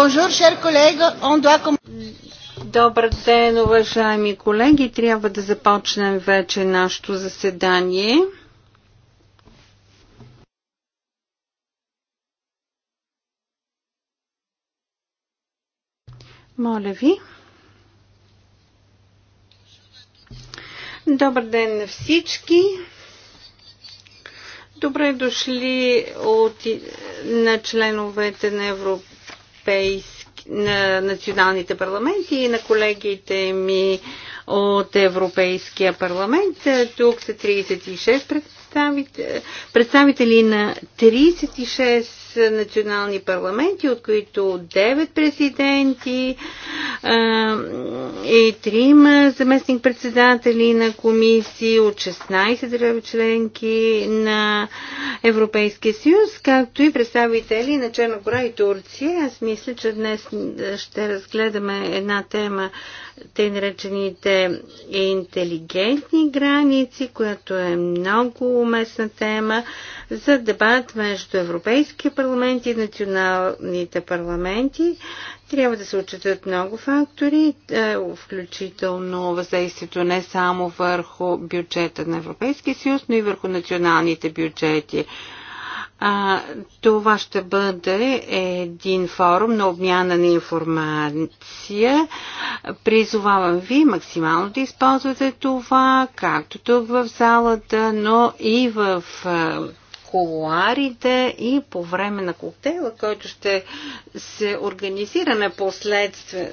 Bonjour, cher collègue. On doit... Добър ден, уважаеми колеги. Трябва да започнем вече нашето заседание. Моля ви. Добър ден на всички. Добре дошли от, на членовете на Европа европейски на националните парламенти и на колегите ми от Европейския парламент. Тук са 36 представители представители на 36 национални парламенти, от които 9 президенти и 3 заместник-председатели на комисии от 16 държави членки на Европейския съюз, както и представители на Черна гора и Турция. Аз мисля, че днес ще разгледаме една тема, тъй наречените интелигентни граници, която е много уместна тема за дебат между Европейския парламент и националните парламенти. Трябва да се отчитат много фактори, е, включително въздействието не само върху бюджета на Европейския съюз, но и върху националните бюджети. А, това ще бъде един форум на обмяна на информация. Призовавам ви максимално да използвате това, както тук в залата, но и в колуарите и по време на коктейла, който ще се организира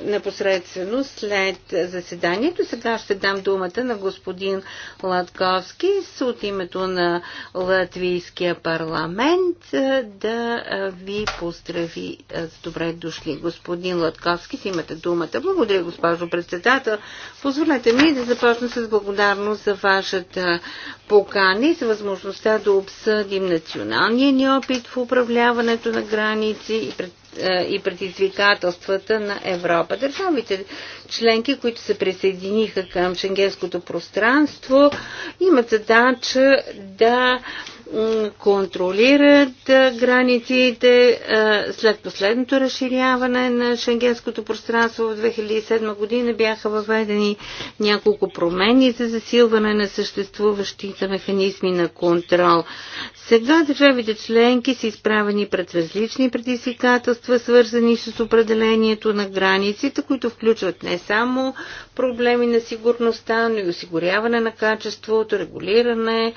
непосредствено след заседанието. Сега ще дам думата на господин Латковски от името на Латвийския парламент е, да е, ви поздрави е, с добре дошли. Господин Латковски, си имате думата. Благодаря, госпожо председател. Позволете ми да започна с благодарност за вашата покана и за възможността да обсъдим отразим националния ни опит в управляването на граници и пред е, и предизвикателствата на Европа. Държавите членки, които се присъединиха към шенгенското пространство, имат задача да контролират границите след последното разширяване на шенгенското пространство в 2007 година бяха въведени няколко промени за засилване на съществуващите механизми на контрол. Сега държавите членки са изправени пред различни предизвикателства, свързани с определението на границите, които включват не само проблеми на сигурността, но и осигуряване на качеството, регулиране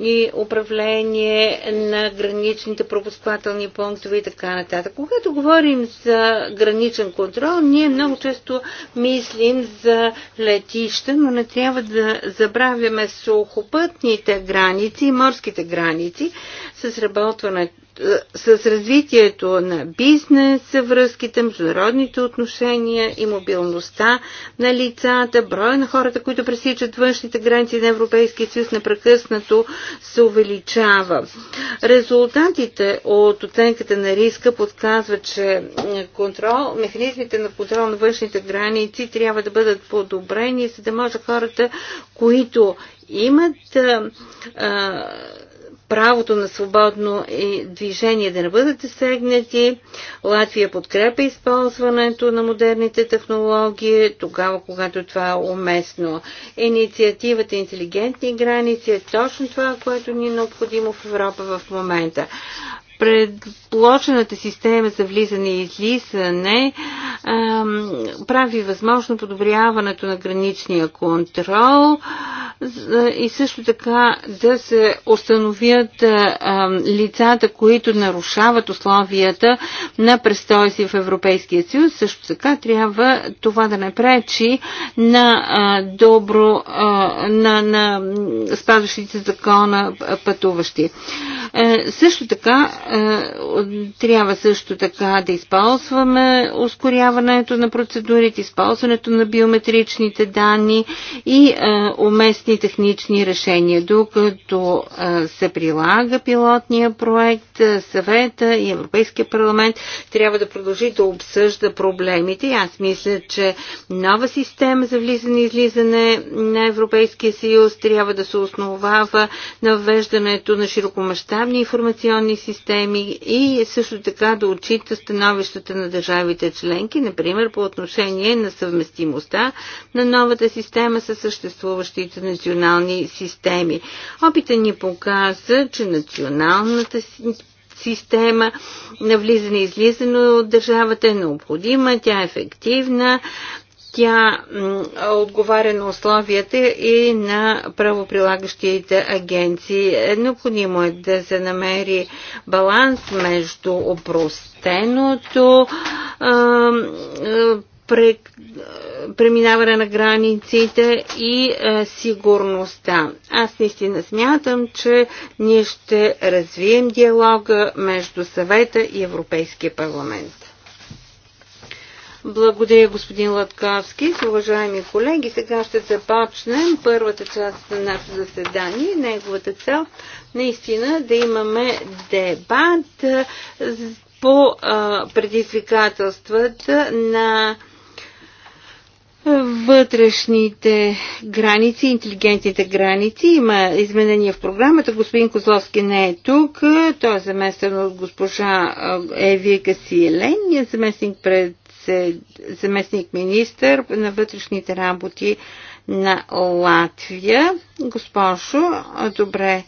и управление управление на граничните пропускателни пунктове и така нататък. Когато говорим за граничен контрол, ние много често мислим за летища, но не трябва да забравяме сухопътните граници и морските граници с работването с развитието на бизнес, връзките, международните отношения и мобилността на лицата, броя на хората, които пресичат външните граници на Европейския съюз, непрекъснато се увеличава. Резултатите от оценката на риска подсказват, че контрол, механизмите на контрол на външните граници трябва да бъдат подобрени, за да може хората, които имат а, а, правото на свободно движение да не бъдат засегнати. Латвия подкрепя използването на модерните технологии тогава, когато това е уместно. Инициативата интелигентни граници е точно това, което ни е необходимо в Европа в момента. Предложената система за влизане и излизане прави възможно подобряването на граничния контрол и също така да се установят лицата, които нарушават условията на престой си в Европейския съюз. Също така трябва това да не пречи на добро, на, на спазващите закона пътуващи. Е, също така е, трябва също така да използваме ускоряването на процедурите, използването на биометричните данни и е, уместни технични решения. Докато е, се прилага пилотния проект, съвета и Европейския парламент трябва да продължи да обсъжда проблемите. аз мисля, че нова система за влизане и излизане на Европейския съюз трябва да се основава на ввеждането на широкомащабни информационни системи системи и също така да отчита становищата на държавите членки, например по отношение на съвместимостта на новата система с съществуващите национални системи. Опита ни показа, че националната система на влизане и излизане от държавата е необходима, тя е ефективна, тя отговаря на условията и на правоприлагащите агенции. Е, необходимо е да се намери баланс между опростеното преминаване на границите и е, сигурността. Аз наистина смятам, че ние ще развием диалога между съвета и Европейския парламент. Благодаря, господин Латкавски. Уважаеми колеги, сега ще започнем първата част на нашето заседание. Неговата цел наистина е да имаме дебат по предизвикателствата на вътрешните граници, интелигентните граници. Има изменения в програмата. Господин Козловски не е тук. Той е заместен от госпожа Евика Сиелен, заместник пред заместник министър на вътрешните работи на Латвия. Госпожо, добре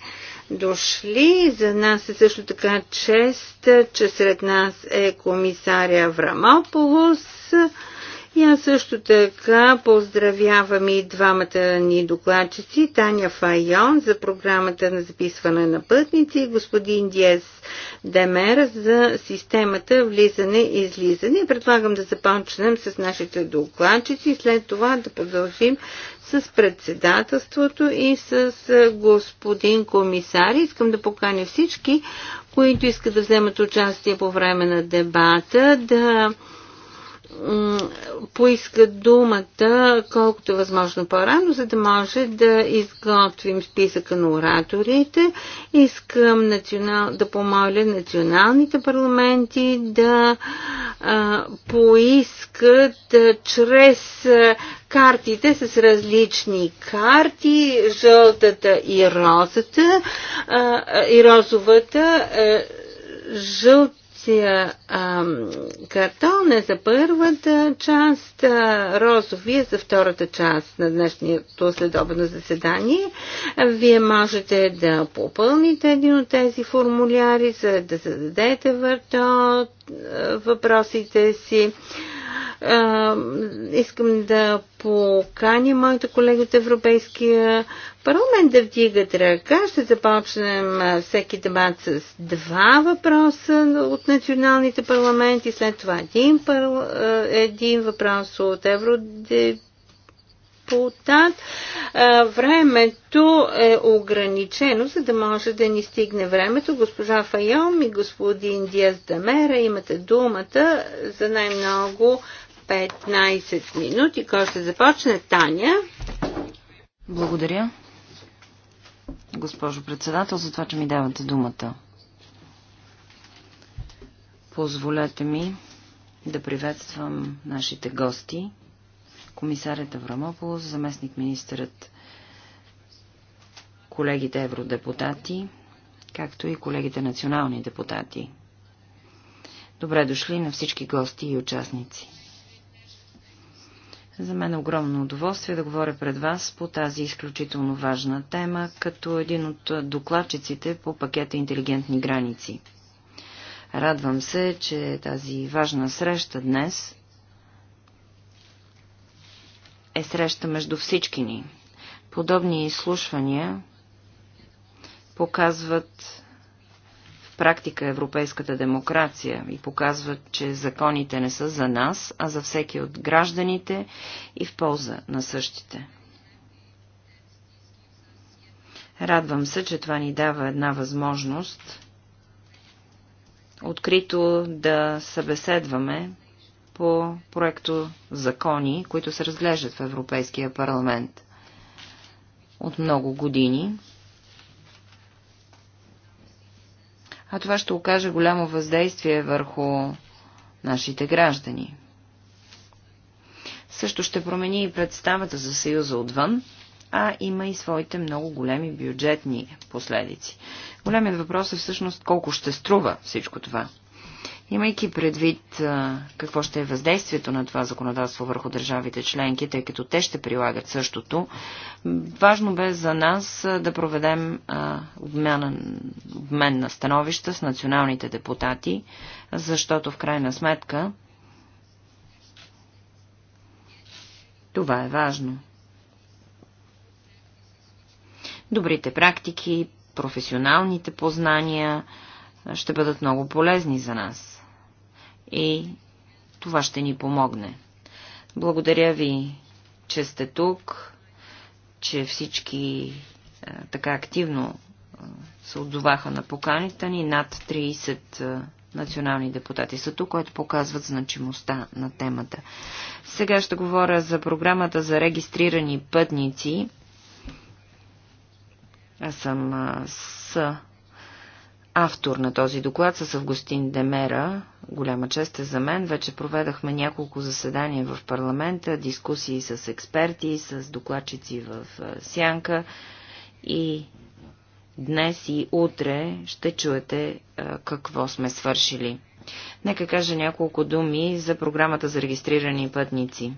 дошли. За нас е също така чест, че сред нас е комисаря Врамополос. И аз също така поздравявам и двамата ни докладчици, Таня Файон за програмата на записване на пътници и господин Диес Демер за системата влизане и излизане. Предлагам да започнем с нашите докладчици и след това да продължим с председателството и с господин комисар. Искам да поканя всички, които искат да вземат участие по време на дебата, да поиска думата колкото е възможно по-рано, за да може да изготвим списъка на ораторите. Искам национал, да помоля националните парламенти да а, поискат а, чрез а, картите с различни карти, жълтата и розата, а, и розовата, а, жълт Франция картон е за първата част, а, розовия е за втората част на днешното следобедно заседание. Вие можете да попълните един от тези формуляри, за да зададете върто въпросите си. А, искам да поканя моите колеги от Европейския парламент да вдигат ръка. Ще започнем всеки дебат с два въпроса от националните парламенти, след това един, един въпрос от евродепутатите депутат. Времето е ограничено, за да може да ни стигне времето. Госпожа Файом и господин Диас Дамера имате думата за най-много 15 минути. Кой ще започне? Таня. Благодаря, госпожо председател, за това, че ми давате думата. Позволете ми да приветствам нашите гости – комисарят Аврамополос, заместник министърът, колегите евродепутати, както и колегите национални депутати. Добре дошли на всички гости и участници. За мен е огромно удоволствие да говоря пред вас по тази изключително важна тема, като един от докладчиците по пакета интелигентни граници. Радвам се, че тази важна среща днес е среща между всички ни. Подобни изслушвания показват в практика европейската демокрация и показват, че законите не са за нас, а за всеки от гражданите и в полза на същите. Радвам се, че това ни дава една възможност открито да събеседваме по проекто закони, които се разглеждат в Европейския парламент от много години. А това ще окаже голямо въздействие върху нашите граждани. Също ще промени и представата за Съюза отвън, а има и своите много големи бюджетни последици. Големият въпрос е всъщност колко ще струва всичко това. Имайки предвид какво ще е въздействието на това законодателство върху държавите членки, тъй като те ще прилагат същото, важно бе за нас да проведем обмен, обмен на становища с националните депутати, защото в крайна сметка това е важно. Добрите практики, професионалните познания ще бъдат много полезни за нас и това ще ни помогне. Благодаря ви, че сте тук, че всички а, така активно а, се отзоваха на поканите ни. Над 30 а, национални депутати са тук, което показват значимостта на темата. Сега ще говоря за програмата за регистрирани пътници. Аз съм с автор на този доклад с Августин Демера. Голяма чест е за мен. Вече проведахме няколко заседания в парламента, дискусии с експерти, с докладчици в е, Сянка и днес и утре ще чуете е, какво сме свършили. Нека кажа няколко думи за програмата за регистрирани пътници.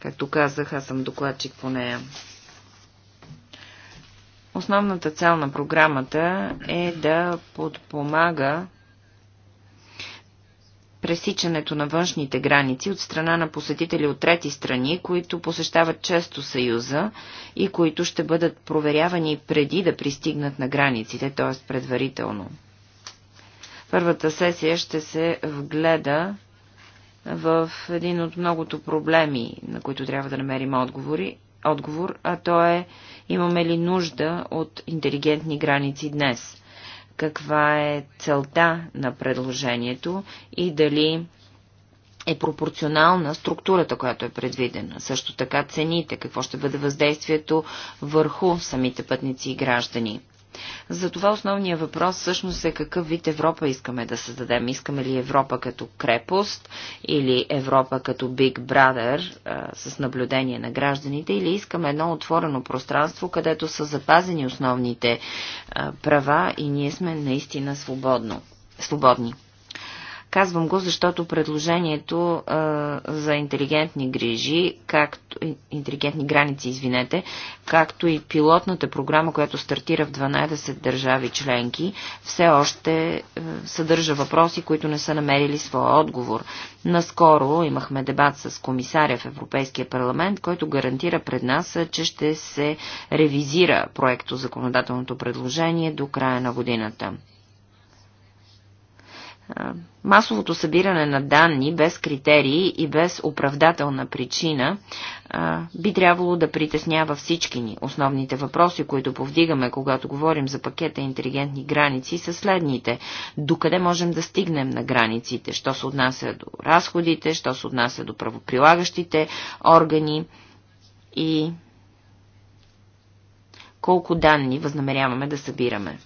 Както казах, аз съм докладчик по нея. Основната цел на програмата е да подпомага пресичането на външните граници от страна на посетители от трети страни, които посещават често Съюза и които ще бъдат проверявани преди да пристигнат на границите, т.е. предварително. Първата сесия ще се вгледа в един от многото проблеми, на които трябва да намерим отговори, отговор, а то е Имаме ли нужда от интелигентни граници днес? Каква е целта на предложението и дали е пропорционална структурата, която е предвидена. Също така цените, какво ще бъде въздействието върху самите пътници и граждани. Затова основният въпрос всъщност е какъв вид Европа искаме да създадем. Искаме ли Европа като крепост или Европа като Big Brother а, с наблюдение на гражданите или искаме едно отворено пространство, където са запазени основните а, права и ние сме наистина свободно, свободни. Казвам го, защото предложението а, за интелигентни грижи, както интелигентни граници, извинете, както и пилотната програма, която стартира в 12 държави членки, все още а, съдържа въпроси, които не са намерили своя отговор. Наскоро имахме дебат с комисаря в Европейския парламент, който гарантира пред нас, че ще се ревизира проекто законодателното предложение до края на годината масовото събиране на данни без критерии и без оправдателна причина би трябвало да притеснява всички ни. Основните въпроси, които повдигаме, когато говорим за пакета интелигентни граници, са следните. Докъде можем да стигнем на границите? Що се отнася до разходите? Що се отнася до правоприлагащите органи? И колко данни възнамеряваме да събираме?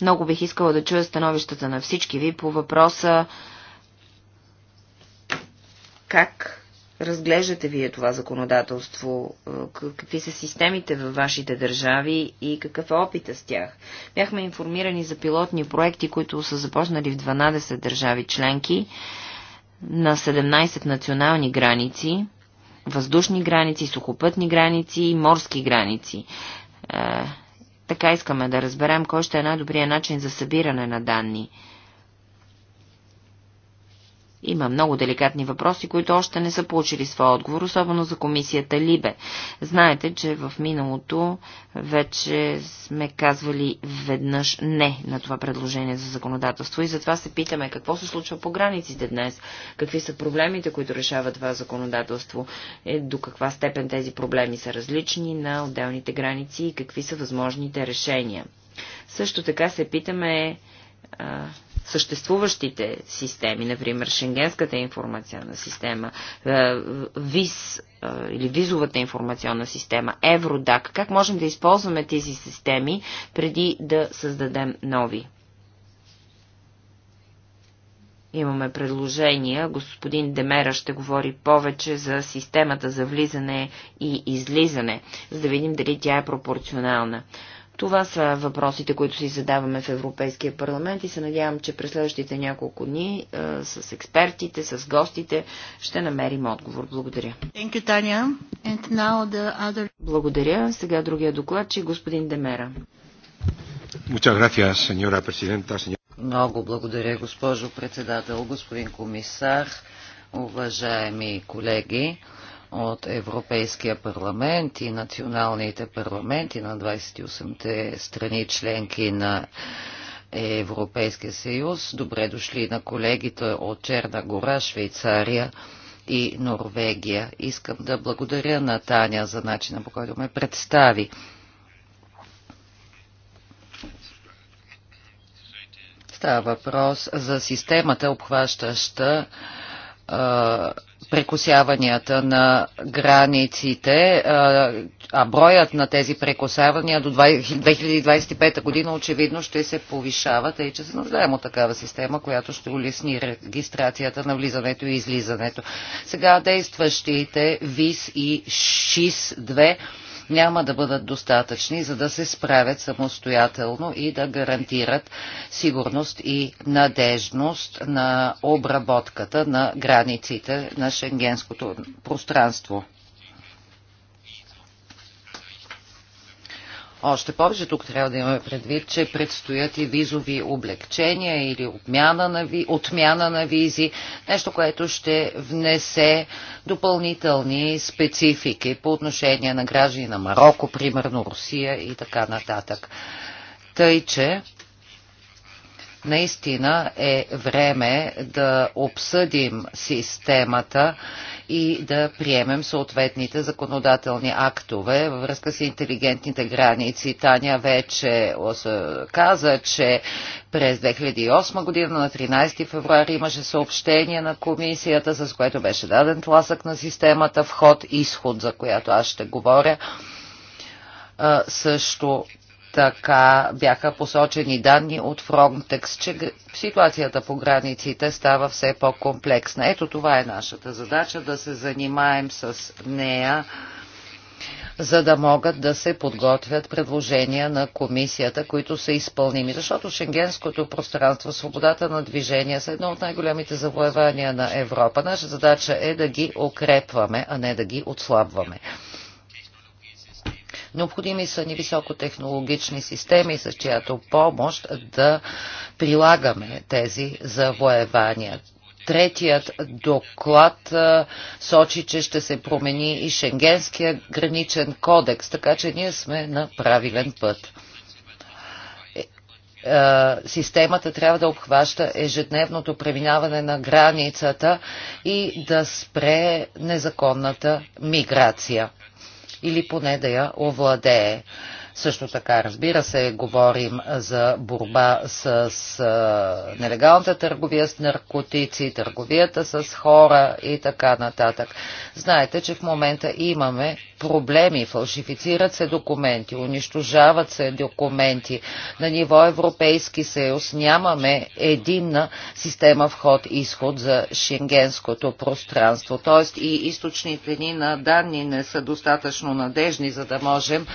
Много бих искала да чуя становищата на всички ви по въпроса как разглеждате вие това законодателство? Е, какви са системите във вашите държави и какъв е опита с тях? Бяхме информирани за пилотни проекти, които са започнали в 12 държави членки, на 17 национални граници, въздушни граници, сухопътни граници и морски граници. Е, така искаме да разберем кой ще е най-добрият начин за събиране на данни. Има много деликатни въпроси, които още не са получили своя отговор, особено за комисията Либе. Знаете, че в миналото вече сме казвали веднъж не на това предложение за законодателство и затова се питаме какво се случва по границите днес, какви са проблемите, които решава това законодателство, е, до каква степен тези проблеми са различни на отделните граници и какви са възможните решения. Също така се питаме съществуващите системи, например Шенгенската информационна система, е, ВИС е, или визовата информационна система, Евродак, как можем да използваме тези системи преди да създадем нови? Имаме предложения. Господин Демера ще говори повече за системата за влизане и излизане, за да видим дали тя е пропорционална. Това са въпросите, които си задаваме в Европейския парламент и се надявам, че през следващите няколко дни е, с експертите, с гостите ще намерим отговор. Благодаря. You, other... Благодаря. Сега другия доклад, че господин Демера. Gracias, señora Много благодаря, госпожо председател, господин комисар, уважаеми колеги от Европейския парламент и националните парламенти на 28-те страни членки на Европейския съюз. Добре дошли на колегите от Черна гора, Швейцария и Норвегия. Искам да благодаря на Таня за начина по който ме представи. Става въпрос за системата, обхващаща прекосяванията на границите, а броят на тези прекосявания до 2025 година очевидно ще се повишава, тъй че се нуждаем от такава система, която ще улесни регистрацията на влизането и излизането. Сега действащите ВИС и ШИС-2 няма да бъдат достатъчни, за да се справят самостоятелно и да гарантират сигурност и надежност на обработката на границите на шенгенското пространство. Още повече тук трябва да имаме предвид, че предстоят и визови облегчения или отмяна на, ви, отмяна на визи, нещо, което ще внесе допълнителни специфики по отношение на граждани на Марокко, примерно Русия и така нататък. Тъй, че Наистина е време да обсъдим системата и да приемем съответните законодателни актове във връзка с интелигентните граници. Таня вече каза, че през 2008 година на 13 февруари имаше съобщение на комисията, с което беше даден тласък на системата вход-изход, за която аз ще говоря също така бяха посочени данни от Frontex, че ситуацията по границите става все по-комплексна. Ето това е нашата задача, да се занимаем с нея, за да могат да се подготвят предложения на комисията, които са изпълними. Защото шенгенското пространство, свободата на движение са едно от най-големите завоевания на Европа. Наша задача е да ги укрепваме, а не да ги отслабваме. Необходими са ни високотехнологични системи, с чиято помощ да прилагаме тези завоевания. Третият доклад сочи, че ще се промени и Шенгенския граничен кодекс, така че ние сме на правилен път е, системата трябва да обхваща ежедневното преминаване на границата и да спре незаконната миграция или поне да я овладее. Също така, разбира се, говорим за борба с нелегалната търговия с наркотици, търговията с хора и така нататък. Знаете, че в момента имаме проблеми, фалшифицират се документи, унищожават се документи. На ниво Европейски съюз нямаме единна система вход-изход за шенгенското пространство. Тоест и източните ни на данни не са достатъчно надежни, за да можем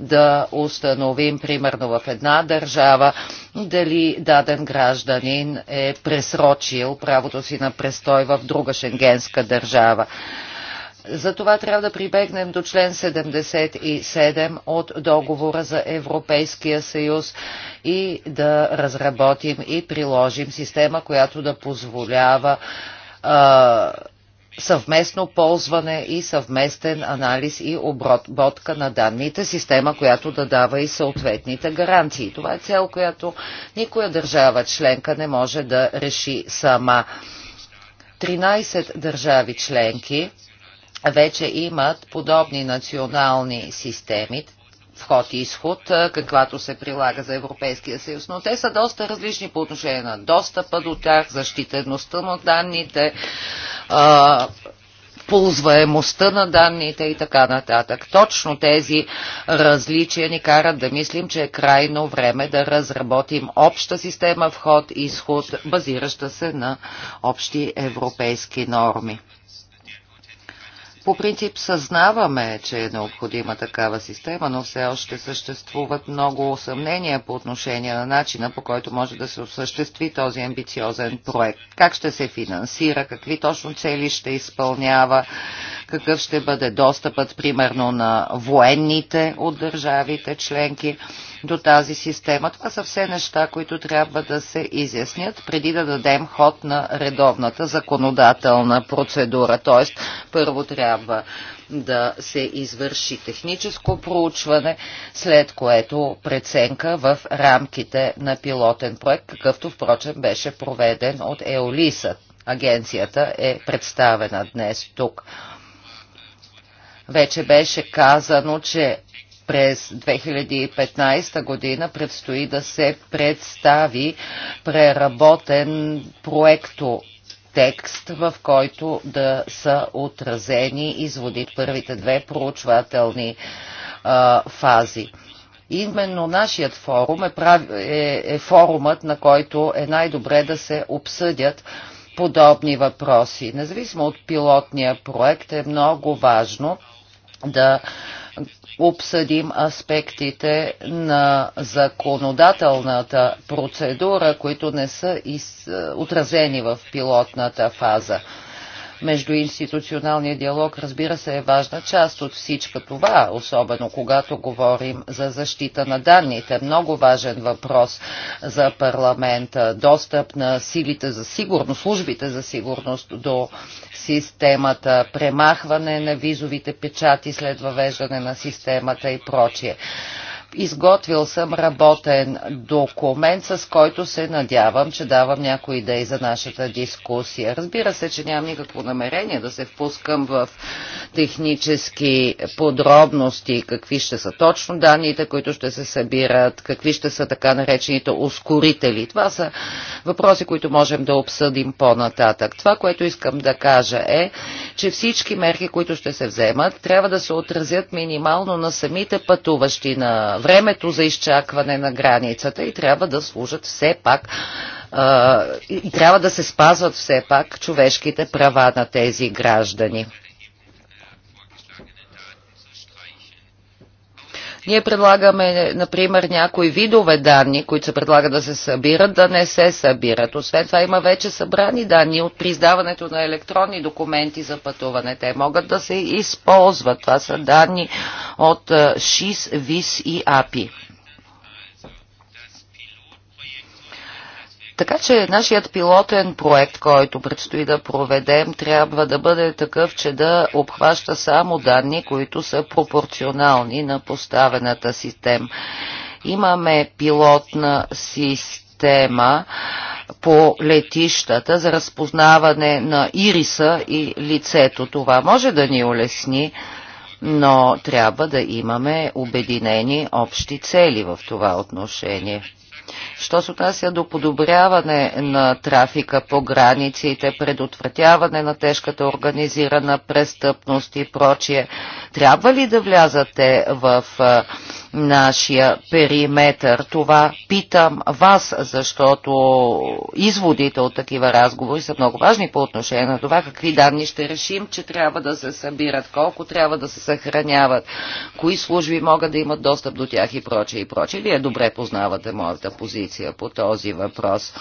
да установим, примерно в една държава, дали даден гражданин е пресрочил правото си на престой в друга шенгенска държава. За това трябва да прибегнем до член 77 от договора за Европейския съюз и да разработим и приложим система, която да позволява а, съвместно ползване и съвместен анализ и обработка на данните, система, която да дава и съответните гаранции. Това е цел, която никоя държава членка не може да реши сама. 13 държави членки вече имат подобни национални системи, вход и изход, каквато се прилага за Европейския съюз, но те са доста различни по отношение на достъпа до тях, защитеността на данните, а, ползваемостта на данните и така нататък. Точно тези различия ни карат да мислим, че е крайно време да разработим обща система вход-изход, базираща се на общи европейски норми. По принцип съзнаваме, че е необходима такава система, но все още съществуват много съмнения по отношение на начина, по който може да се осъществи този амбициозен проект. Как ще се финансира, какви точно цели ще изпълнява, какъв ще бъде достъпът, примерно, на военните от държавите членки до тази система. Това са все неща, които трябва да се изяснят преди да дадем ход на редовната законодателна процедура. Тоест, първо трябва да се извърши техническо проучване, след което преценка в рамките на пилотен проект, какъвто впрочем беше проведен от Еолиса. Агенцията е представена днес тук. Вече беше казано, че през 2015 година предстои да се представи преработен проекто текст, в който да са отразени изводи първите две проучвателни а, фази. Именно нашият форум е, прав... е, е форумът, на който е най-добре да се обсъдят подобни въпроси. Независимо от пилотния проект е много важно да обсъдим аспектите на законодателната процедура, които не са отразени в пилотната фаза. Междуинституционалният диалог, разбира се, е важна част от всичко това, особено когато говорим за защита на данните. Много важен въпрос за парламента. Достъп на силите за сигурност, службите за сигурност до системата, премахване на визовите печати след въвеждане на системата и прочие. Изготвил съм работен документ, с който се надявам, че давам някои идеи за нашата дискусия. Разбира се, че нямам никакво намерение да се впускам в технически подробности, какви ще са точно данните, които ще се събират, какви ще са така наречените ускорители. Това са въпроси, които можем да обсъдим по-нататък. Това, което искам да кажа е, че всички мерки, които ще се вземат, трябва да се отразят минимално на самите пътуващи на времето за изчакване на границата и трябва да служат все пак и трябва да се спазват все пак човешките права на тези граждани. Ние предлагаме, например, някои видове данни, които се предлага да се събират, да не се събират. Освен това има вече събрани данни от приздаването на електронни документи за пътуване. Те могат да се използват. Това са данни от ШИС, ВИС и АПИ. Така че нашият пилотен проект, който предстои да проведем, трябва да бъде такъв, че да обхваща само данни, които са пропорционални на поставената система. Имаме пилотна система по летищата за разпознаване на ириса и лицето. Това може да ни улесни, но трябва да имаме обединени общи цели в това отношение. Що се отнася до подобряване на трафика по границите, предотвратяване на тежката организирана престъпност и прочие, трябва ли да влязате в нашия периметр. Това питам вас, защото изводите от такива разговори са много важни по отношение на това какви данни ще решим, че трябва да се събират, колко трябва да се съхраняват, кои служби могат да имат достъп до тях и прочее и прочее. Вие добре познавате моята позиция по този въпрос.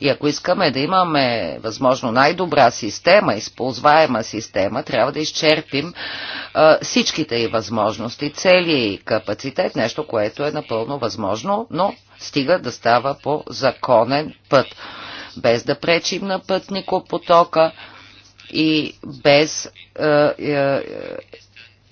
И ако искаме да имаме възможно най-добра система, използваема система, трябва да изчерпим а, всичките и възможности, целия и капацитет, нещо, което е напълно възможно, но стига да става по законен път. Без да пречим на пътникопотока и без а, а,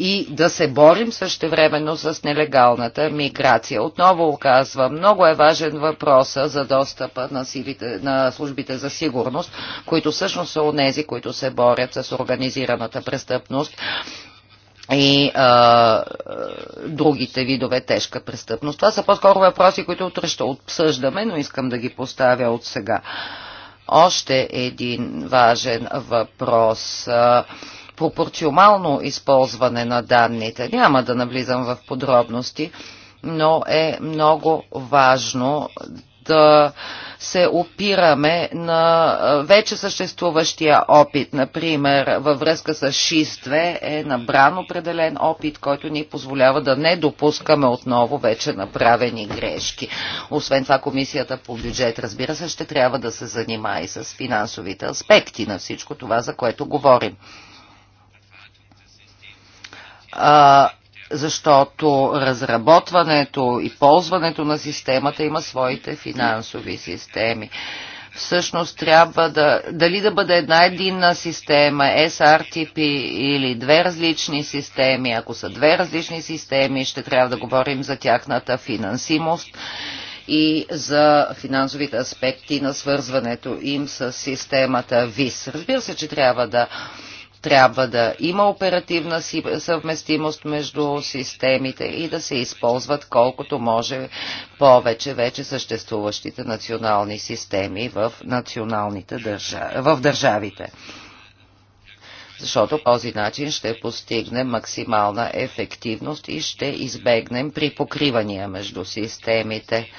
и да се борим същевременно с нелегалната миграция. Отново оказва, много е важен въпрос за достъпа на, силите, на службите за сигурност, които всъщност са онези, които се борят с организираната престъпност и а, а, другите видове тежка престъпност. Това са по-скоро въпроси, които утре ще обсъждаме, но искам да ги поставя от сега. Още един важен въпрос. А, пропорционално използване на данните. Няма да навлизам в подробности, но е много важно да се опираме на вече съществуващия опит. Например, във връзка с шистве е набран определен опит, който ни позволява да не допускаме отново вече направени грешки. Освен това, комисията по бюджет, разбира се, ще трябва да се занимава и с финансовите аспекти на всичко това, за което говорим защото разработването и ползването на системата има своите финансови системи. Всъщност трябва да, дали да бъде една единна система, SRTP или две различни системи. Ако са две различни системи, ще трябва да говорим за тяхната финансимост и за финансовите аспекти на свързването им с системата ВИС. Разбира се, че трябва да трябва да има оперативна съвместимост между системите и да се използват колкото може повече вече съществуващите национални системи в, националните държави, в държавите защото този начин ще постигнем максимална ефективност и ще избегнем при покривания между системите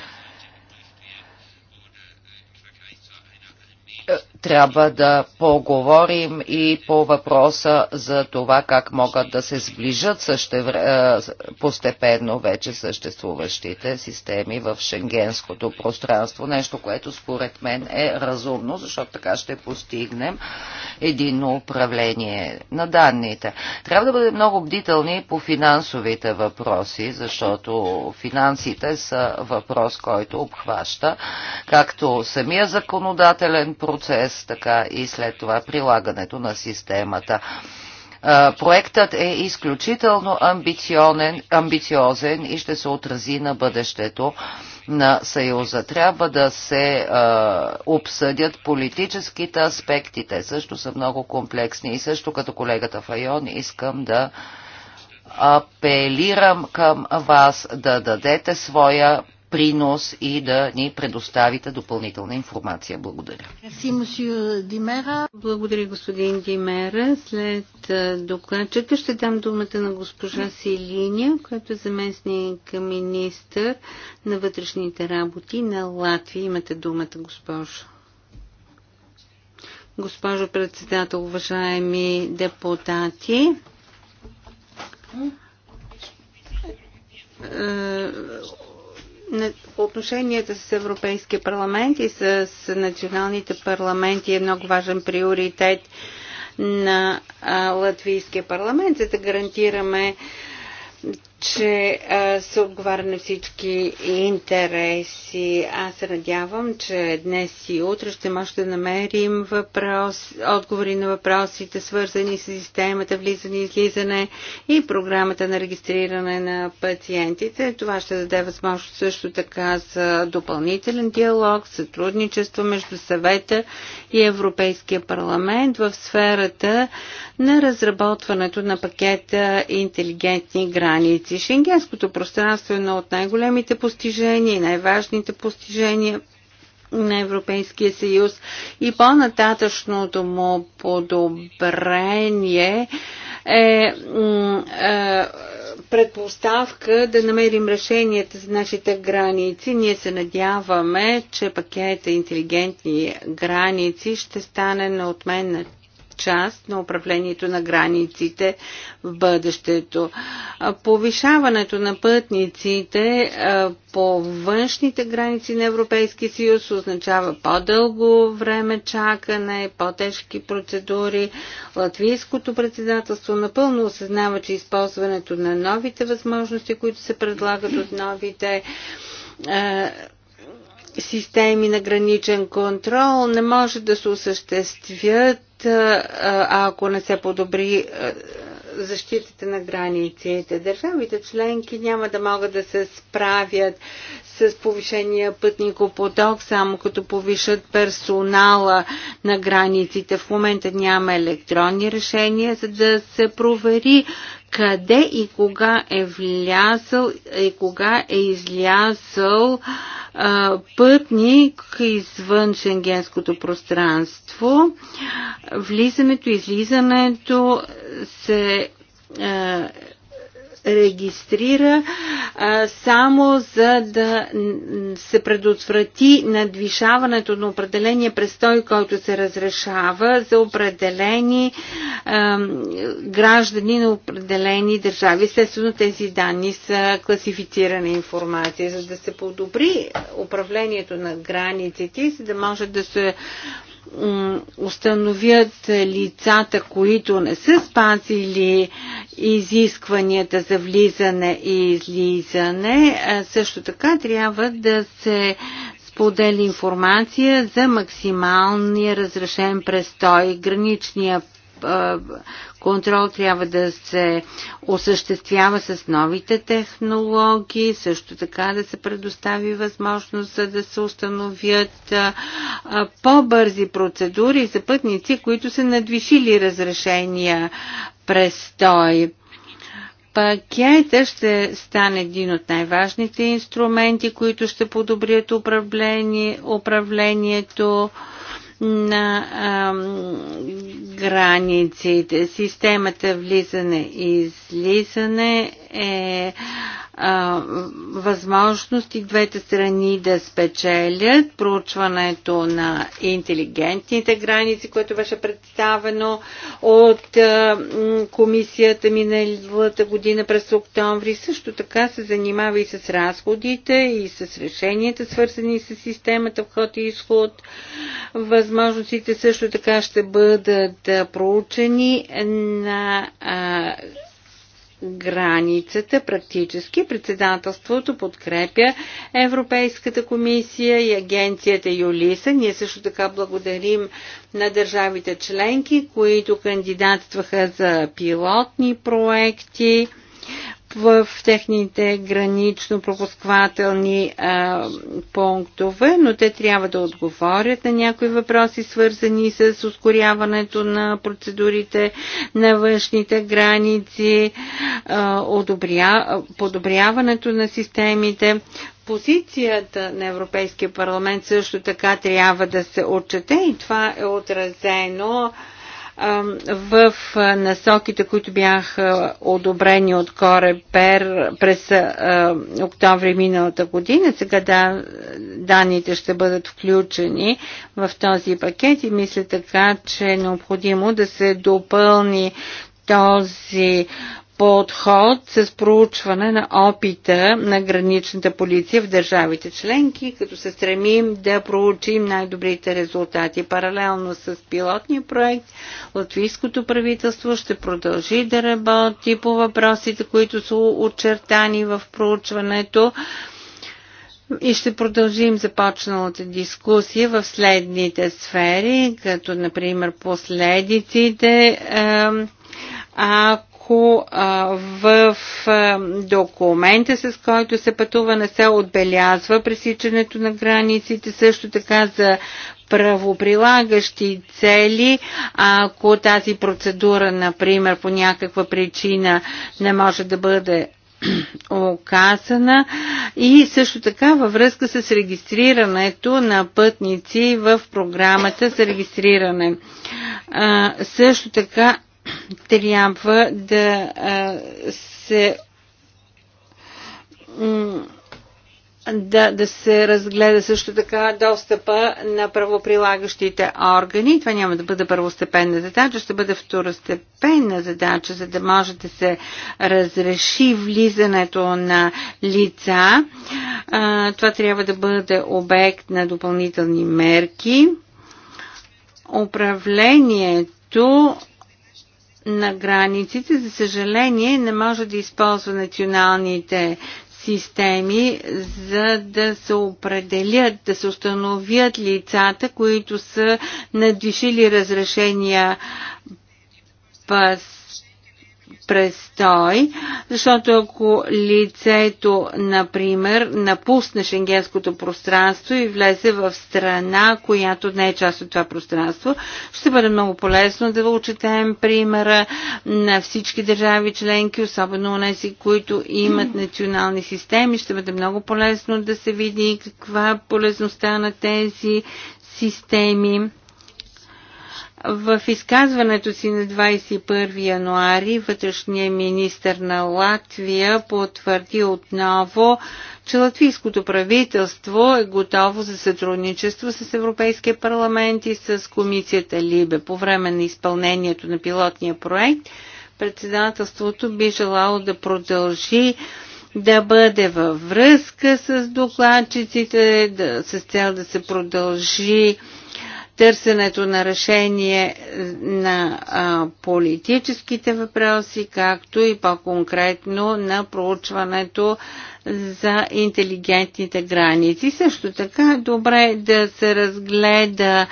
трябва да поговорим и по въпроса за това как могат да се сближат същевр... постепенно вече съществуващите системи в шенгенското пространство. Нещо, което според мен е разумно, защото така ще постигнем единно управление на данните. Трябва да бъдем много бдителни по финансовите въпроси, защото финансите са въпрос, който обхваща както самия законодателен процес, процес, така и след това прилагането на системата. Проектът е изключително амбиционен, амбициозен и ще се отрази на бъдещето на Съюза. Трябва да се е, обсъдят политическите аспекти. Те също са много комплексни. И също като колегата Файон искам да апелирам към вас да дадете своя принос и да ни предоставите допълнителна информация. Благодаря. Благодаря, господин Димера. След докладчика ще дам думата на госпожа Силиния, която е заместник министър на вътрешните работи на Латвия. Имате думата, госпожо. Госпожо председател, уважаеми депутати, Отношенията с Европейския парламент и с националните парламенти е много важен приоритет на Латвийския парламент, за да гарантираме че а, се отговаря на всички интереси. Аз се надявам, че днес и утре ще може да намерим въпрос, отговори на въпросите, свързани с системата влизане и излизане и програмата на регистриране на пациентите. Това ще даде възможност също така за допълнителен диалог, сътрудничество между съвета и Европейския парламент в сферата на разработването на пакета интелигентни граници и Шенгенското пространство е едно от най-големите постижения и най-важните постижения на Европейския съюз и по-нататъчното му подобрение е, е предпоставка да намерим решенията за нашите граници. Ние се надяваме, че пакета интелигентни граници ще стане на неотменна част на управлението на границите в бъдещето. Повишаването на пътниците по външните граници на Европейския съюз означава по-дълго време чакане, по-тежки процедури. Латвийското председателство напълно осъзнава, че използването на новите възможности, които се предлагат от новите системи на граничен контрол не може да се осъществят е, ако не се подобри е, защитата на границите. Държавите членки няма да могат да се справят с повишения пътникопоток, само като повишат персонала на границите. В момента няма електронни решения, за да се провери къде и кога е влязъл и кога е излязъл а, пътник извън шенгенското пространство. Влизането и излизането се а, регистрира а, само за да се предотврати надвишаването на определения престой, който се разрешава за определени а, граждани на определени държави. Естествено, тези данни са класифицирана информация, за да се подобри управлението на границите и за да може да се установят лицата, които не са спазили изискванията за влизане и излизане. Също така трябва да се споделя информация за максималния разрешен престой. Граничния контрол трябва да се осъществява с новите технологии, също така да се предостави възможност за да се установят по-бързи процедури за пътници, които са надвишили разрешения престой. Пакета ще стане един от най-важните инструменти, които ще подобрят управление, управлението на а, границите. Системата влизане и излизане е възможности двете страни да спечелят проучването на интелигентните граници, което беше представено от а, комисията миналата година през октомври. Също така се занимава и с разходите и с решенията, свързани с системата вход и изход. Възможностите също така ще бъдат проучени на а, границата практически. Председателството подкрепя Европейската комисия и агенцията Юлиса. Ние също така благодарим на държавите членки, които кандидатстваха за пилотни проекти в техните гранично-пропусквателни пунктове, но те трябва да отговорят на някои въпроси, свързани с ускоряването на процедурите на външните граници, а, одобря, подобряването на системите. Позицията на Европейския парламент също така трябва да се отчете и това е отразено в насоките, които бяха одобрени от Коре Пер през октомври миналата година. Сега да, данните ще бъдат включени в този пакет и мисля така, че е необходимо да се допълни този подход с проучване на опита на граничната полиция в държавите членки, като се стремим да проучим най-добрите резултати. Паралелно с пилотния проект, латвийското правителство ще продължи да работи по въпросите, които са очертани в проучването и ще продължим започналата дискусия в следните сфери, като например последиците. Е, ако ако а, в а, документа, с който се пътува, не се отбелязва пресичането на границите, също така за правоприлагащи цели, ако тази процедура, например, по някаква причина не може да бъде оказана и също така във връзка с регистрирането на пътници в програмата за регистриране. А, също така трябва да се да, да се разгледа също така достъпа на правоприлагащите органи. Това няма да бъде първостепенна задача, ще бъде второстепенна задача, за да може да се разреши влизането на лица. това трябва да бъде обект на допълнителни мерки. Управлението на границите, за съжаление, не може да използва националните системи, за да се определят, да се установят лицата, които са надвишили разрешения пас престой, защото ако лицето, например, напусне шенгенското пространство и влезе в страна, която не е част от това пространство, ще бъде много полезно да учетем примера на всички държави членки, особено на тези, които имат национални системи. Ще бъде много полезно да се види каква е полезността на тези системи в изказването си на 21 януари вътрешният министр на Латвия потвърди отново, че латвийското правителство е готово за сътрудничество с Европейския парламент и с комисията Либе. По време на изпълнението на пилотния проект председателството би желало да продължи да бъде във връзка с докладчиците, да, с цел да се продължи търсенето на решение е, на а, политическите въпроси, както и по-конкретно на проучването за интелигентните граници. Също така е добре да се разгледа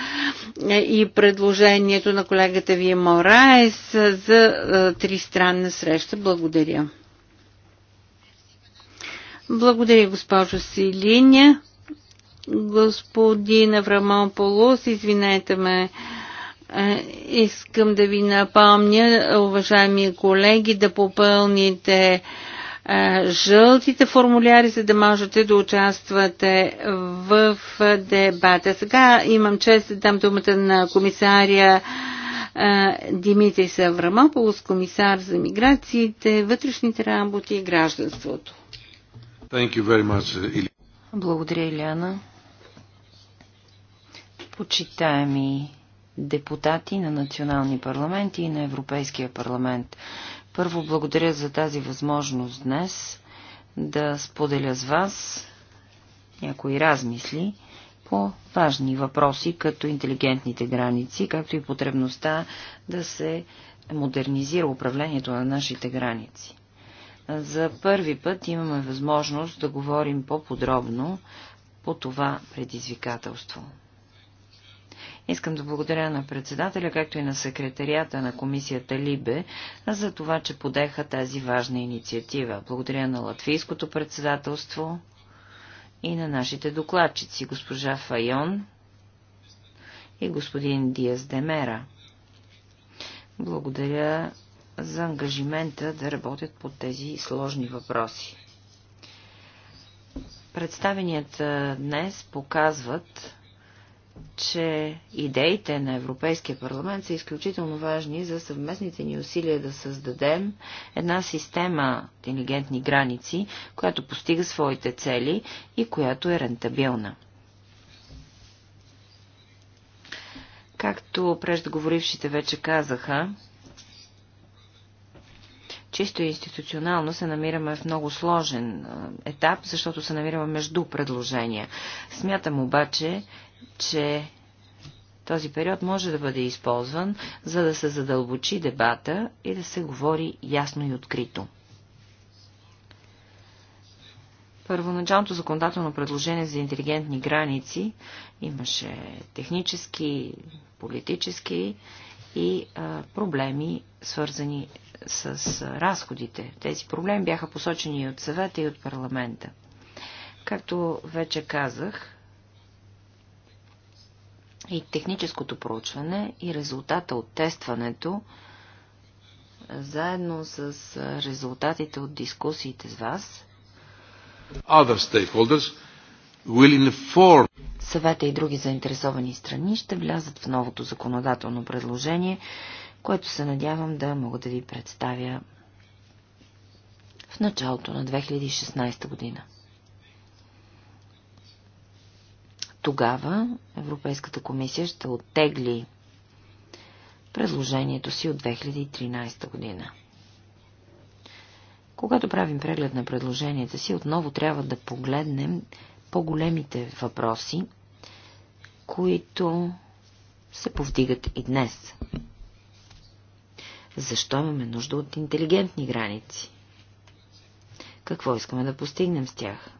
е, и предложението на колегата Ви Мораес за а, е, тристранна среща. Благодаря. Благодаря, госпожо Силиня. Господин Полос, извинете ме, е, искам да ви напомня, уважаеми колеги, да попълните е, жълтите формуляри, за да можете да участвате в дебата. Сега имам чест да дам думата на комисаря е, Димитрий Саврамополос, комисар за миграциите, вътрешните работи и гражданството. Much, Благодаря, Иляна почитаеми депутати на национални парламенти и на Европейския парламент. Първо благодаря за тази възможност днес да споделя с вас някои размисли по важни въпроси, като интелигентните граници, както и потребността да се модернизира управлението на нашите граници. За първи път имаме възможност да говорим по-подробно по това предизвикателство. Искам да благодаря на председателя, както и на секретарията на комисията Либе, за това, че подеха тази важна инициатива. Благодаря на латвийското председателство и на нашите докладчици, госпожа Файон и господин Диас Демера. Благодаря за ангажимента да работят по тези сложни въпроси. Представенията днес показват, че идеите на Европейския парламент са изключително важни за съвместните ни усилия да създадем една система интелигентни граници, която постига своите цели и която е рентабилна. Както преждоговорившите вече казаха, чисто институционално се намираме в много сложен етап, защото се намираме между предложения. Смятам обаче, че този период може да бъде използван, за да се задълбочи дебата и да се говори ясно и открито. Първоначалното законодателно предложение за интелигентни граници имаше технически, политически и а, проблеми, свързани с разходите. Тези проблеми бяха посочени и от съвета, и от парламента. Както вече казах, и техническото проучване и резултата от тестването, заедно с резултатите от дискусиите с вас, Съвета и други заинтересовани страни ще влязат в новото законодателно предложение, което се надявам да мога да ви представя в началото на 2016 година. Тогава Европейската комисия ще оттегли предложението си от 2013 година. Когато правим преглед на предложенията си, отново трябва да погледнем по-големите въпроси, които се повдигат и днес. Защо имаме нужда от интелигентни граници? Какво искаме да постигнем с тях?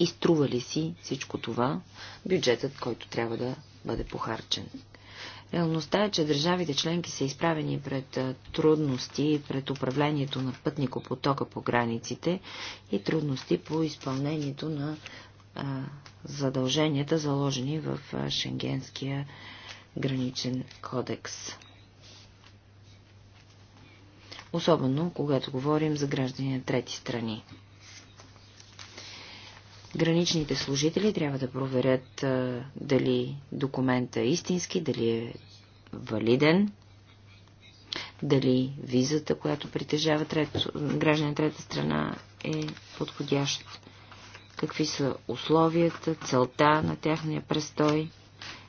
и струва ли си всичко това бюджетът, който трябва да бъде похарчен. Реалността е, че държавите членки са изправени пред трудности пред управлението на пътникопотока по границите и трудности по изпълнението на а, задълженията, заложени в Шенгенския граничен кодекс. Особено, когато говорим за граждани на трети страни. Граничните служители трябва да проверят а, дали документа е истински, дали е валиден, дали визата, която притежава трето, гражданин трета страна е подходящ. Какви са условията, целта на тяхния престой,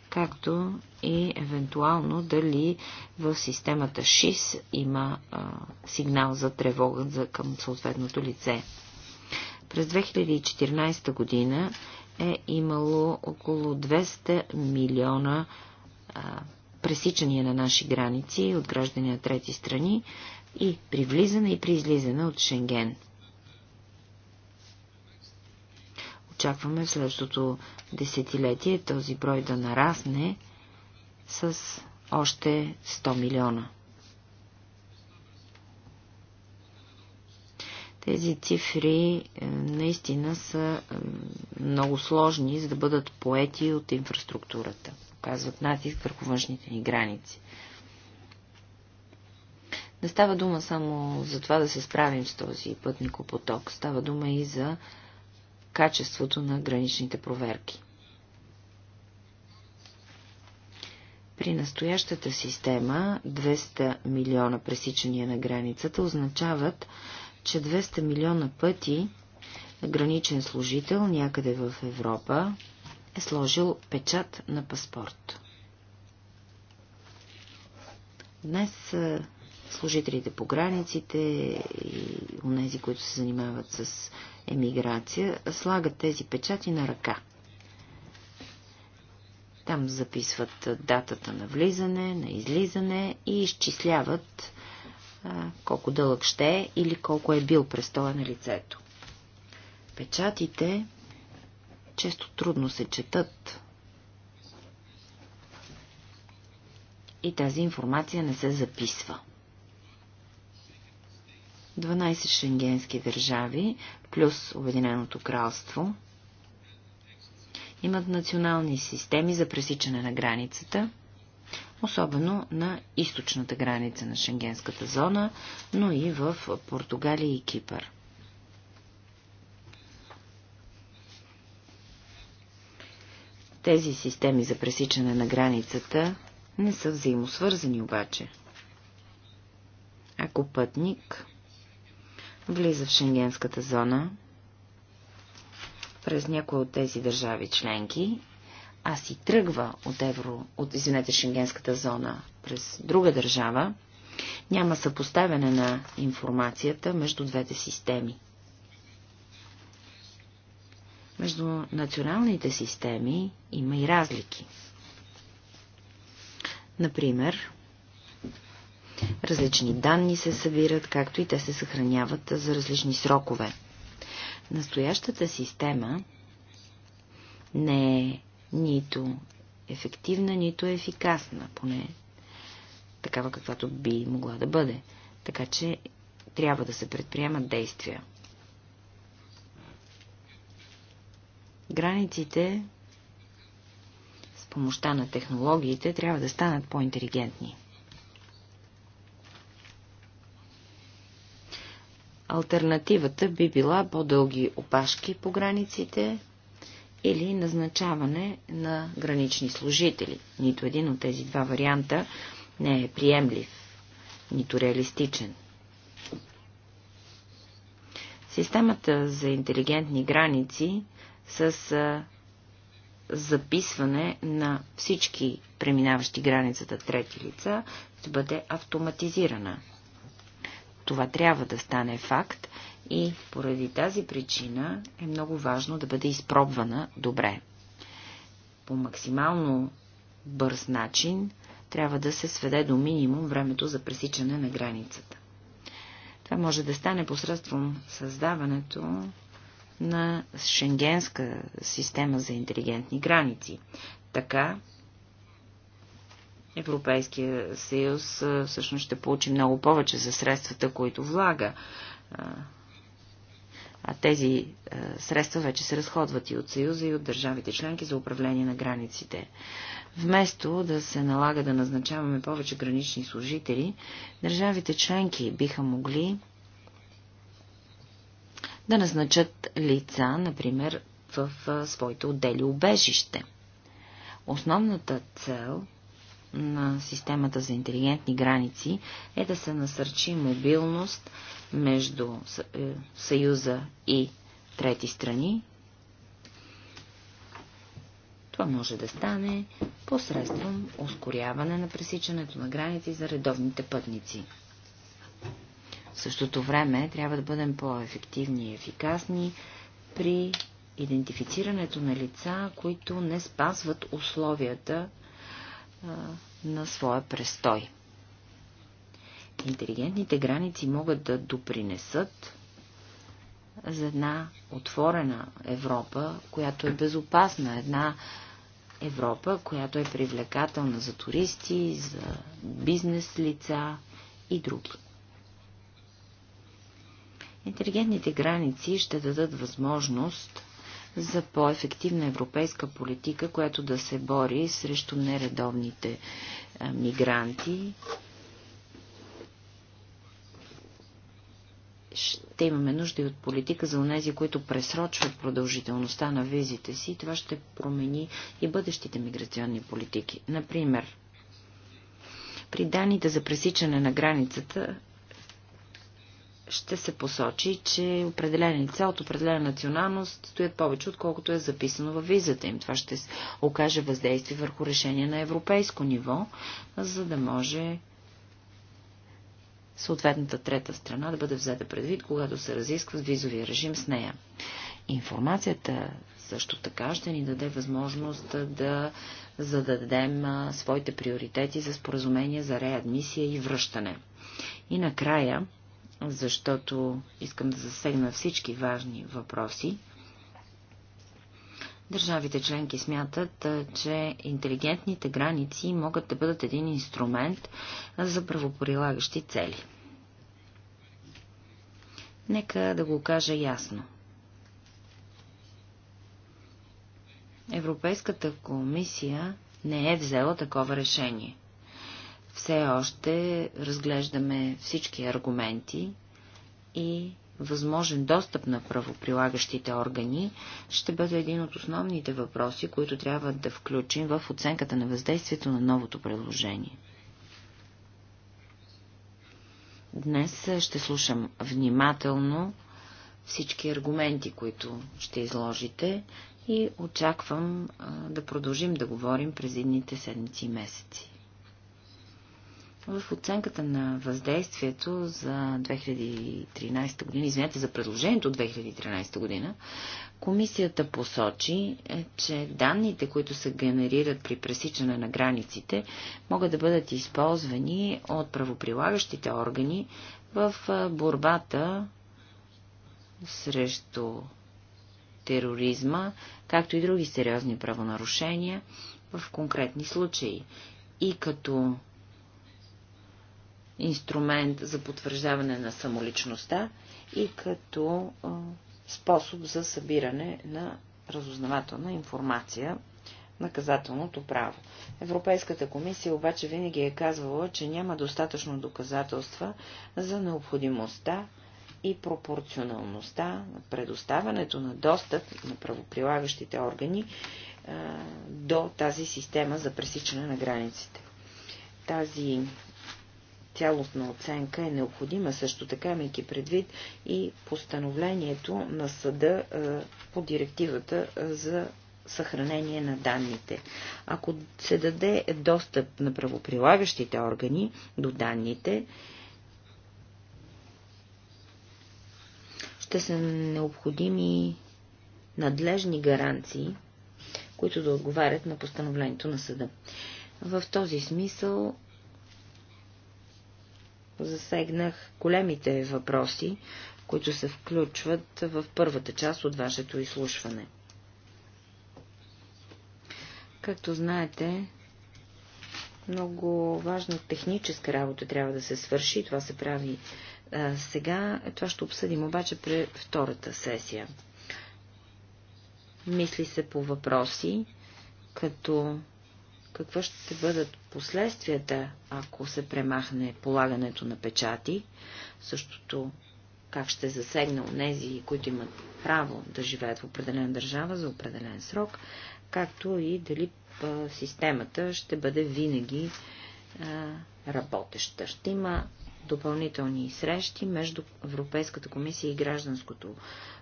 както и евентуално дали в системата ШИС има а, сигнал за тревога за, към съответното лице. През 2014 година е имало около 200 милиона а, пресичания на наши граници от граждани на трети страни и при влизане и при излизане от Шенген. Очакваме в следващото десетилетие този брой да нарасне с още 100 милиона. Тези цифри е, наистина са е, много сложни, за да бъдат поети от инфраструктурата. Казват натиск върху външните ни граници. Не става дума само за това да се справим с този пътникопоток. Става дума и за качеството на граничните проверки. При настоящата система 200 милиона пресичания на границата означават, че 200 милиона пъти граничен служител някъде в Европа е сложил печат на паспорт. Днес служителите по границите и онези, които се занимават с емиграция, слагат тези печати на ръка. Там записват датата на влизане, на излизане и изчисляват колко дълъг ще е или колко е бил престоя на лицето. Печатите често трудно се четат. И тази информация не се записва. 12 шенгенски държави, плюс Обединеното кралство, имат национални системи за пресичане на границата особено на източната граница на Шенгенската зона, но и в Португалия и Кипър. Тези системи за пресичане на границата не са взаимосвързани обаче. Ако пътник влиза в Шенгенската зона през някоя от тези държави членки а си тръгва от евро, от, извинете, шенгенската зона през друга държава, няма съпоставяне на информацията между двете системи. Между националните системи има и разлики. Например, различни данни се събират, както и те се съхраняват за различни срокове. Настоящата система не е нито ефективна, нито ефикасна, поне такава каквато би могла да бъде. Така че трябва да се предприемат действия. Границите с помощта на технологиите трябва да станат по-интелигентни. Альтернативата би била по-дълги опашки по границите, или назначаване на гранични служители. Нито един от тези два варианта не е приемлив, нито реалистичен. Системата за интелигентни граници с записване на всички преминаващи границата трети лица ще бъде автоматизирана. Това трябва да стане факт и поради тази причина е много важно да бъде изпробвана добре. По максимално бърз начин трябва да се сведе до минимум времето за пресичане на границата. Това може да стане посредством създаването на шенгенска система за интелигентни граници. Така Европейския съюз всъщност ще получи много повече за средствата, които влага а тези е, средства вече се разходват и от Съюза, и от държавите членки за управление на границите. Вместо да се налага да назначаваме повече гранични служители, държавите членки биха могли да назначат лица, например, в е, своите отдели убежище. Основната цел на системата за интелигентни граници е да се насърчи мобилност между е, Съюза и трети страни. Това може да стане посредством ускоряване на пресичането на граници за редовните пътници. В същото време трябва да бъдем по-ефективни и ефикасни при идентифицирането на лица, които не спазват условията а, на своя престой. Интелигентните граници могат да допринесат за една отворена Европа, която е безопасна, една Европа, която е привлекателна за туристи, за бизнес лица и други. Интелигентните граници ще дадат възможност за по-ефективна европейска политика, която да се бори срещу нередовните мигранти ще имаме нужда и от политика за онези, които пресрочват продължителността на визите си. Това ще промени и бъдещите миграционни политики. Например, при данните за пресичане на границата ще се посочи, че определени лица от определена националност стоят повече, отколкото е записано във визата им. Това ще окаже въздействие върху решение на европейско ниво, за да може съответната трета страна да бъде взета предвид, когато се разисква визовия режим с нея. Информацията също така ще ни даде възможност да зададем своите приоритети за споразумение за реадмисия и връщане. И накрая, защото искам да засегна всички важни въпроси, Държавите членки смятат, че интелигентните граници могат да бъдат един инструмент за правоприлагащи цели. Нека да го кажа ясно. Европейската комисия не е взела такова решение. Все още разглеждаме всички аргументи и възможен достъп на правоприлагащите органи, ще бъде един от основните въпроси, които трябва да включим в оценката на въздействието на новото предложение. Днес ще слушам внимателно всички аргументи, които ще изложите и очаквам да продължим да говорим през едните седмици и месеци в оценката на въздействието за 2013 година, извинете, за предложението от 2013 година, комисията посочи, е, че данните, които се генерират при пресичане на границите, могат да бъдат използвани от правоприлагащите органи в е, борбата срещу тероризма, както и други сериозни правонарушения в конкретни случаи. И като инструмент за потвърждаване на самоличността и като способ за събиране на разузнавателна информация наказателното право. Европейската комисия обаче винаги е казвала, че няма достатъчно доказателства за необходимостта и пропорционалността на предоставянето на достъп на правоприлагащите органи а, до тази система за пресичане на границите. Тази Цялостна оценка е необходима също така, имайки предвид и постановлението на съда е, по директивата е, за съхранение на данните. Ако се даде достъп на правоприлагащите органи до данните, ще са необходими надлежни гаранции, които да отговарят на постановлението на съда. В този смисъл засегнах големите въпроси, които се включват в първата част от вашето изслушване. Както знаете, много важна техническа работа трябва да се свърши. Това се прави а, сега. Това ще обсъдим обаче при втората сесия. Мисли се по въпроси, като какво ще бъдат последствията, ако се премахне полагането на печати, същото как ще засегне онези, които имат право да живеят в определена държава за определен срок, както и дали системата ще бъде винаги работеща. Ще има допълнителни срещи между Европейската комисия и гражданското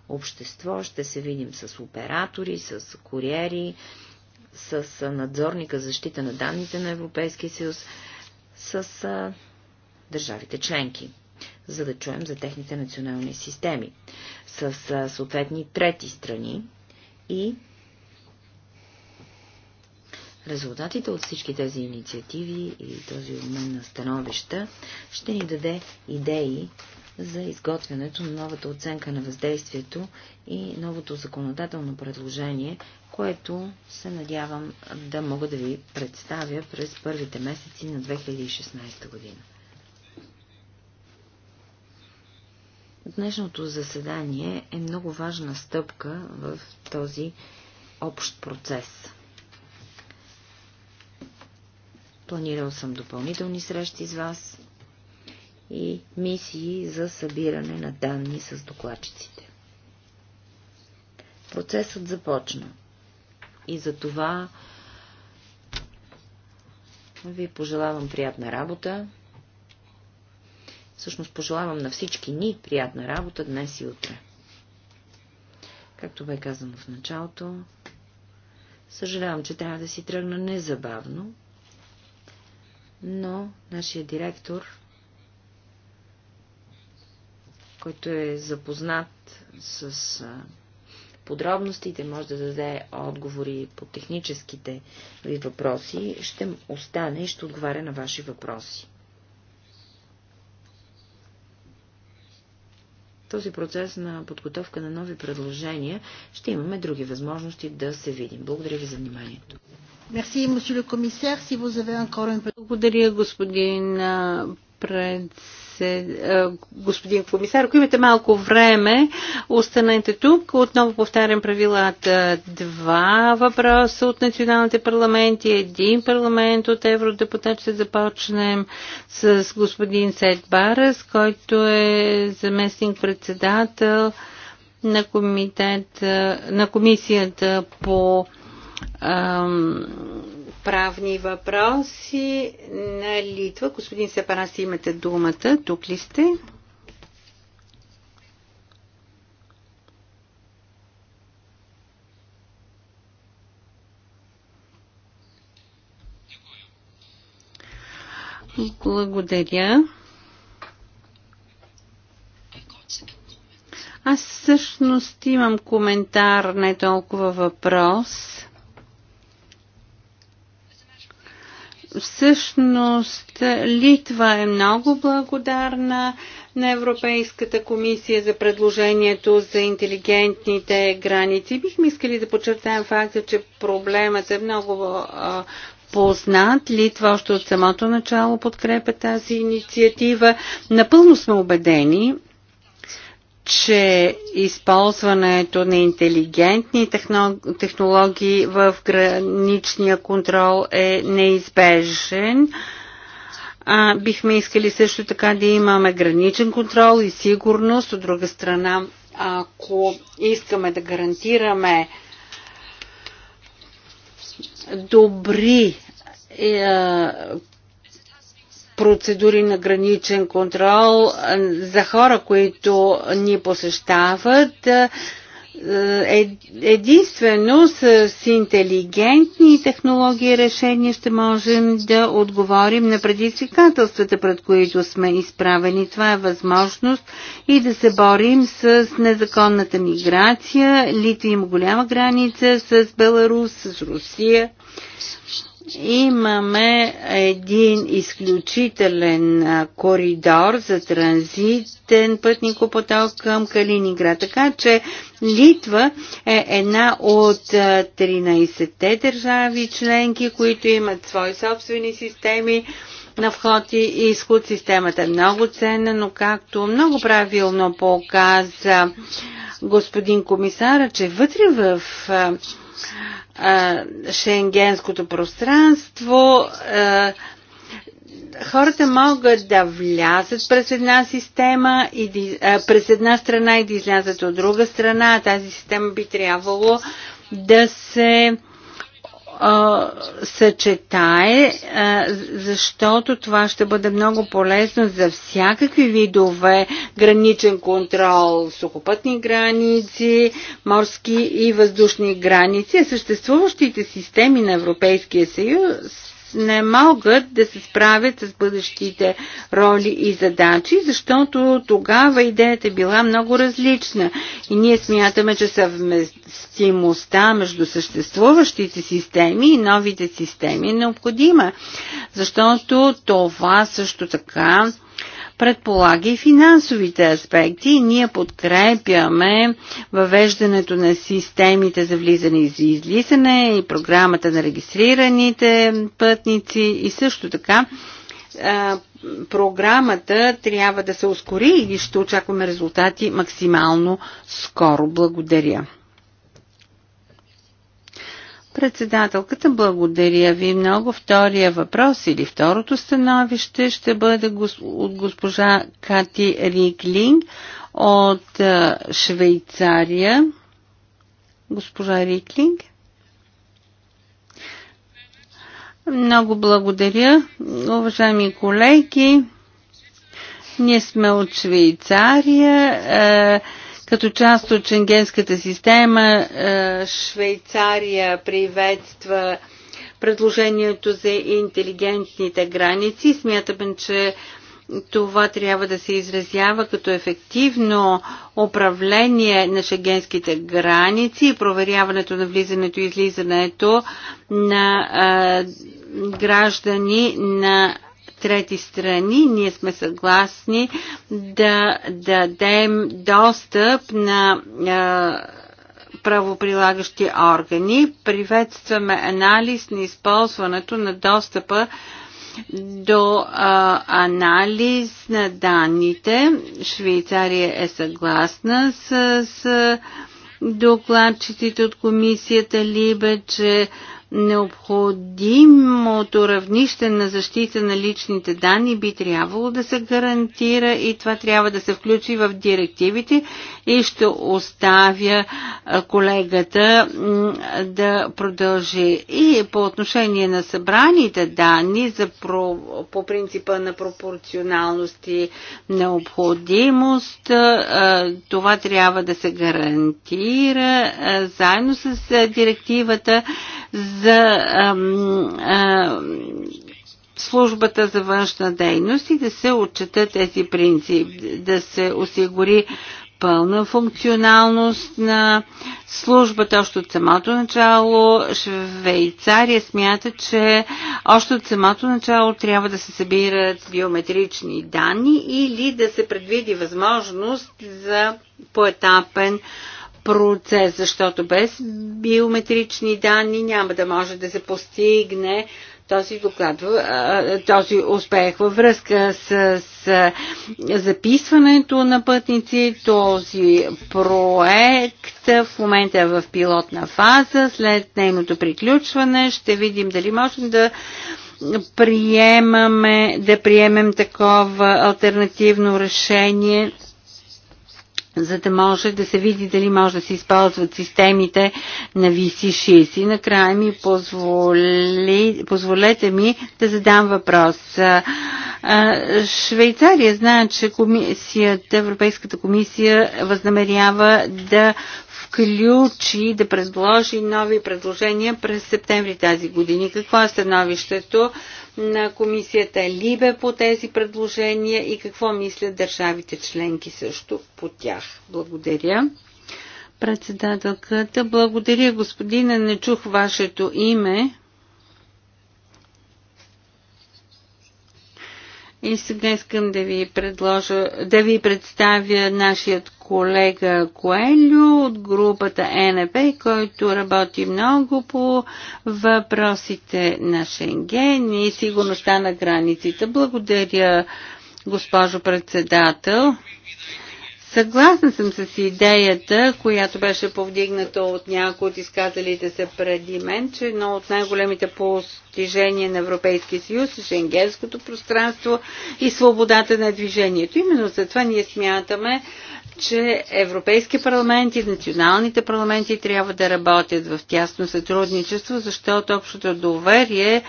общество. Ще се видим с оператори, с куриери, с надзорника защита на данните на Европейския съюз, с държавите членки, за да чуем за техните национални системи, с съответни трети страни и Резултатите от всички тези инициативи и този обмен на становища ще ни даде идеи за изготвянето на новата оценка на въздействието и новото законодателно предложение, което се надявам да мога да ви представя през първите месеци на 2016 година. Днешното заседание е много важна стъпка в този общ процес. Планирал съм допълнителни срещи с вас, и мисии за събиране на данни с докладчиците. Процесът започна и за това ви пожелавам приятна работа. Всъщност пожелавам на всички ни приятна работа днес и утре. Както бе казано в началото, съжалявам, че трябва да си тръгна незабавно, но нашия директор който е запознат с подробностите, може да даде отговори по техническите ви въпроси, ще остане и ще отговаря на ваши въпроси. този процес на подготовка на нови предложения ще имаме други възможности да се видим. Благодаря ви за вниманието. Благодаря, господин пред се, е, господин комисар. Ако имате малко време, останете тук. Отново повтарям правилата. Два въпроса от националните парламенти, един парламент от евродепутат. Ще започнем с господин Сет Барес, който е заместник-председател на, комитет, е, на комисията по ам, правни въпроси на Литва. Господин Сепанаси, имате думата. Тук ли сте? Благодаря. Аз всъщност имам коментар, не толкова въпрос. Всъщност Литва е много благодарна на Европейската комисия за предложението за интелигентните граници. Бихме искали да подчертаем факта, че проблемът е много познат. Литва още от самото начало подкрепя тази инициатива. Напълно сме убедени, че използването на интелигентни технологии в граничния контрол е неизбежен. А, бихме искали също така да имаме граничен контрол и сигурност. От друга страна, ако искаме да гарантираме добри е, процедури на граничен контрол за хора, които ни посещават е, единствено с интелигентни технологии и решения ще можем да отговорим на предизвикателствата, пред които сме изправени. Това е възможност и да се борим с незаконната миграция. Литва има голяма граница с Беларус, с Русия. Имаме един изключителен коридор за транзитен пътникопоток към Калининград. Така че Литва е една от 13-те държави членки, които имат свои собствени системи на вход и изход. Системата е много ценна, но както много правилно показа господин комисара, че вътре в шенгенското пространство, хората могат да влязат през една система и през една страна и да излязат от друга страна. Тази система би трябвало да се съчетае, защото това ще бъде много полезно за всякакви видове граничен контрол, сухопътни граници, морски и въздушни граници. Съществуващите системи на Европейския съюз не могат да се справят с бъдещите роли и задачи, защото тогава идеята е била много различна. И ние смятаме, че съвместимостта между съществуващите системи и новите системи е необходима, защото това също така предполага и финансовите аспекти. Ние подкрепяме въвеждането на системите за влизане и за излизане и програмата на регистрираните пътници и също така програмата трябва да се ускори и ще очакваме резултати максимално скоро. Благодаря. Председателката, благодаря ви много. Втория въпрос или второто становище ще бъде от госпожа Кати Риклинг от Швейцария. Госпожа Риклинг. Много благодаря, уважаеми колеги. Ние сме от Швейцария. Като част от шенгенската система е, Швейцария приветства предложението за интелигентните граници. Смятаме, че това трябва да се изразява като ефективно управление на шегенските граници и проверяването на влизането и излизането на а, е, граждани на трети страни, ние сме съгласни да, да дадем достъп на правоприлагащи органи. Приветстваме анализ на използването на достъпа до а, анализ на данните. Швейцария е съгласна с, с докладчиците от комисията Либе, че необходимото равнище на защита на личните данни би трябвало да се гарантира и това трябва да се включи в директивите и ще оставя колегата да продължи. И по отношение на събраните данни за про, по принципа на пропорционалност и необходимост, това трябва да се гарантира заедно с директивата за ам, ам, службата за външна дейност и да се отчета тези принципи, да се осигури пълна функционалност на службата още от самото начало. Швейцария смята, че още от самото начало трябва да се събират биометрични данни или да се предвиди възможност за поетапен процес, защото без биометрични данни няма да може да се постигне този доклад, този успех във връзка с, с записването на пътници. Този проект в момента е в пилотна фаза. След нейното приключване ще видим дали можем да приемаме, да приемем такова альтернативно решение за да може да се види дали може да се използват системите на VC6. И накрая ми позволи, позволете ми да задам въпрос. Швейцария знае, че комисията, Европейската комисия възнамерява да включи, да предложи нови предложения през септември тази години. Какво е становището на комисията Либе по тези предложения и какво мислят държавите членки също по тях. Благодаря. Председателката, благодаря господина, не чух вашето име. И сега искам да ви предложа, да ви представя нашият колега Коелю от групата НП, който работи много по въпросите на Шенген и сигурността на границите. Благодаря, госпожо председател. Съгласна съм с идеята, която беше повдигната от някои от изказалите се преди мен, че едно от най-големите постижения на Европейския съюз е шенгенското пространство и свободата на движението. Именно за това ние смятаме, че Европейски парламент и националните парламенти трябва да работят в тясно сътрудничество, защото общото доверие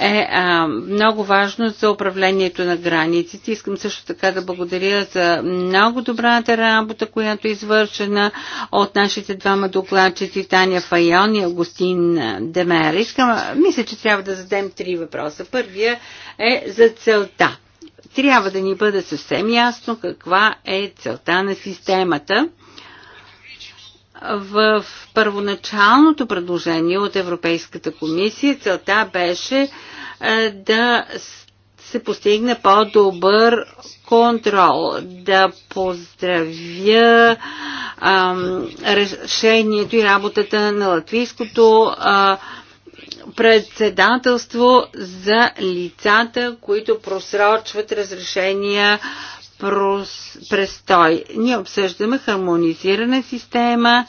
е а, много важно за управлението на границите. Искам също така да благодаря за много добрата работа, която е извършена от нашите двама докладчици Таня Файон и Агустин Демер. Искам, мисля, че трябва да зададем три въпроса. Първия е за целта трябва да ни бъде съвсем ясно каква е целта на системата. В първоначалното предложение от Европейската комисия целта беше е, да се постигне по-добър контрол. Да поздравя а, решението и работата на латвийското а, председателство за лицата, които просрочват разрешения престой. Ние обсъждаме хармонизирана система,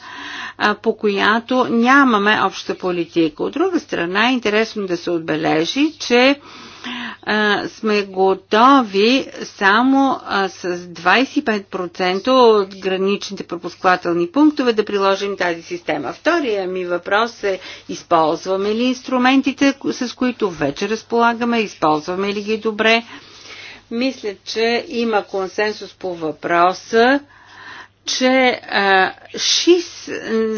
по която нямаме обща политика. От друга страна е интересно да се отбележи, че сме готови само с 25% от граничните пропусквателни пунктове да приложим тази система. Втория ми въпрос е използваме ли инструментите, с които вече разполагаме, използваме ли ги добре. Мисля, че има консенсус по въпроса че а, ШИС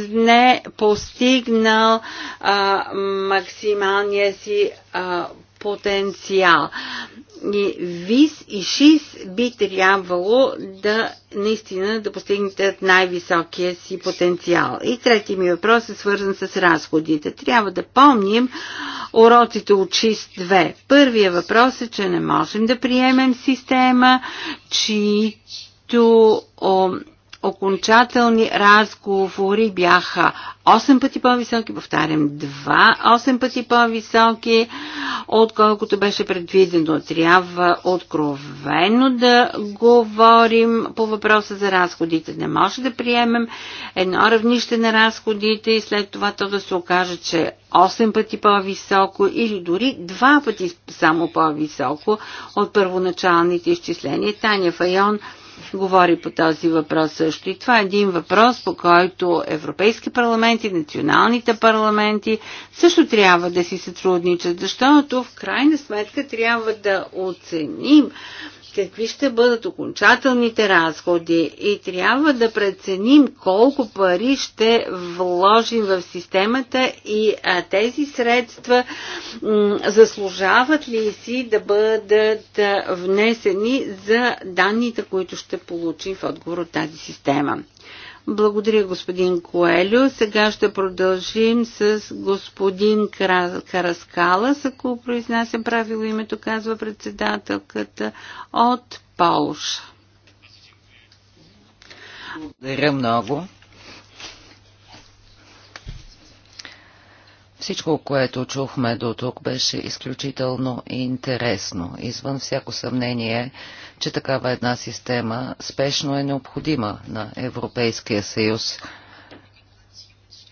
не е постигнал а, максималния си а, потенциал. И ВИС и ШИС би трябвало да наистина да постигнете най-високия си потенциал. И трети ми въпрос е свързан с разходите. Трябва да помним уроците от ШИС 2. Първия въпрос е, че не можем да приемем система, чието окончателни разговори бяха 8 пъти по-високи, повтарям 2, 8 пъти по-високи, отколкото беше предвидено. Трябва откровено да говорим по въпроса за разходите. Не може да приемем едно равнище на разходите и след това то да се окаже, че 8 пъти по-високо или дори 2 пъти само по-високо от първоначалните изчисления. Таня Файон говори по този въпрос също. И това е един въпрос, по който европейски парламенти, националните парламенти също трябва да си сътрудничат, защото в крайна сметка трябва да оценим какви ще бъдат окончателните разходи и трябва да преценим колко пари ще вложим в системата и а, тези средства заслужават ли си да бъдат внесени за данните, които ще получим в отговор от тази система. Благодаря, господин Коелю. Сега ще продължим с господин Караскалас, ако произнася правило името, казва председателката от Полша. Благодаря много. Всичко, което чухме до тук, беше изключително интересно. Извън всяко съмнение, че такава една система спешно е необходима на Европейския съюз.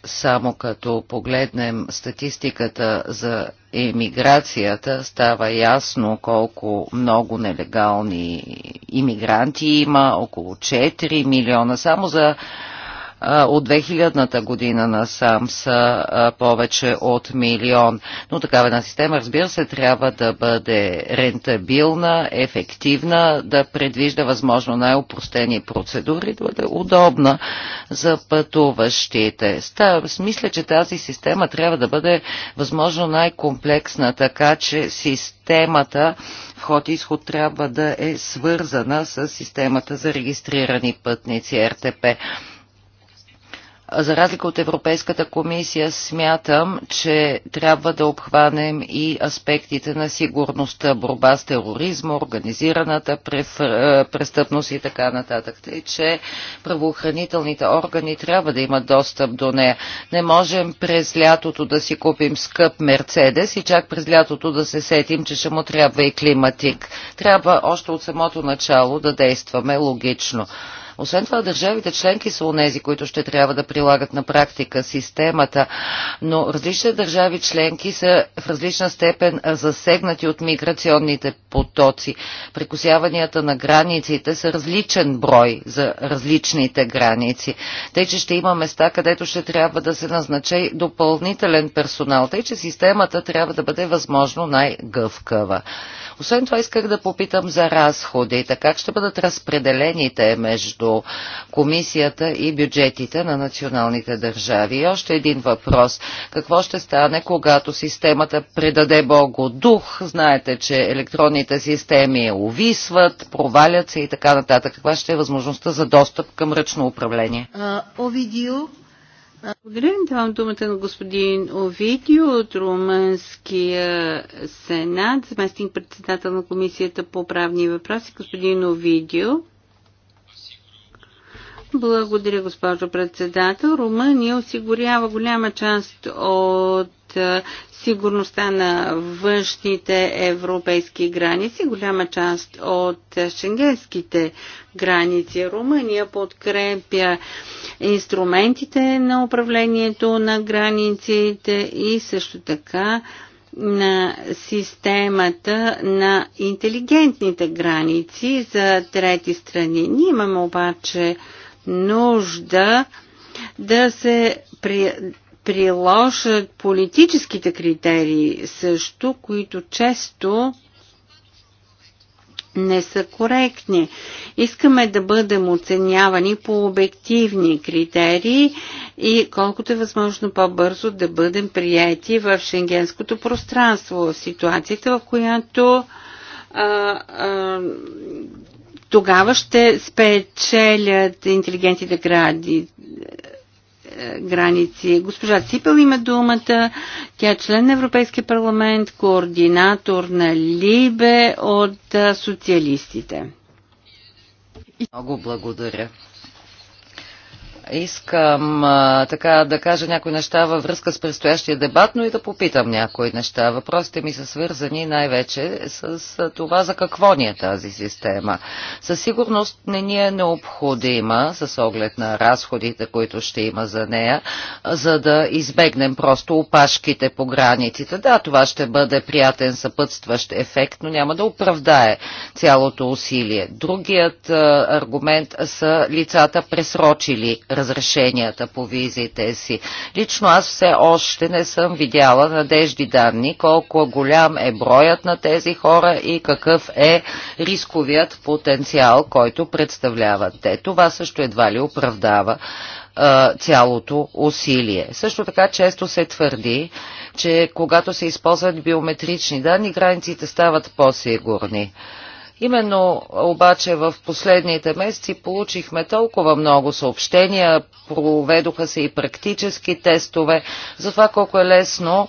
Само като погледнем статистиката за емиграцията, става ясно колко много нелегални иммигранти има, около 4 милиона. Само за от 2000-та година сам са повече от милион. Но такава една система, разбира се, трябва да бъде рентабилна, ефективна, да предвижда възможно най-упростени процедури, да бъде удобна за пътуващите. мисля, че тази система трябва да бъде възможно най-комплексна, така че системата вход и изход трябва да е свързана с системата за регистрирани пътници РТП. За разлика от Европейската комисия, смятам, че трябва да обхванем и аспектите на сигурността, борба с тероризма, организираната престъпност и така нататък. Тъй, че правоохранителните органи трябва да имат достъп до нея. Не можем през лятото да си купим скъп Мерцедес и чак през лятото да се сетим, че ще му трябва и климатик. Трябва още от самото начало да действаме логично. Освен това, държавите членки са онези, които ще трябва да прилагат на практика системата, но различните държави членки са в различна степен засегнати от миграционните потоци. Прекусяванията на границите са различен брой за различните граници. Тъй, че ще има места, където ще трябва да се назначи допълнителен персонал. Тъй, че системата трябва да бъде възможно най-гъвкава. Освен това исках да попитам за разходите. Как ще бъдат разпределените между комисията и бюджетите на националните държави? И още един въпрос. Какво ще стане, когато системата предаде Богу дух? Знаете, че електронните системи увисват, провалят се и така нататък. Каква ще е възможността за достъп към ръчно управление? Овидио, uh, благодаря ви. Давам думата на господин Овидио от Румънския сенат, заместник председател на Комисията по правни въпроси. Господин Овидио. Благодаря, госпожо председател. Румъния осигурява голяма част от сигурността на външните европейски граници, голяма част от шенгенските граници. Румъния подкрепя инструментите на управлението на границите и също така на системата на интелигентните граници за трети страни. Ние имаме обаче нужда да се приложат политическите критерии също, които често не са коректни. Искаме да бъдем оценявани по обективни критерии и колкото е възможно по-бързо да бъдем прияти в шенгенското пространство, в ситуацията, в която а, а, тогава ще спечелят интелигентните гради, е, граници. Госпожа Ципел има думата. Тя е член на Европейския парламент, координатор на Либе от социалистите. Много благодаря. Искам а, така да кажа някои неща във връзка с предстоящия дебат, но и да попитам някои неща. Въпросите ми са свързани най-вече с това за какво ни е тази система. Със сигурност не ни е необходима, с оглед на разходите, които ще има за нея, за да избегнем просто опашките по границите. Да, това ще бъде приятен съпътстващ ефект, но няма да оправдае цялото усилие. Другият а, аргумент са лицата пресрочили разрешенията по визите си. Лично аз все още не съм видяла надежди данни, колко голям е броят на тези хора и какъв е рисковият потенциал, който представляват те. Това също едва ли оправдава цялото усилие. Също така често се твърди, че когато се използват биометрични данни, границите стават по-сигурни. Именно обаче в последните месеци получихме толкова много съобщения, проведоха се и практически тестове за това колко е лесно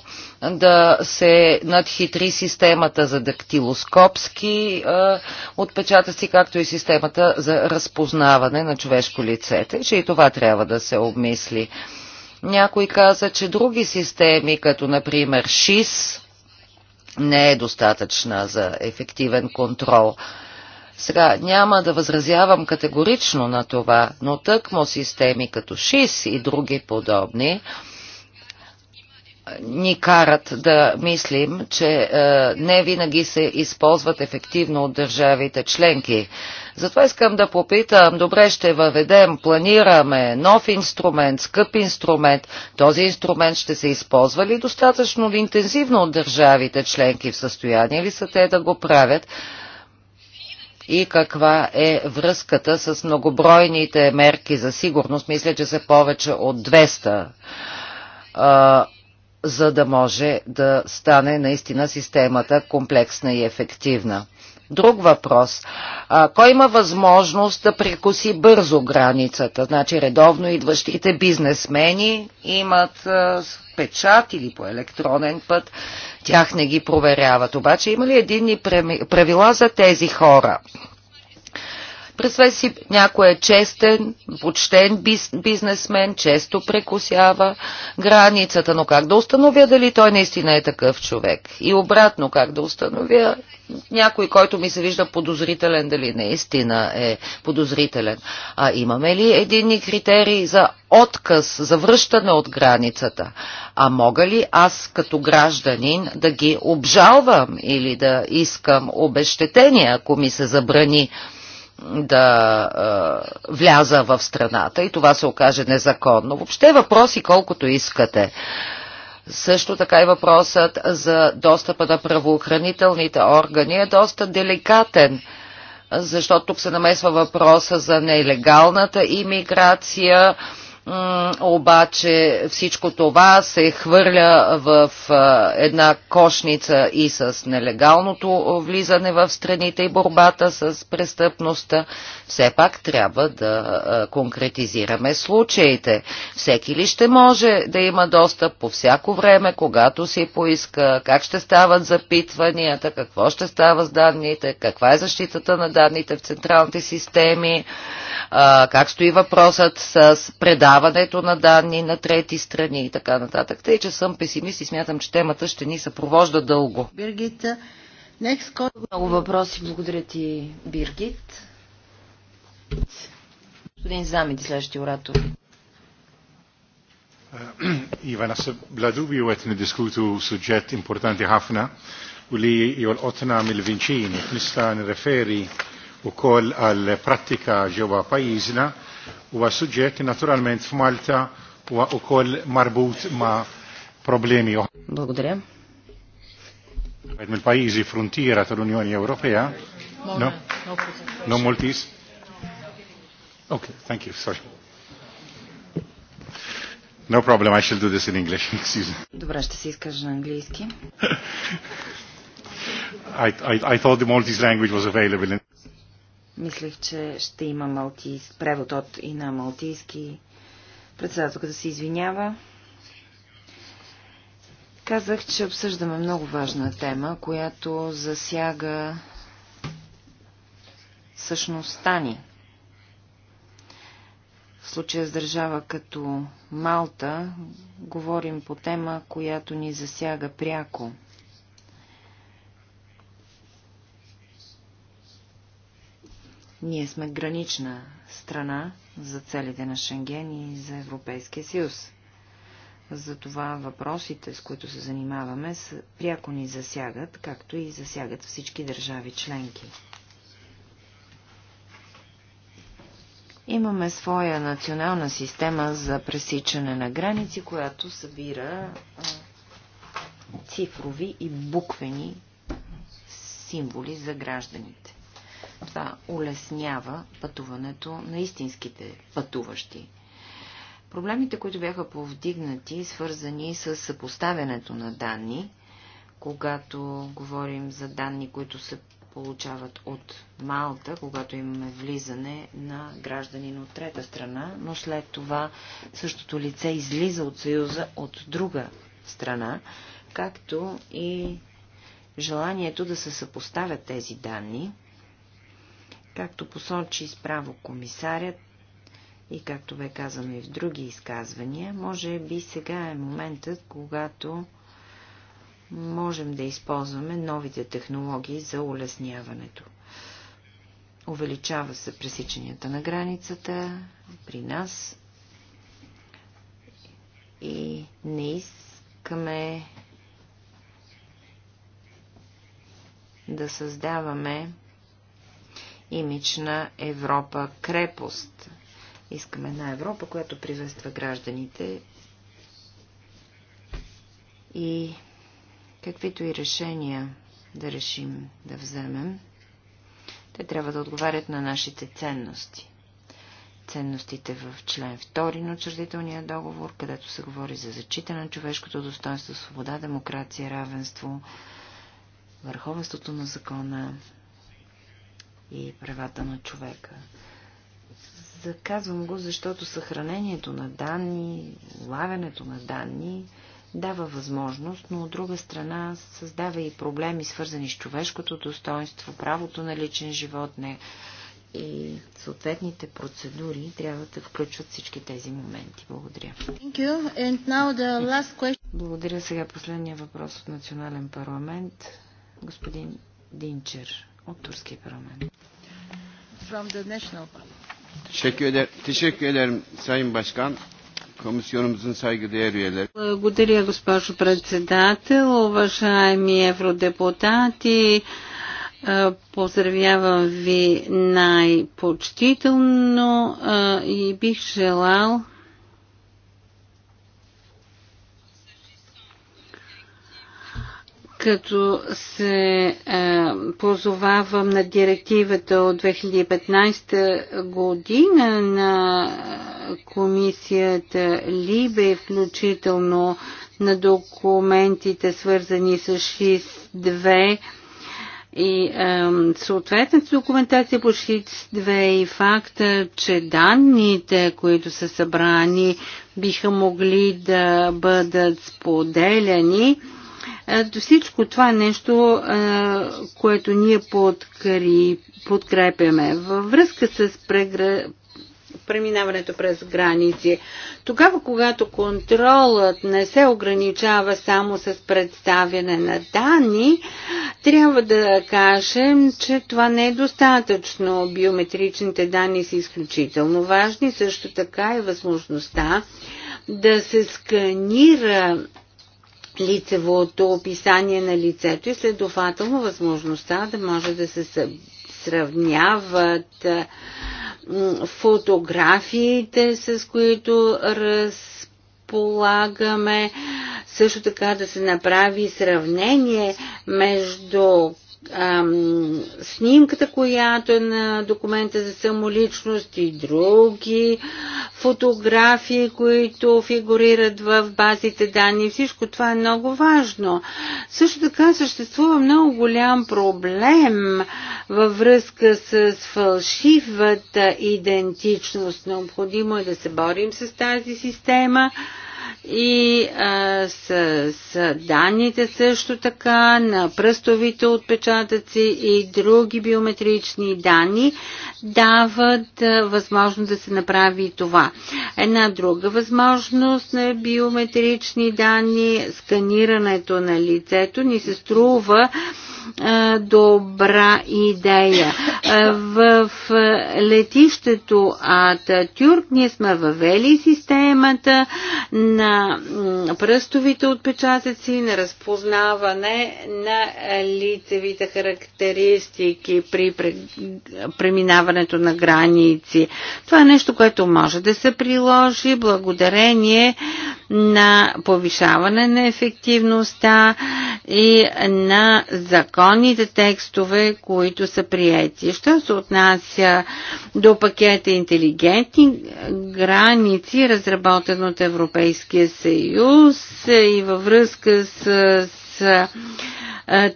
да се надхитри системата за дактилоскопски е, отпечатъци, както и системата за разпознаване на човешко лице. Тъй, че и това трябва да се обмисли. Някой каза, че други системи, като например ШИС, не е достатъчна за ефективен контрол. Сега няма да възразявам категорично на това, но тъкмо системи като ШИС и други подобни е, ни карат да мислим, че е, не винаги се използват ефективно от държавите членки. Затова искам да попитам, добре ще въведем, планираме нов инструмент, скъп инструмент. Този инструмент ще се използва ли достатъчно интензивно от държавите членки в състояние ли са те да го правят? и каква е връзката с многобройните мерки за сигурност. Мисля, че са повече от 200, а, за да може да стане наистина системата комплексна и ефективна друг въпрос. А, кой има възможност да прекоси бързо границата? Значи редовно идващите бизнесмени имат а, печат или по електронен път. Тях не ги проверяват. Обаче има ли единни правила за тези хора? Представете си, някой е честен, почтен бизнесмен, често прекусява границата, но как да установя дали той наистина е такъв човек? И обратно, как да установя някой, който ми се вижда подозрителен, дали наистина е подозрителен? А имаме ли единни критерии за отказ, за връщане от границата? А мога ли аз като гражданин да ги обжалвам или да искам обещетение, ако ми се забрани? да е, вляза в страната и това се окаже незаконно. Въобще въпроси колкото искате. Също така и въпросът за достъпа на правоохранителните органи е доста деликатен, защото тук се намесва въпроса за нелегалната иммиграция, обаче всичко това се хвърля в една кошница и с нелегалното влизане в страните и борбата с престъпността. Все пак трябва да конкретизираме случаите. Всеки ли ще може да има достъп по всяко време, когато си поиска, как ще стават запитванията, какво ще става с данните, каква е защитата на данните в централните системи, как стои въпросът с предаването предаването на данни на трети страни и така нататък. Тъй, че съм песимист и смятам, че темата ще ни съпровожда дълго. Биргита, next... Много въпроси. Благодаря ти, Биргит. Господин Замид, следващия оратор. Iva, nasib bla dubju għet nidiskutu suġġett importanti ħafna u li jolqotna mill-vinċini. Nista' nirreferi u koll għal pratika ġewwa pajjiżna huwa suġġett naturalment f'Malta huwa wkoll marbut ma' problemi oħra. Благодаря. mill-pajjiżi frontiera tal-Unjoni Ewropea. No? No multis? Ok, thank you, sorry. No problem, I shall do this in English, excuse me. Dobra, ще се изкажа на английски. I, I, I thought the Maltese language was available in... Мислех, че ще има малтийс... превод от и на малтийски. Председателката се извинява. Казах, че обсъждаме много важна тема, която засяга същността ни. В случая с държава като Малта говорим по тема, която ни засяга пряко – Ние сме гранична страна за целите на Шенген и за Европейския съюз. Затова въпросите, с които се занимаваме, са, пряко ни засягат, както и засягат всички държави членки. Имаме своя национална система за пресичане на граници, която събира цифрови и буквени символи за гражданите. Това улеснява пътуването на истинските пътуващи. Проблемите, които бяха повдигнати, свързани с съпоставянето на данни, когато говорим за данни, които се получават от Малта, когато имаме влизане на гражданин от трета страна, но след това същото лице излиза от Съюза от друга страна, както и желанието да се съпоставят тези данни Както посочи справо комисарят и както бе казано и в други изказвания, може би сега е моментът, когато можем да използваме новите технологии за улесняването. Увеличава се пресичанията на границата при нас и не искаме да създаваме имидж на Европа крепост. Искаме една Европа, която приветства гражданите и каквито и решения да решим да вземем, те трябва да отговарят на нашите ценности. Ценностите в член 2 на учредителния договор, където се говори за зачита на човешкото достоинство, свобода, демокрация, равенство, върховенството на закона, и правата на човека. Заказвам го, защото съхранението на данни, лавянето на данни дава възможност, но от друга страна създава и проблеми, свързани с човешкото достоинство, правото на личен живот, не и съответните процедури трябва да включват всички тези моменти. Благодаря. Благодаря сега последния въпрос от Национален парламент. Господин Динчер от турския парламент. Благодаря, госпожо председател, уважаеми евродепутати. Поздравявам ви най-почтително и бих желал като се е, позовавам на директивата от 2015 година на комисията Либе, включително на документите свързани с 6.2 и е, съответната документация по 6.2 и факта, че данните, които са събрани, биха могли да бъдат споделяни ето всичко това е нещо, е, което ние подкари, подкрепяме. Във връзка с прегр... преминаването през граници, тогава когато контролът не се ограничава само с представяне на данни, трябва да кажем, че това не е достатъчно. Биометричните данни са изключително важни, също така и е възможността да се сканира лицевото описание на лицето и следователно възможността да може да се сравняват фотографиите, с които разполагаме, също така да се направи сравнение между ам, снимката, която е на документа за самоличност и други фотографии, които фигурират в базите данни. Всичко това е много важно. Също така съществува много голям проблем във връзка с фалшивата идентичност. Необходимо е да се борим с тази система и а, с, с данните също така на пръстовите отпечатъци и други биометрични данни дават а, възможност да се направи и това. Една друга възможност на биометрични данни, сканирането на лицето ни се струва добра идея. В летището Ататюрк ние сме въвели системата на на пръстовите отпечатъци, на разпознаване на лицевите характеристики при преминаването на граници. Това е нещо, което може да се приложи благодарение на повишаване на ефективността и на законните текстове, които са приети. Що се отнася до пакета интелигентни граници, разработен от Европейския Европейския съюз и във връзка с, с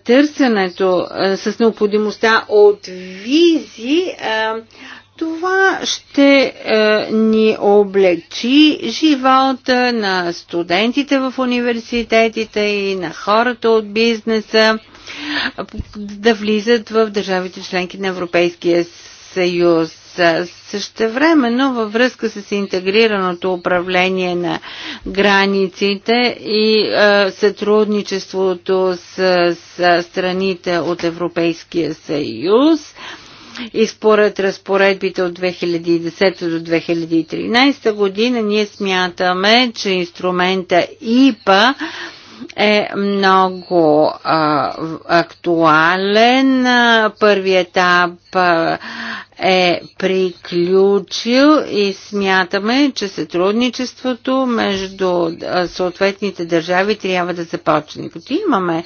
търсенето, с необходимостта от визи, това ще ни облегчи живота на студентите в университетите и на хората от бизнеса да влизат в държавите членки на Европейския съюз. Същевременно във връзка с интегрираното управление на границите и сътрудничеството с, с страните от Европейския съюз, и според разпоредбите от 2010 до 2013 година ние смятаме, че инструмента ИПА е много а, актуален. Първият етап а, е приключил и смятаме, че сътрудничеството между съответните държави трябва да започне. Като имаме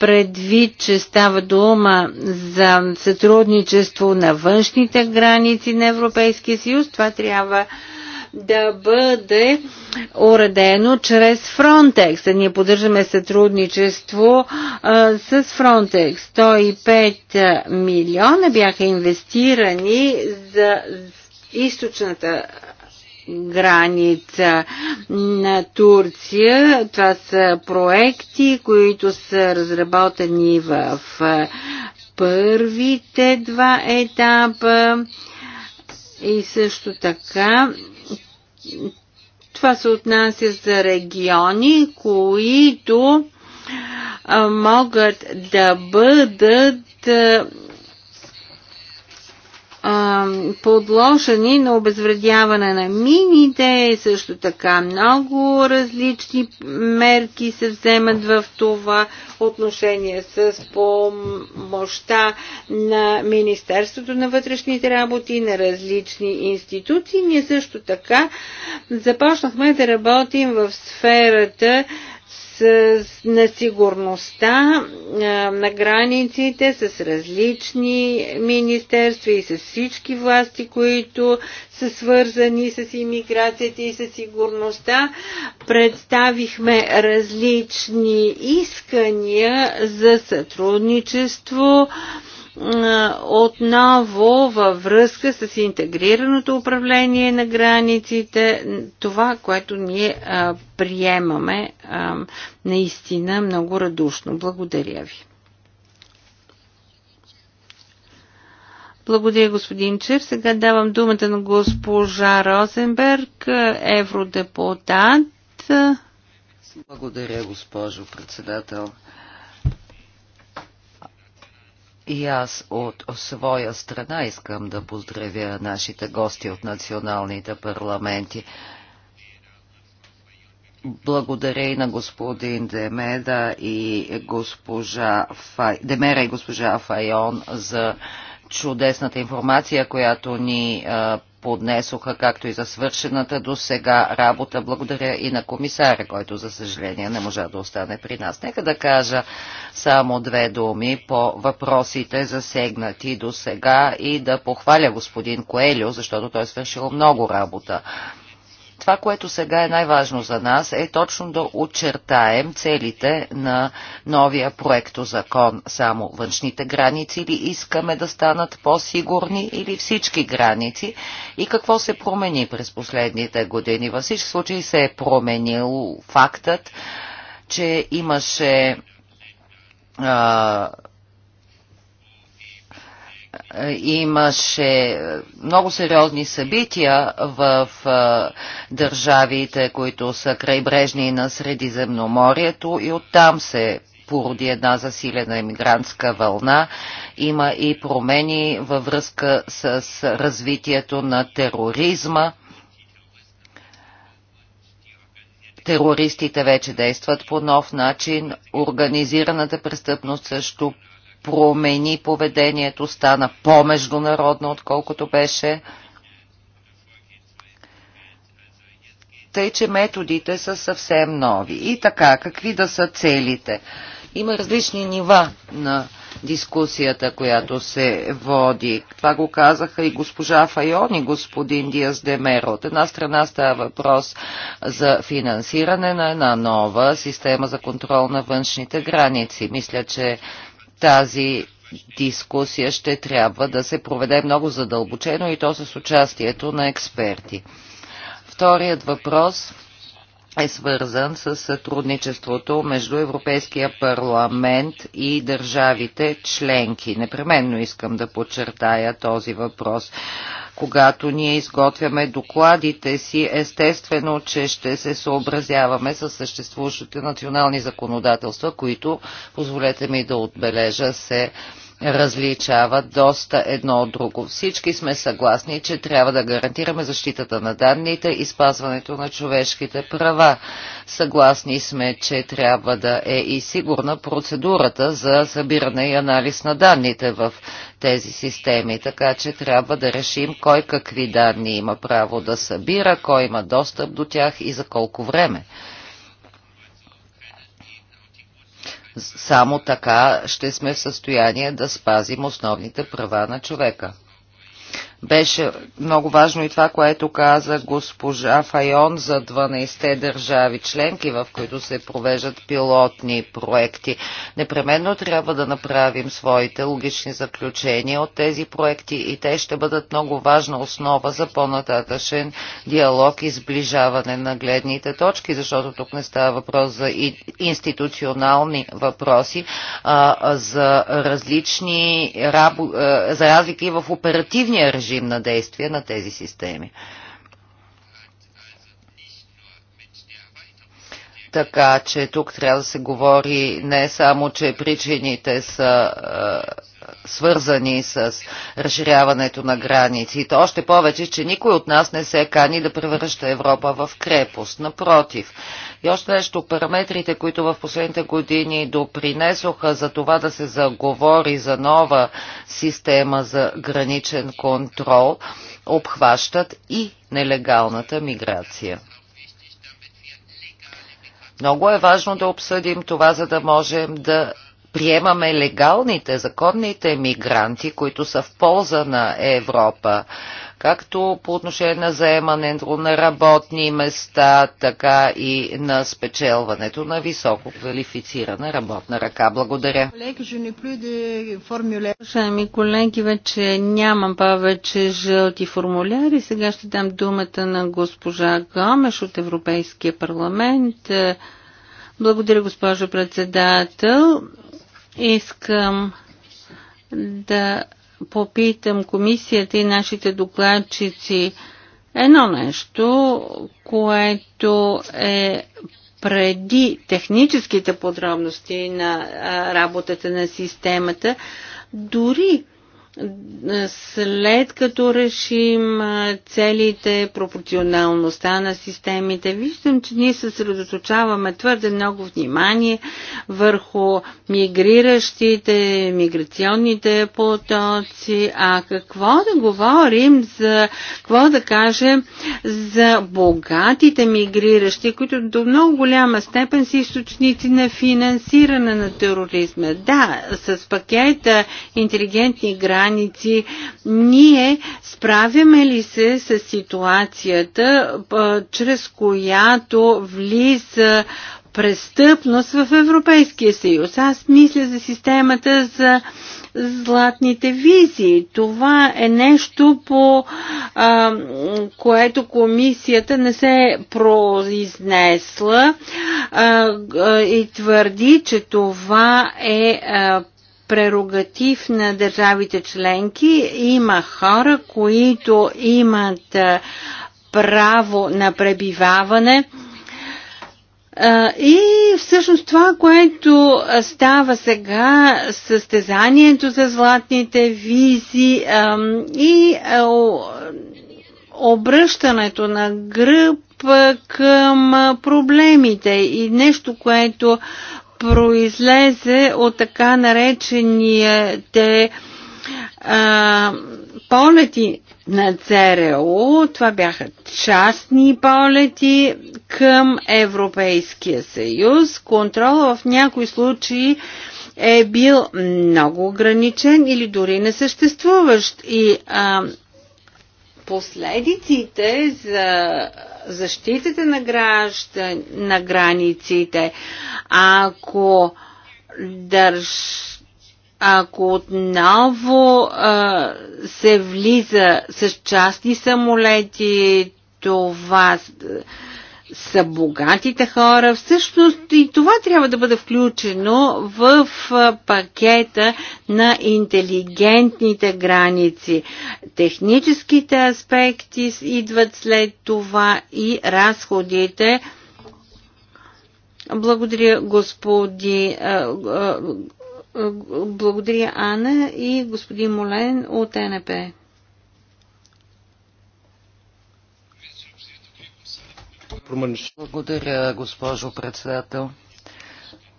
предвид, че става дума за сътрудничество на външните граници на Европейския съюз, това трябва да бъде уредено чрез Frontex. Да ние поддържаме сътрудничество а, с Frontex. 105 милиона бяха инвестирани за източната граница на Турция. Това са проекти, които са разработени в първите два етапа и също така това се отнася за региони, които могат да бъдат подложени на обезвредяване на мините, също така много различни мерки се вземат в това отношение с помощта на Министерството на вътрешните работи, на различни институции. Ние също така започнахме да работим в сферата с несигурността на границите с различни министерства и с всички власти, които са свързани с иммиграцията и с сигурността. Представихме различни искания за сътрудничество отново във връзка с интегрираното управление на границите, това, което ние приемаме наистина много радушно. Благодаря ви. Благодаря, господин Чев. Сега давам думата на госпожа Розенберг, евродепутат. Благодаря, госпожо председател. И аз от своя страна искам да поздравя нашите гости от националните парламенти. Благодаря и на господин Демеда и госпожа Фай... Демера и госпожа Файон за чудесната информация, която ни а, поднесоха, както и за свършената до сега работа. Благодаря и на комисаря, който за съжаление не можа да остане при нас. Нека да кажа само две думи по въпросите засегнати до сега и да похваля господин Коелио, защото той е свършил много работа това, което сега е най-важно за нас, е точно да очертаем целите на новия проекто закон. Само външните граници ли искаме да станат по-сигурни или всички граници? И какво се промени през последните години? Във всички случаи се е променил фактът, че имаше а, имаше много сериозни събития в държавите, които са крайбрежни на Средиземноморието и оттам се породи една засилена емигрантска вълна. Има и промени във връзка с развитието на тероризма. Терористите вече действат по нов начин, организираната престъпност също промени поведението, стана по-международно, отколкото беше. Тъй, че методите са съвсем нови. И така, какви да са целите? Има различни нива на дискусията, която се води. Това го казаха и госпожа Файон и господин Диас Демеро. От една страна става въпрос за финансиране на една нова система за контрол на външните граници. Мисля, че тази дискусия ще трябва да се проведе много задълбочено и то с участието на експерти. Вторият въпрос е свързан с сътрудничеството между Европейския парламент и държавите членки. Непременно искам да подчертая този въпрос. Когато ние изготвяме докладите си, естествено, че ще се съобразяваме с съществуващите национални законодателства, които, позволете ми да отбележа, се различават доста едно от друго. Всички сме съгласни, че трябва да гарантираме защитата на данните и спазването на човешките права. Съгласни сме, че трябва да е и сигурна процедурата за събиране и анализ на данните в тези системи, така че трябва да решим кой какви данни има право да събира, кой има достъп до тях и за колко време. Само така ще сме в състояние да спазим основните права на човека. Беше много важно и това, което каза госпожа Файон за 12-те държави членки, в които се провеждат пилотни проекти. Непременно трябва да направим своите логични заключения от тези проекти и те ще бъдат много важна основа за по-нататъчен диалог и сближаване на гледните точки, защото тук не става въпрос за институционални въпроси, а за различни за разлики в оперативния режим режим на действие на тези системи. Така че тук трябва да се говори не само, че причините са е, свързани с разширяването на границите. Още повече, че никой от нас не се кани да превръща Европа в крепост. Напротив, и още нещо, параметрите, които в последните години допринесоха за това да се заговори за нова система за граничен контрол, обхващат и нелегалната миграция. Много е важно да обсъдим това, за да можем да приемаме легалните, законните мигранти, които са в полза на Европа както по отношение на заемането на работни места, така и на спечелването на високо квалифицирана работна ръка. Благодаря. Уважаеми колеги, вече нямам повече жълти формуляри. Сега ще дам думата на госпожа Гомеш от Европейския парламент. Благодаря, госпожо председател. Искам да попитам комисията и нашите докладчици едно нещо, което е преди техническите подробности на работата на системата, дори след като решим целите, пропорционалността на системите, виждам, че ние съсредоточаваме твърде много внимание върху мигриращите, миграционните потоци, а какво да говорим за, какво да кажем за богатите мигриращи, които до много голяма степен са източници на финансиране на тероризма. Да, с пакета интелигентни граждани граници. Ние справяме ли се с ситуацията, чрез която влиза престъпност в Европейския съюз. Аз мисля за системата за златните визии. Това е нещо, по а, което комисията не се произнесла а, а, и твърди, че това е а, прерогатив на държавите членки. Има хора, които имат право на пребиваване. И всъщност това, което става сега, състезанието за златните визи и обръщането на гръб към проблемите и нещо, което произлезе от така наречените а, полети на ЦРУ. Това бяха частни полети към Европейския съюз. Контрола в някои случаи е бил много ограничен или дори несъществуващ. И а, последиците за защитата на, граждан, на границите, ако държ, ако отново а, се влиза с частни самолети, това са богатите хора. Всъщност и това трябва да бъде включено в пакета на интелигентните граници. Техническите аспекти идват след това и разходите. Благодаря, господи. Благодаря, Ана и господин Молен от НП. Благодаря, госпожо председател.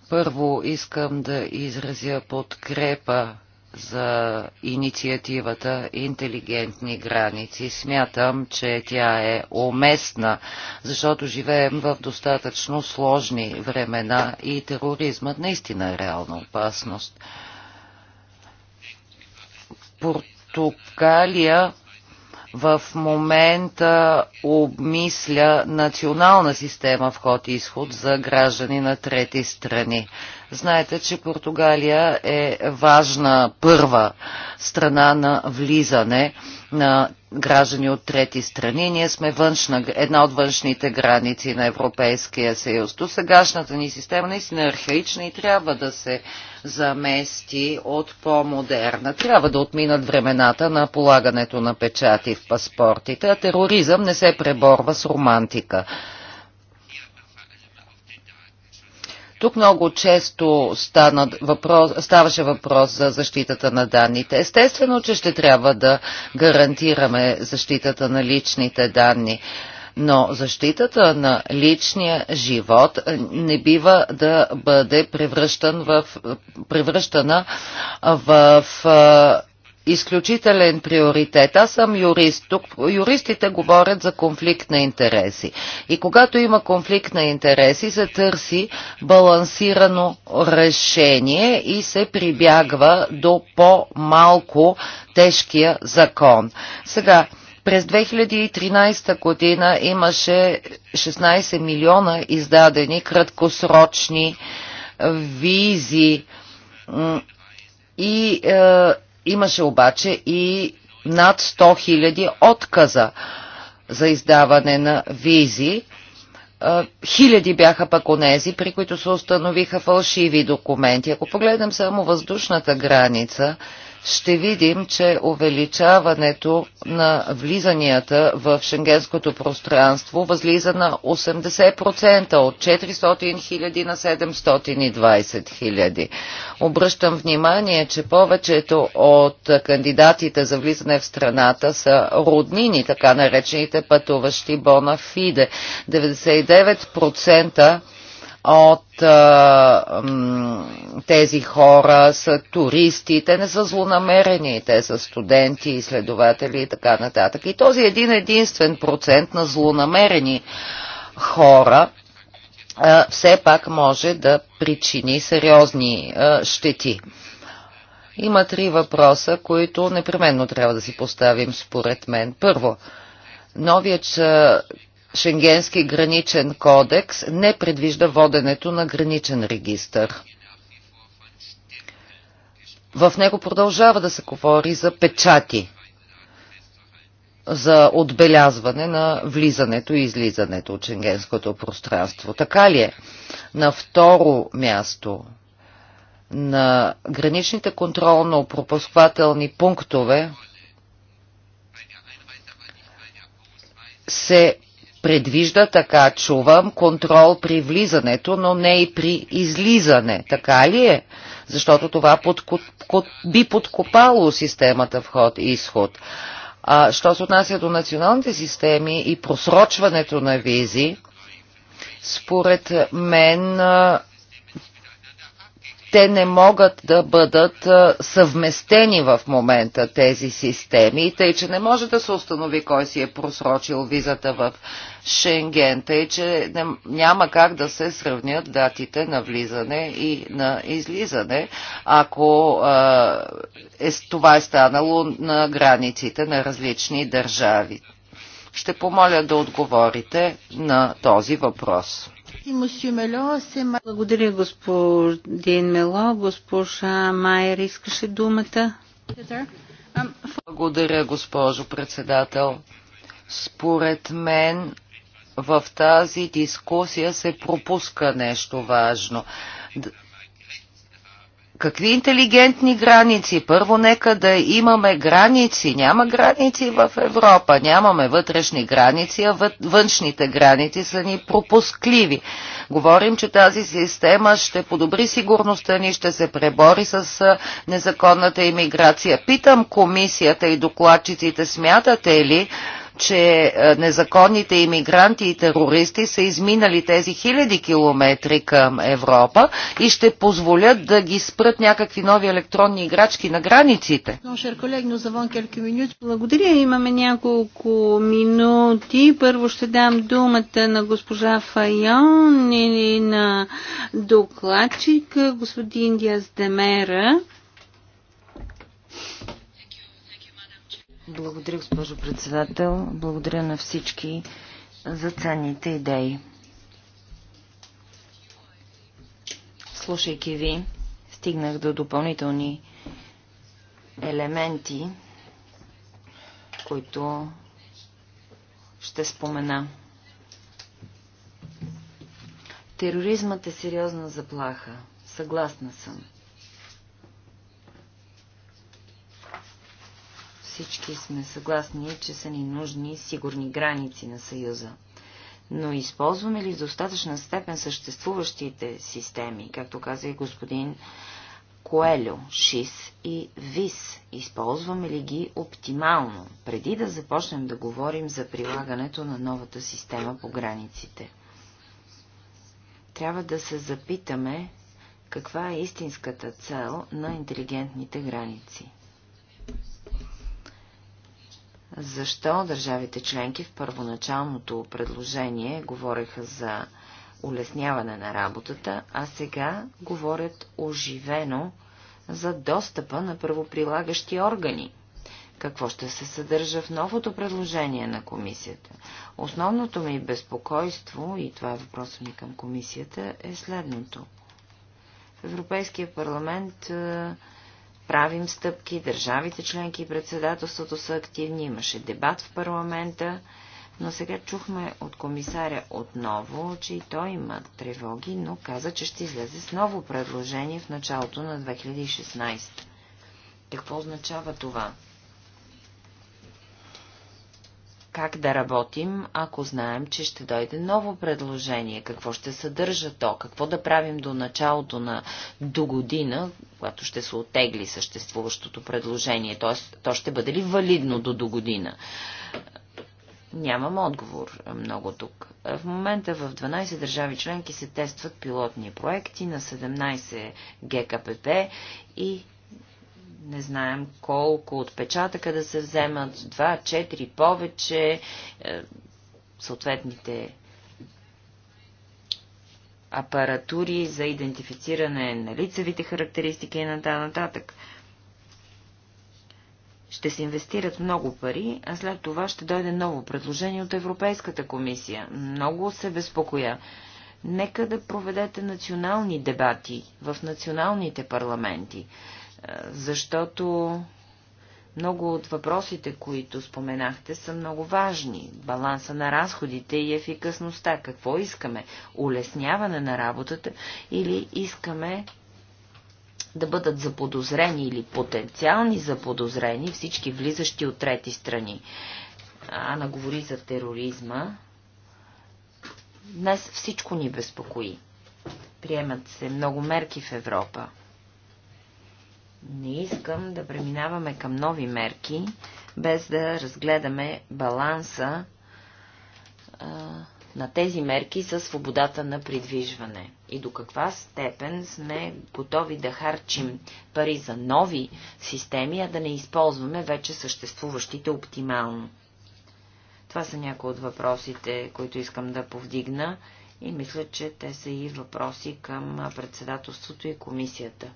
Първо искам да изразя подкрепа за инициативата Интелигентни граници. Смятам, че тя е уместна, защото живеем в достатъчно сложни времена и тероризмът наистина е реална опасност. Португалия в момента обмисля национална система вход и изход за граждани на трети страни. Знаете, че Португалия е важна първа страна на влизане на граждани от трети страни. Ние сме външна, една от външните граници на Европейския съюз. До сегашната ни система наистина е архаична и трябва да се замести от по-модерна. Трябва да отминат времената на полагането на печати в паспортите, а тероризъм не се преборва с романтика. Тук много често въпрос, ставаше въпрос за защитата на данните. Естествено, че ще трябва да гарантираме защитата на личните данни но защитата на личния живот не бива да бъде превръщан в, превръщана в изключителен приоритет. Аз съм юрист. Тук юристите говорят за конфликт на интереси. И когато има конфликт на интереси, се търси балансирано решение и се прибягва до по-малко тежкия закон. Сега, през 2013 година имаше 16 милиона издадени краткосрочни визи и е, Имаше обаче и над 100 000 отказа за издаване на визи. Хиляди бяха пък онези, при които се установиха фалшиви документи. Ако погледнем само въздушната граница, ще видим, че увеличаването на влизанията в шенгенското пространство възлиза на 80% от 400 хиляди на 720 хиляди. Обръщам внимание, че повечето от кандидатите за влизане в страната са роднини, така наречените пътуващи Бона Фиде. 99% от а, м, тези хора са туристи, те не са злонамерени, те са студенти, изследователи и така нататък. И този един единствен процент на злонамерени хора а, все пак може да причини сериозни а, щети. Има три въпроса, които непременно трябва да си поставим според мен. Първо, новият Шенгенски граничен кодекс не предвижда воденето на граничен регистър. В него продължава да се говори за печати, за отбелязване на влизането и излизането от шенгенското пространство. Така ли е? На второ място на граничните контролно-пропусквателни пунктове се предвижда, така чувам, контрол при влизането, но не и при излизане. Така ли е? Защото това подкуп, под, би подкопало системата вход-изход. А, що се отнася до националните системи и просрочването на визи, според мен те не могат да бъдат съвместени в момента тези системи, тъй че не може да се установи кой си е просрочил визата в Шенген, тъй че няма как да се сравнят датите на влизане и на излизане, ако е, това е станало на границите на различни държави. Ще помоля да отговорите на този въпрос. Благодаря, господин Мело. Госпожа Майер искаше думата. Благодаря, госпожо председател. Според мен в тази дискусия се пропуска нещо важно. Какви интелигентни граници? Първо нека да имаме граници. Няма граници в Европа. Нямаме вътрешни граници, а външните граници са ни пропускливи. Говорим, че тази система ще подобри сигурността ни, ще се пребори с незаконната иммиграция. Питам комисията и докладчиците, смятате ли, че е, незаконните иммигранти и терористи са изминали тези хиляди километри към Европа и ще позволят да ги спрат някакви нови електронни играчки на границите. Благодаря, имаме няколко минути. Първо ще дам думата на госпожа Файон или на докладчик господин Диаздемера. Демера. Благодаря, госпожо председател. Благодаря на всички за ценните идеи. Слушайки ви, стигнах до допълнителни елементи, които ще спомена. Тероризмът е сериозна заплаха. Съгласна съм. Всички сме съгласни, че са ни нужни сигурни граници на Съюза. Но използваме ли в достатъчна степен съществуващите системи, както каза и господин Коелю, ШИС и ВИС? Използваме ли ги оптимално, преди да започнем да говорим за прилагането на новата система по границите? Трябва да се запитаме каква е истинската цел на интелигентните граници защо държавите членки в първоначалното предложение говореха за улесняване на работата, а сега говорят оживено за достъпа на правоприлагащи органи. Какво ще се съдържа в новото предложение на комисията? Основното ми безпокойство, и това е въпросът ми към комисията, е следното. В Европейския парламент е, правим стъпки, държавите членки и председателството са активни, имаше дебат в парламента, но сега чухме от комисаря отново, че и той има тревоги, но каза, че ще излезе с ново предложение в началото на 2016. Какво означава това? Как да работим, ако знаем, че ще дойде ново предложение? Какво ще съдържа то? Какво да правим до началото на до година, когато ще се отегли съществуващото предложение? т.е. то ще бъде ли валидно до до година? Нямам отговор много тук. В момента в 12 държави членки се тестват пилотни проекти на 17 ГКПП и не знаем колко отпечатъка да се вземат, два, четири, повече, е, съответните апаратури за идентифициране на лицевите характеристики и нататък. Ще се инвестират много пари, а след това ще дойде ново предложение от Европейската комисия. Много се безпокоя. Нека да проведете национални дебати в националните парламенти. Е, защото много от въпросите, които споменахте, са много важни. Баланса на разходите и ефикасността. Какво искаме? Улесняване на работата или искаме да бъдат заподозрени или потенциални заподозрени всички влизащи от трети страни. Ана говори за тероризма. Днес всичко ни безпокои. Приемат се много мерки в Европа. Не искам да преминаваме към нови мерки, без да разгледаме баланса на тези мерки със свободата на придвижване и до каква степен сме готови да харчим пари за нови системи, а да не използваме вече съществуващите оптимално. Това са някои от въпросите, които искам да повдигна и мисля, че те са и въпроси към председателството и комисията.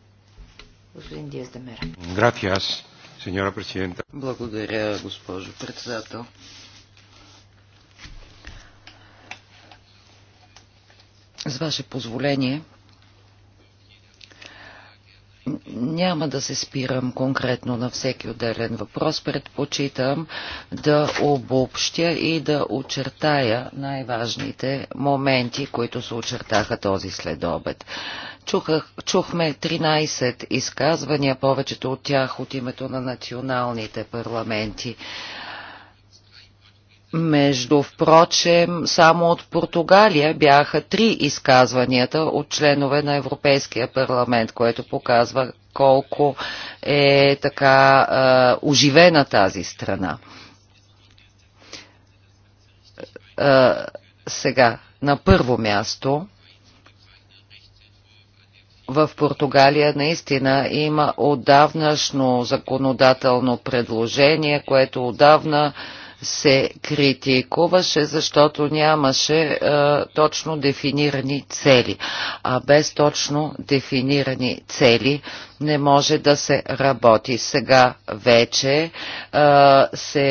Господин Диас Демера. Гратиас, сеньора президента. Благодаря, госпожо председател. С ваше позволение, няма да се спирам конкретно на всеки отделен въпрос. Предпочитам да обобщя и да очертая най-важните моменти, които се очертаха този следобед. чухме 13 изказвания, повечето от тях от името на националните парламенти. Между впрочем, само от Португалия бяха три изказванията от членове на Европейския парламент, което показва колко е така е, оживена тази страна. Е, сега, на първо място, в Португалия наистина има отдавнашно законодателно предложение, което отдавна е, се критикуваше, защото нямаше а, е, точно дефинирани цели. А без точно дефинирани цели не може да се работи. Сега вече а, се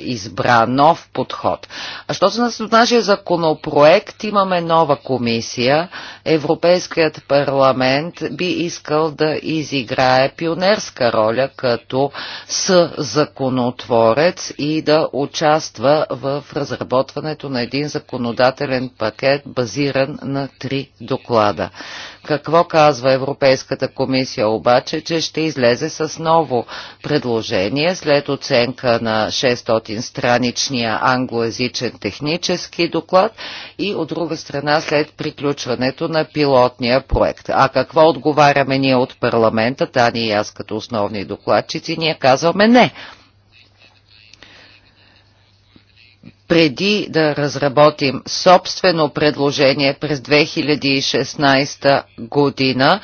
избра нов подход. А що се нас нашия законопроект, имаме нова комисия. Европейският парламент би искал да изиграе пионерска роля като с законотворец и да участва в разработването на един законодателен пакет, базиран на три доклада. Какво казва Европейската комисия обаче, че ще излезе с ново предложение след оценка на 600 страничния англоязичен технически доклад и от друга страна след приключването на пилотния проект. А какво отговаряме ние от парламента, Тани и аз като основни докладчици? Ние казваме не преди да разработим собствено предложение през 2016 година,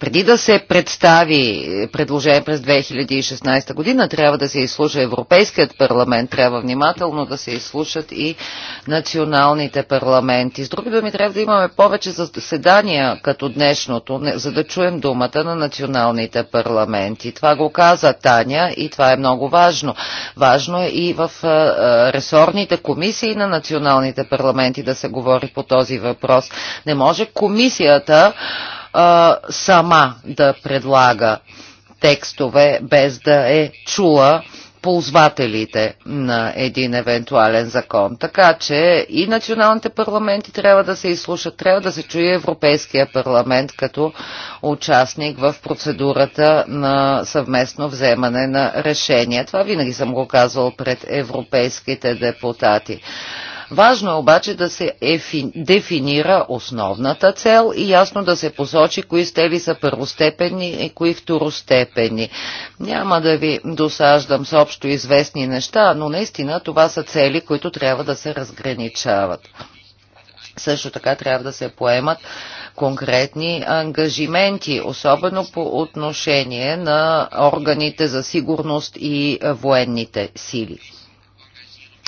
преди да се представи предложение през 2016 година, трябва да се изслуша Европейският парламент, трябва внимателно да се изслушат и националните парламенти. С други думи, трябва да имаме повече заседания като днешното, за да чуем думата на националните парламенти. Това го каза Таня и това е много важно. Важно е и в ресорните комисии на националните парламенти да се говори по този въпрос. Не може комисията а, сама да предлага текстове, без да е чула ползвателите на един евентуален закон. Така че и националните парламенти трябва да се изслушат, трябва да се чуе Европейския парламент като участник в процедурата на съвместно вземане на решения. Това винаги съм го казвал пред европейските депутати. Важно е обаче да се ефи, дефинира основната цел и ясно да се посочи кои стели са първостепенни и кои второстепенни. Няма да ви досаждам с общо известни неща, но наистина това са цели, които трябва да се разграничават. Също така трябва да се поемат конкретни ангажименти, особено по отношение на органите за сигурност и военните сили.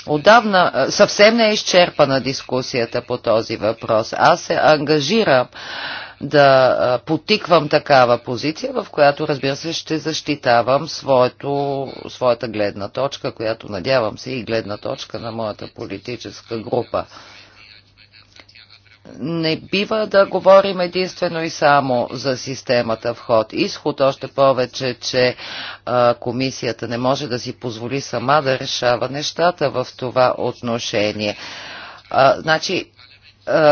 Отдавна съвсем не е изчерпана дискусията по този въпрос. Аз се ангажирам да потиквам такава позиция, в която, разбира се, ще защитавам своето, своята гледна точка, която надявам се и гледна точка на моята политическа група не бива да говорим единствено и само за системата вход. Изход още повече, че а, комисията не може да си позволи сама да решава нещата в това отношение. А, значи,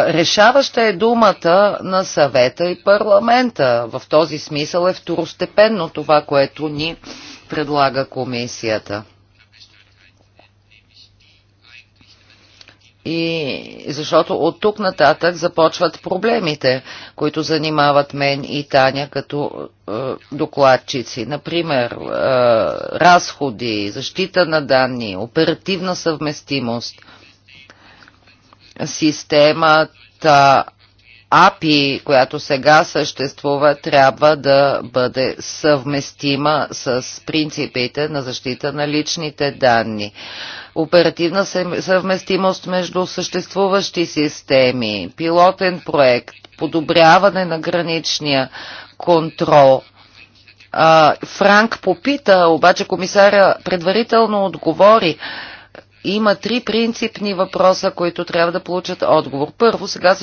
решаваща е думата на съвета и парламента. В този смисъл е второстепенно това, което ни предлага комисията. И защото от тук нататък започват проблемите, които занимават мен и Таня като е, докладчици. Например, е, разходи, защита на данни, оперативна съвместимост, системата АПИ, която сега съществува, трябва да бъде съвместима с принципите на защита на личните данни. Оперативна съвместимост между съществуващи системи, пилотен проект, подобряване на граничния контрол. Франк попита, обаче комисаря предварително отговори, има три принципни въпроса, които трябва да получат отговор. Първо, сега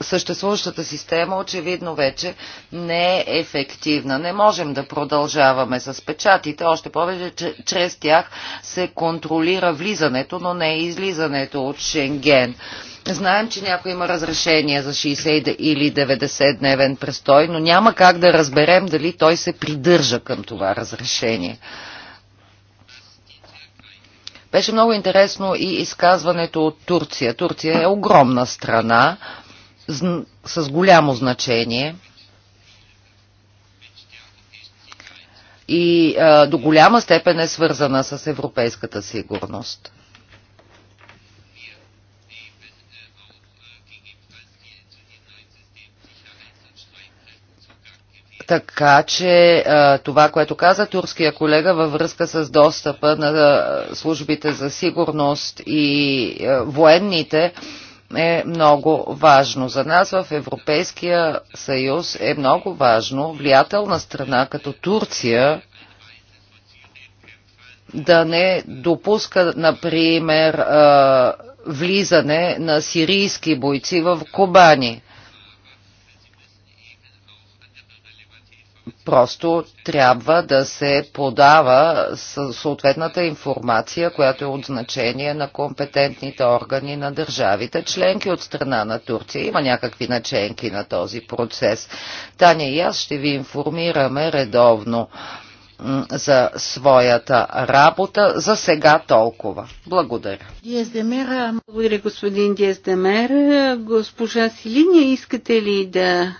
съществуващата система очевидно вече не е ефективна. Не можем да продължаваме с печатите, още повече, че чрез тях се контролира влизането, но не излизането от Шенген. Знаем, че някой има разрешение за 60 или 90 дневен престой, но няма как да разберем дали той се придържа към това разрешение. Беше много интересно и изказването от Турция. Турция е огромна страна с голямо значение. и а, до голяма степен е свързана с европейската сигурност. Така че това, което каза турския колега във връзка с достъпа на службите за сигурност и военните, е много важно. За нас в Европейския съюз е много важно влиятелна страна като Турция да не допуска, например, влизане на сирийски бойци в Кобани – Просто трябва да се подава съответната информация, която е от значение на компетентните органи на държавите, членки от страна на Турция. Има някакви наченки на този процес. Таня и аз ще ви информираме редовно за своята работа. За сега толкова. Благодаря. Диездемера, благодаря господин Диездемер. Госпожа Силиния, искате ли да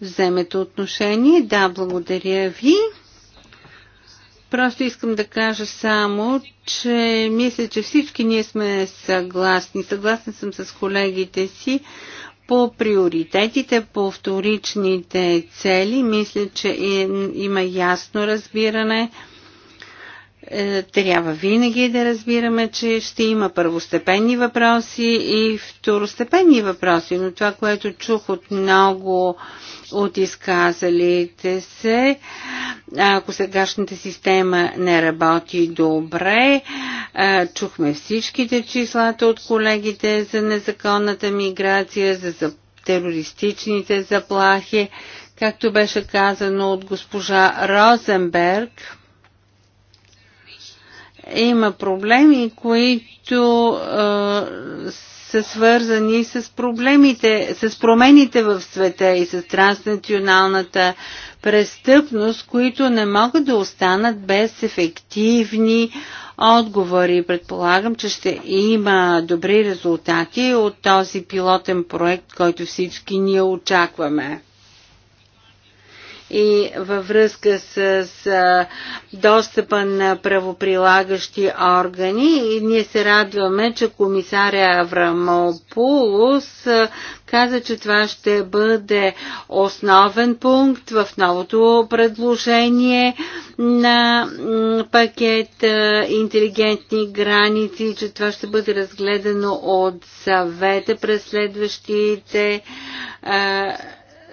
вземете отношение. Да, благодаря ви. Просто искам да кажа само, че мисля, че всички ние сме съгласни. Съгласна съм с колегите си по приоритетите, по вторичните цели. Мисля, че има ясно разбиране е, трябва винаги да разбираме, че ще има първостепенни въпроси и второстепенни въпроси, но това, което чух от много от изказалите се. Ако сегашната система не работи добре, чухме всичките числата от колегите за незаконната миграция, за терористичните заплахи, както беше казано от госпожа Розенберг има проблеми, които е, са свързани с проблемите, с промените в света и с транснационалната престъпност, които не могат да останат без ефективни отговори. Предполагам, че ще има добри резултати от този пилотен проект, който всички ние очакваме и във връзка с, с достъпа на правоприлагащи органи. И ние се радваме, че комисаря Аврамопулос каза, че това ще бъде основен пункт в новото предложение на пакет интелигентни граници, че това ще бъде разгледано от съвета през следващите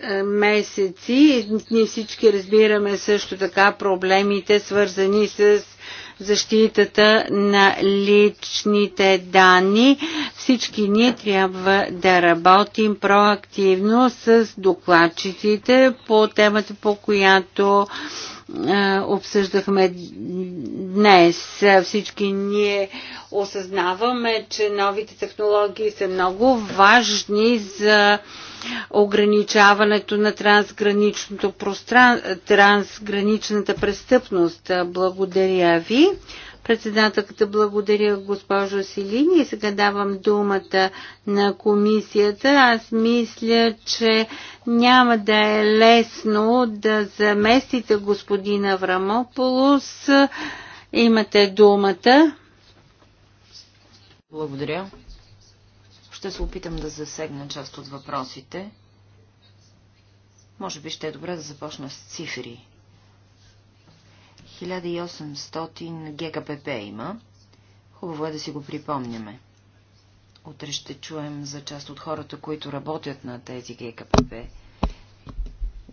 е, месеци. Ние всички разбираме също така проблемите, свързани с защитата на личните данни. Всички ние трябва да работим проактивно с докладчиците по темата, по която обсъждахме днес. Всички ние осъзнаваме, че новите технологии са много важни за ограничаването на трансграничното простран... трансграничната престъпност. Благодаря ви. Председателката благодаря госпожо Силини и сега давам думата на комисията. Аз мисля, че няма да е лесно да заместите господин Врамополос. Имате думата. Благодаря. Ще се опитам да засегна част от въпросите. Може би ще е добре да започна с цифри. 1800 ГКПП има. Хубаво е да си го припомняме. Утре ще чуем за част от хората, които работят на тези ГКПП.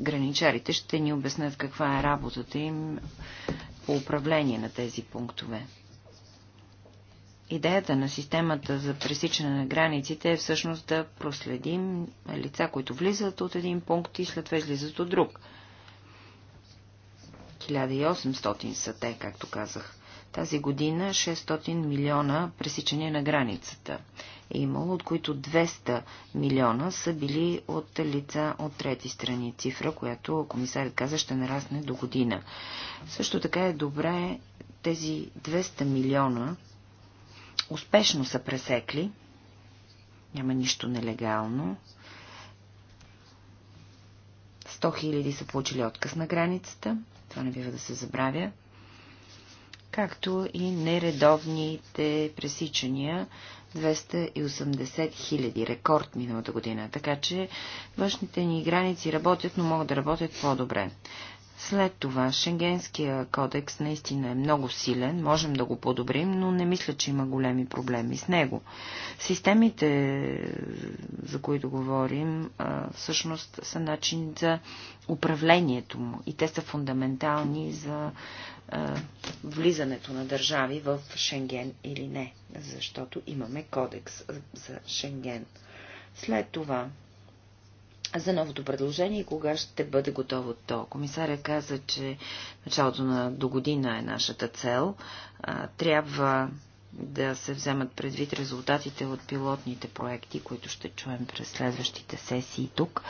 Граничарите ще ни обяснят каква е работата им по управление на тези пунктове. Идеята на системата за пресичане на границите е всъщност да проследим лица, които влизат от един пункт и след това излизат от друг. 1800 са те, както казах. Тази година 600 милиона пресичане на границата е имало, от които 200 милиона са били от лица от трети страни. Цифра, която комисарят каза ще нарасне до година. Също така е добре тези 200 милиона успешно са пресекли. Няма нищо нелегално. 100 хиляди са получили отказ на границата. Това не бива да се забравя. Както и нередовните пресичания 280 хиляди, рекорд миналата година. Така че външните ни граници работят, но могат да работят по-добре. След това Шенгенския кодекс наистина е много силен, можем да го подобрим, но не мисля, че има големи проблеми с него. Системите, за които говорим, всъщност са начин за управлението му и те са фундаментални за влизането на държави в Шенген или не, защото имаме кодекс за Шенген. След това за новото предложение и кога ще бъде готово то. Комисаря каза, че началото на до година е нашата цел. Трябва да се вземат предвид резултатите от пилотните проекти, които ще чуем през следващите сесии тук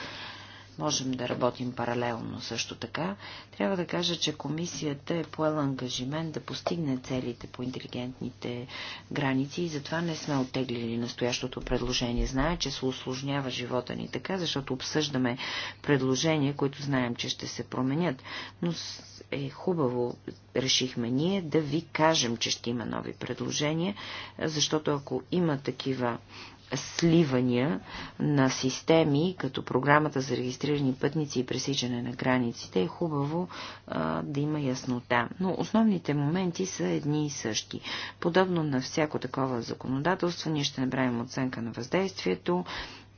можем да работим паралелно също така. Трябва да кажа, че комисията е поела ангажимент да постигне целите по интелигентните граници и затова не сме оттеглили настоящото предложение. Знае, че се осложнява живота ни така, защото обсъждаме предложения, които знаем, че ще се променят. Но е хубаво, решихме ние, да ви кажем, че ще има нови предложения, защото ако има такива сливания на системи, като програмата за регистрирани пътници и пресичане на границите, е хубаво а, да има яснота. Но основните моменти са едни и същи. Подобно на всяко такова законодателство, ние ще направим оценка на въздействието,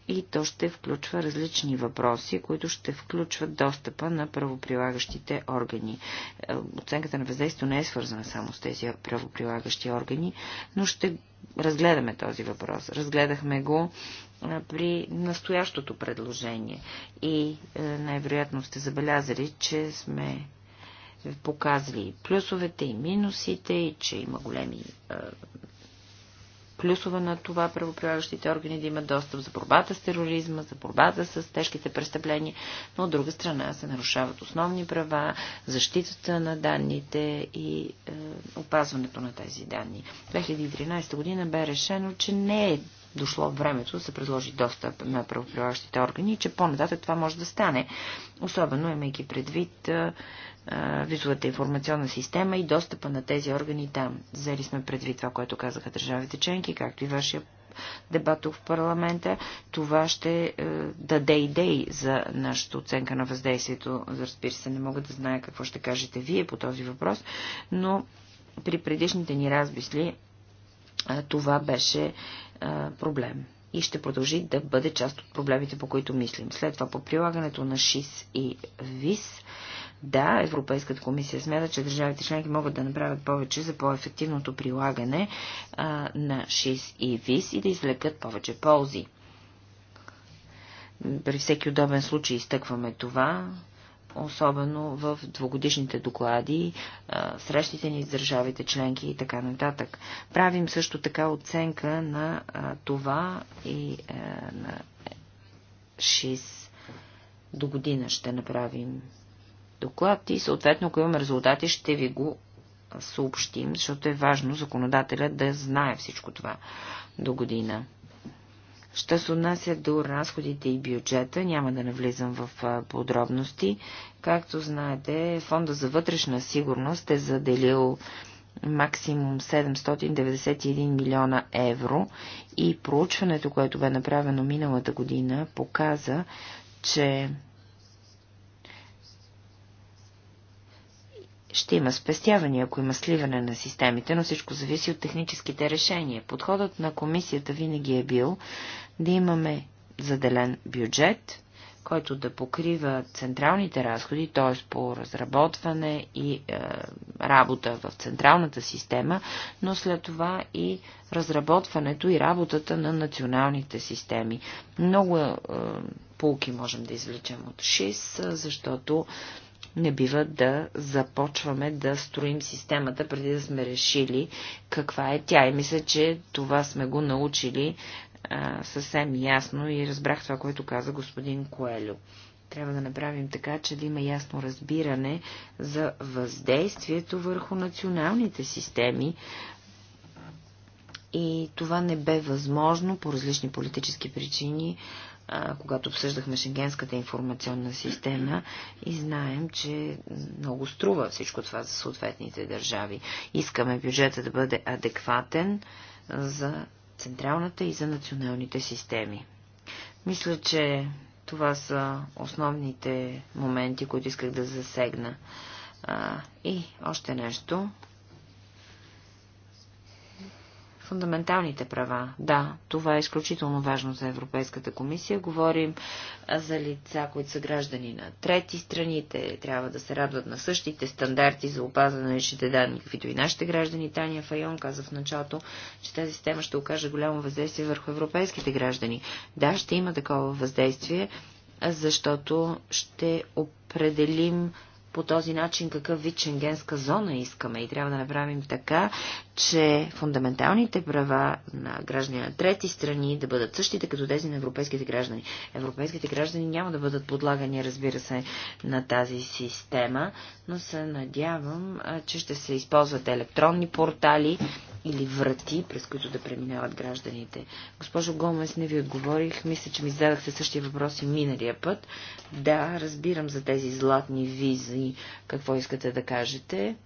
и то ще включва различни въпроси, които ще включват достъпа на правоприлагащите органи. Е, оценката на въздействието не е свързана само с тези правоприлагащи органи, но ще разгледаме този въпрос. Разгледахме го е, при настоящото предложение и е, най-вероятно сте забелязали, че сме показали плюсовете и минусите, и че има големи плюсове на това правоприлагащите органи да имат достъп за борбата с тероризма, за борбата с тежките престъпления, но от друга страна се нарушават основни права, защитата на данните и е, опазването на тези данни. 2013 година бе решено, че не е дошло времето да се предложи достъп на правоприлагащите органи и че по-нататък това може да стане, особено имайки предвид е, визовата информационна система и достъпа на тези органи там. Взели сме предвид това, което казаха държавите членки, както и вашия дебат тук в парламента. Това ще даде идеи за нашата оценка на въздействието. За разбира се, не мога да зная какво ще кажете вие по този въпрос, но при предишните ни размисли това беше проблем и ще продължи да бъде част от проблемите, по които мислим. След това по прилагането на ШИС и ВИС да, Европейската комисия смята, че държавите членки могат да направят повече за по-ефективното прилагане а, на ШИС и ВИС и да извлекат повече ползи. При всеки удобен случай изтъкваме това, особено в двогодишните доклади, срещите ни с държавите членки и така нататък. Правим също така оценка на това и на 6 до година ще направим доклад и съответно, ако имаме резултати, ще ви го съобщим, защото е важно законодателя да знае всичко това до година. Ще се отнася до разходите и бюджета, няма да навлизам в подробности. Както знаете, Фонда за вътрешна сигурност е заделил максимум 791 милиона евро и проучването, което бе направено миналата година, показа, че Ще има спестявания, ако има сливане на системите, но всичко зависи от техническите решения. Подходът на комисията винаги е бил да имаме заделен бюджет, който да покрива централните разходи, т.е. по разработване и е, работа в централната система, но след това и разработването и работата на националните системи. Много е, е полки можем да извлечем от ШИС, защото е, не бива да започваме да строим системата, преди да сме решили каква е тя. И мисля, че това сме го научили а, съвсем ясно и разбрах това, което каза господин Коелю. Трябва да направим така, че да има ясно разбиране за въздействието върху националните системи, и това не бе възможно по различни политически причини а, когато обсъждахме Шенгенската информационна система и знаем, че много струва всичко това за съответните държави. Искаме бюджета да бъде адекватен за централната и за националните системи. Мисля, че това са основните моменти, които исках да засегна. А, и още нещо. Фундаменталните права. Да, това е изключително важно за Европейската комисия. Говорим за лица, които са граждани на трети страните, трябва да се радват на същите стандарти за опазване на личните данни, каквито и нашите граждани. Таня Файон каза в началото, че тази система ще окаже голямо въздействие върху европейските граждани. Да, ще има такова въздействие, защото ще определим по този начин какъв вид шенгенска зона искаме и трябва да направим така, че фундаменталните права на граждани на трети страни да бъдат същите като тези на европейските граждани. Европейските граждани няма да бъдат подлагани, разбира се, на тази система, но се надявам, че ще се използват електронни портали или врати, през които да преминават гражданите. Госпожо Гомес, не ви отговорих. Мисля, че ми зададахте същия въпрос и миналия път. Да, разбирам за тези златни визи, какво искате да кажете.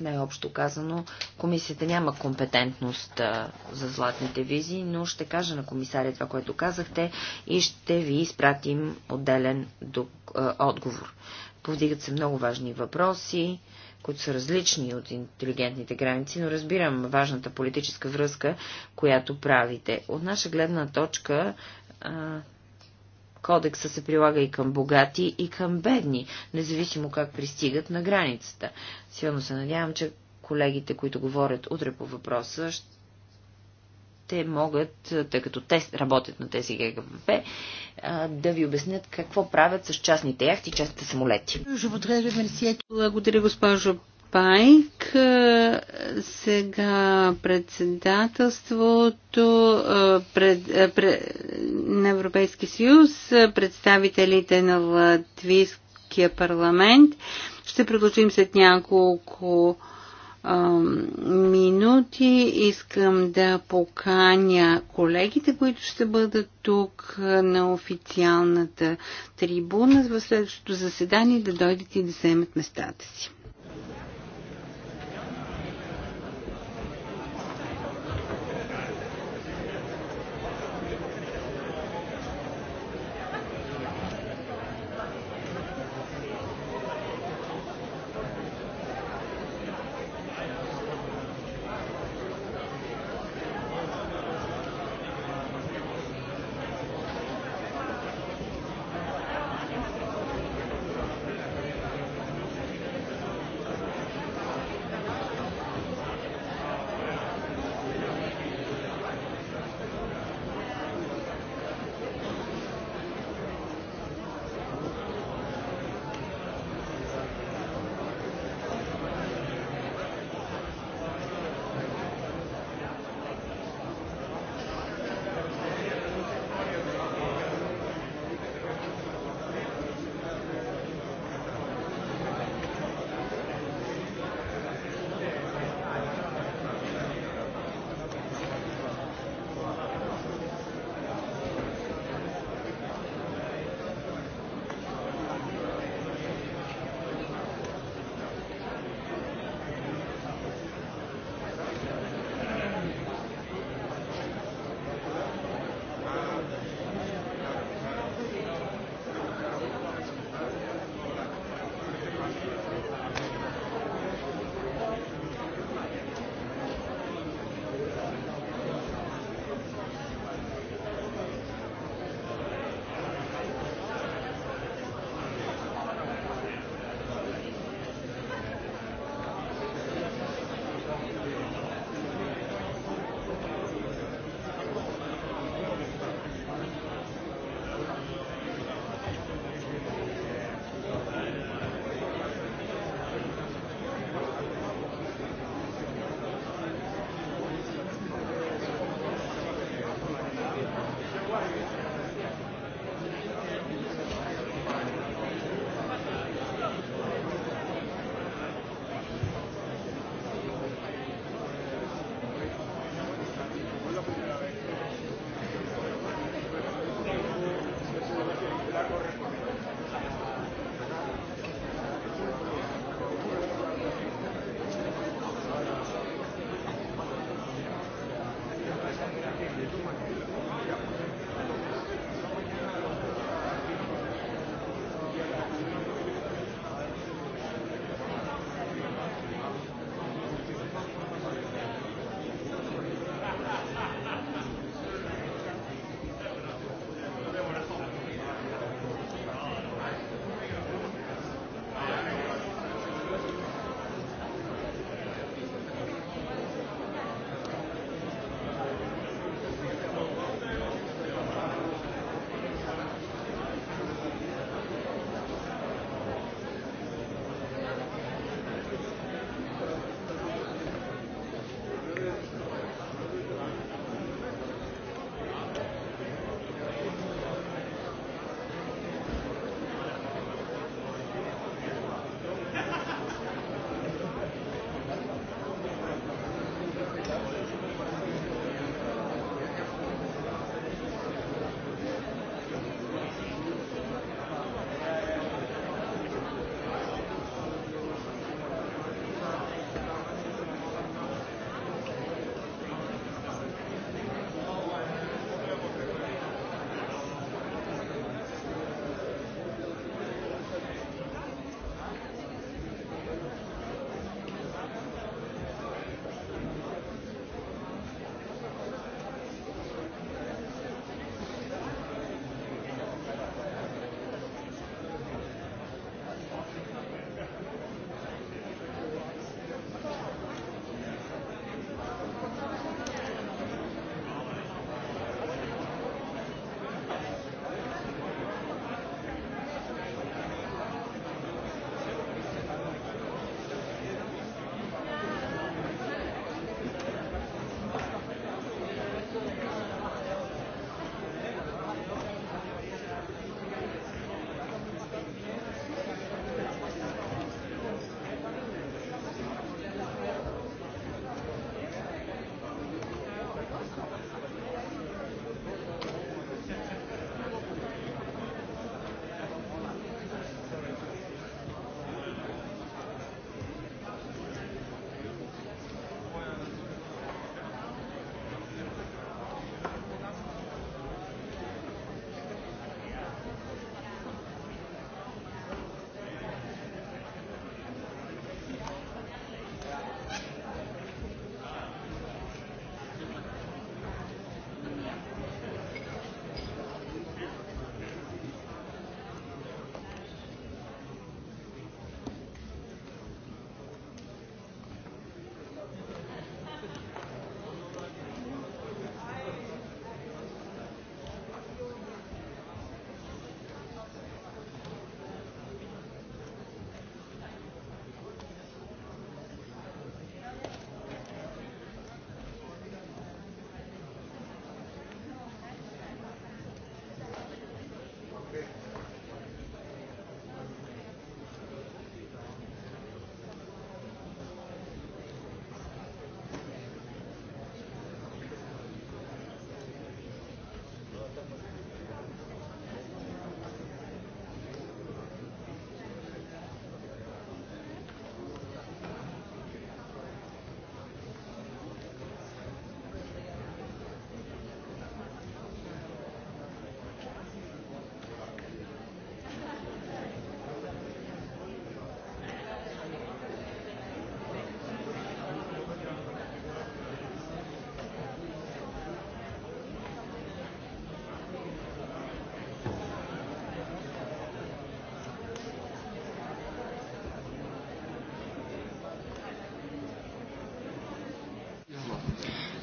Най-общо казано, комисията няма компетентност а, за златните визи, но ще кажа на комисаря това, което казахте и ще ви изпратим отделен док, а, отговор. Повдигат се много важни въпроси които са различни от интелигентните граници, но разбирам важната политическа връзка, която правите. От наша гледна точка кодекса се прилага и към богати, и към бедни, независимо как пристигат на границата. Силно се надявам, че колегите, които говорят утре по въпроса, ще те могат, тъй като те работят на тези ГКПП, да ви обяснят какво правят с частните яхти и частните самолети. Благодаря, госпожо Пайк. Сега председателството пред, пред, на Европейски съюз, представителите на Латвийския парламент. Ще продължим след няколко минути. Искам да поканя колегите, които ще бъдат тук на официалната трибуна в следващото заседание да дойдете и да вземат местата си.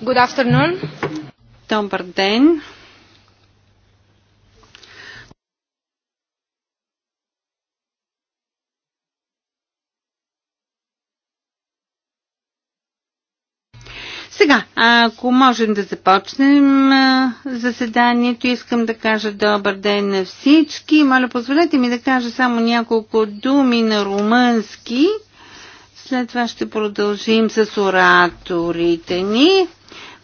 Good afternoon. Добър ден. Сега, ако можем да започнем заседанието, искам да кажа добър ден на всички. Моля, позволете ми да кажа само няколко думи на румънски. След това ще продължим с ораторите ни.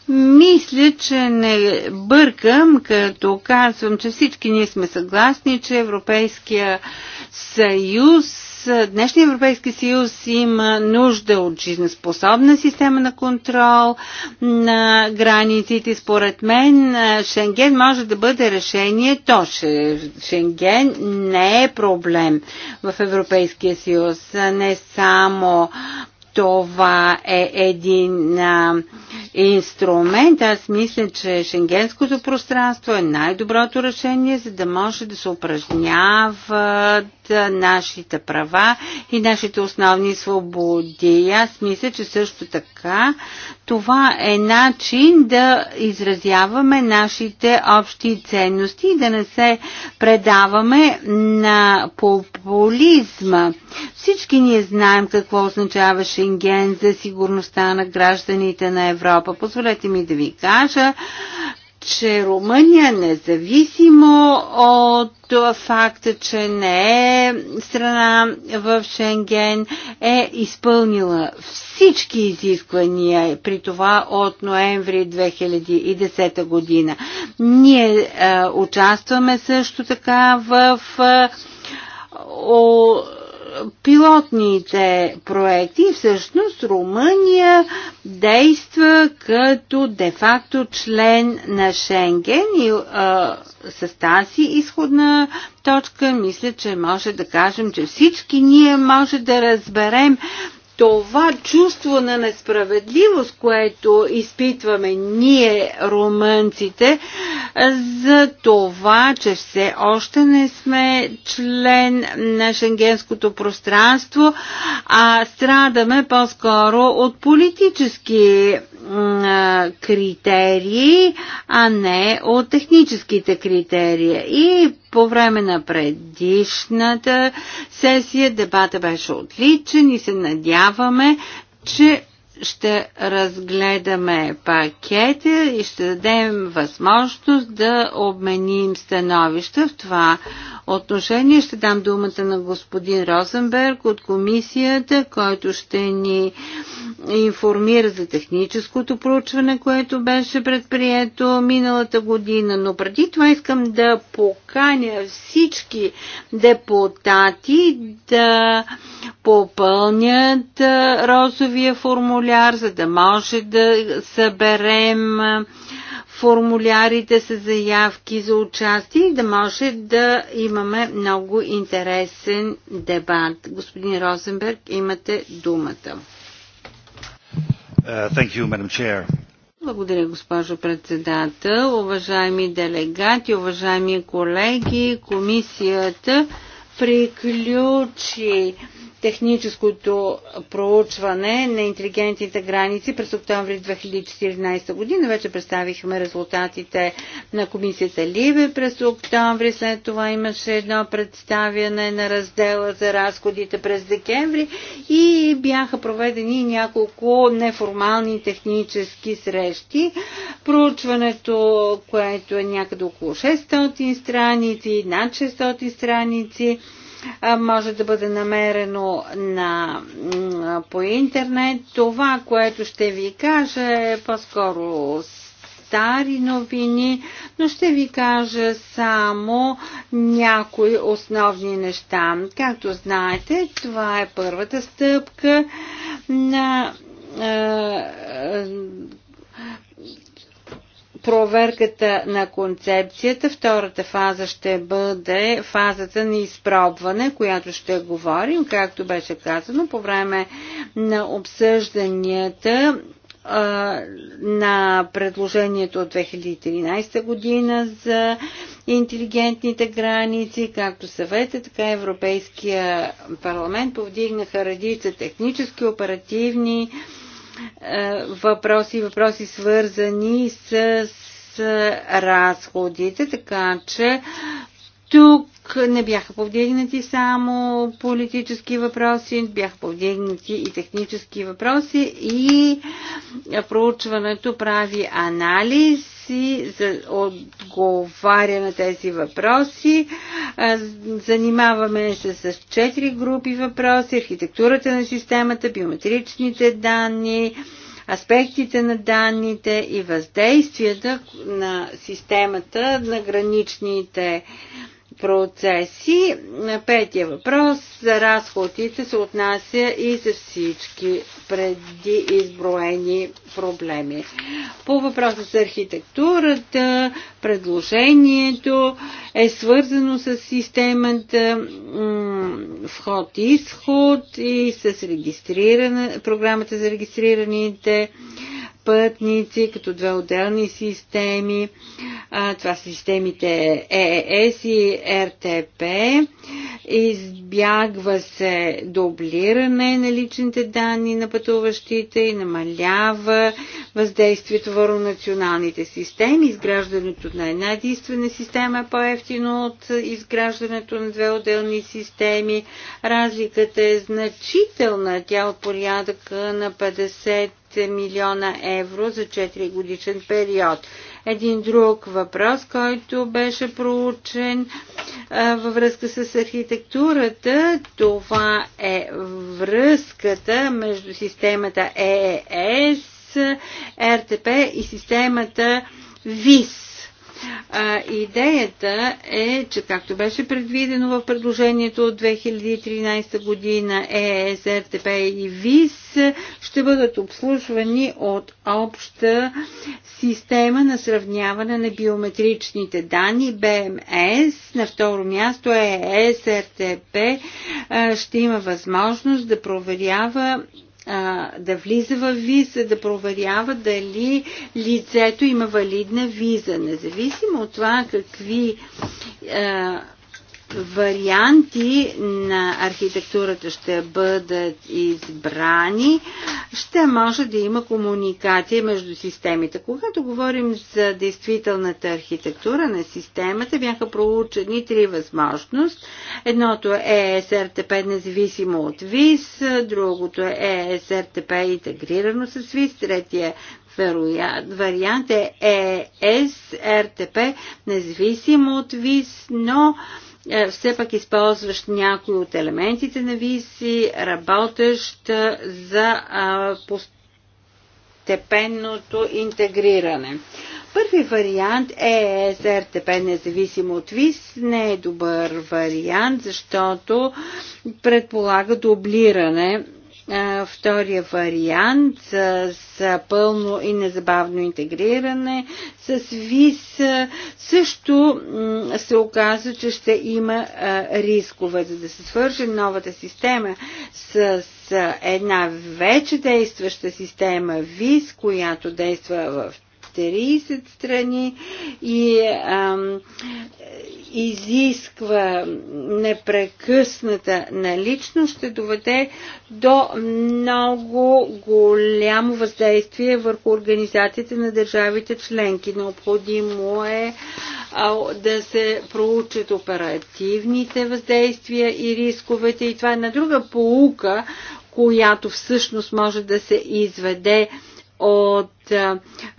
Мисля, че не бъркам, като казвам, че всички ние сме съгласни, че Европейския съюз, днешния Европейски съюз има нужда от жизнеспособна система на контрол на границите. Според мен е, Шенген може да бъде решение точно. Шенген не е проблем в Европейския съюз. Не само това е един а, инструмент. Аз мисля, че шенгенското пространство е най-доброто решение, за да може да се упражняват нашите права и нашите основни свободи. Аз мисля, че също така това е начин да изразяваме нашите общи ценности и да не се предаваме на популизма. Всички ние знаем какво означаваше контингент за сигурността на гражданите на Европа. Позволете ми да ви кажа, че Румъния, независимо от факта, че не е страна в Шенген, е изпълнила всички изисквания при това от ноември 2010 година. Ние а, е, участваме също така в а, е, о, пилотните проекти. Всъщност Румъния действа като де-факто член на Шенген и а, с тази изходна точка мисля, че може да кажем, че всички ние може да разберем това чувство на несправедливост, което изпитваме ние, румънците, за това, че все още не сме член на шенгенското пространство, а страдаме по-скоро от политически критерии, а не от техническите критерии. И по време на предишната сесия дебата беше отличен и се надявам, признаваме, че ще разгледаме пакета и ще дадем възможност да обменим становища в това отношение. Ще дам думата на господин Розенберг от комисията, който ще ни информира за техническото проучване, което беше предприето миналата година. Но преди това искам да поканя всички депутати да попълнят розовия формуляр, за да може да съберем формулярите с заявки за участие и да може да имаме много интересен дебат. Господин Розенберг, имате думата. Uh, thank you, Madam Chair. Благодаря, госпожо председател. Уважаеми делегати, уважаеми колеги, комисията приключи техническото проучване на интелигентните граници през октомври 2014 година. Вече представихме резултатите на комисията Либе през октомври. След това имаше едно представяне на раздела за разходите през декември и бяха проведени няколко неформални технически срещи. Проучването, което е някъде около 600 страници, над 600 страници, може да бъде намерено на, по интернет. Това, което ще ви кажа е по-скоро стари новини, но ще ви кажа само някои основни неща. Както знаете, това е първата стъпка на проверката на концепцията. Втората фаза ще бъде фазата на изпробване, която ще говорим, както беше казано, по време на обсъжданията на предложението от 2013 година за интелигентните граници, както съвета, така и Европейския парламент повдигнаха редица технически, оперативни, е, въпроси, въпроси свързани с, с разходите, така че тук не бяха повдигнати само политически въпроси, бяха повдигнати и технически въпроси и проучването прави анализ си за, отговаря на тези въпроси. Занимаваме се с четири групи въпроси. Архитектурата на системата, биометричните данни, аспектите на данните и въздействията на системата на граничните процеси. Петия въпрос за разходите се отнася и за всички преди изброени проблеми. По въпроса за архитектурата, предложението е свързано с системата вход-изход и с програмата за регистрираните пътници, като две отделни системи. А, това са системите ЕЕС и РТП. Избягва се дублиране на личните данни на пътуващите и намалява въздействието върху националните системи. Изграждането на една единствена система е по-ефтино от изграждането на две отделни системи. Разликата е значителна. Тя е от порядъка на 50 милиона евро за 4 годишен период. Един друг въпрос, който беше проучен а, във връзка с архитектурата, това е връзката между системата ЕЕС, РТП и системата ВИС. А, идеята е, че както беше предвидено в предложението от 2013 година ЕС, РТП и ВИС ще бъдат обслужвани от обща система на сравняване на биометричните данни БМС. На второ място ЕС, РТП ще има възможност да проверява а, да влиза в виза, да проверява дали лицето има валидна виза, независимо от това какви а, варианти на архитектурата ще бъдат избрани, ще може да има комуникация между системите. Когато говорим за действителната архитектура на системата, бяха проучени три възможности. Едното е СРТП независимо от ВИС, другото е СРТП интегрирано с ВИС, третия вариант е ЕСРТП, независимо от ВИС, но е, все пак използващ някои от елементите на виси, работещ за постепенното интегриране. Първи вариант е СРТП независимо от ВИС. Не е добър вариант, защото предполага дублиране Втория вариант с пълно и незабавно интегриране с ВИС също се оказа, че ще има рискове, за да се свърже новата система с една вече действаща система ВИС, която действа в 30 страни и ам, изисква непрекъсната наличност, ще доведе до много голямо въздействие върху организацията на държавите членки. Необходимо е а, да се проучат оперативните въздействия и рисковете и това е на друга поука, която всъщност може да се изведе от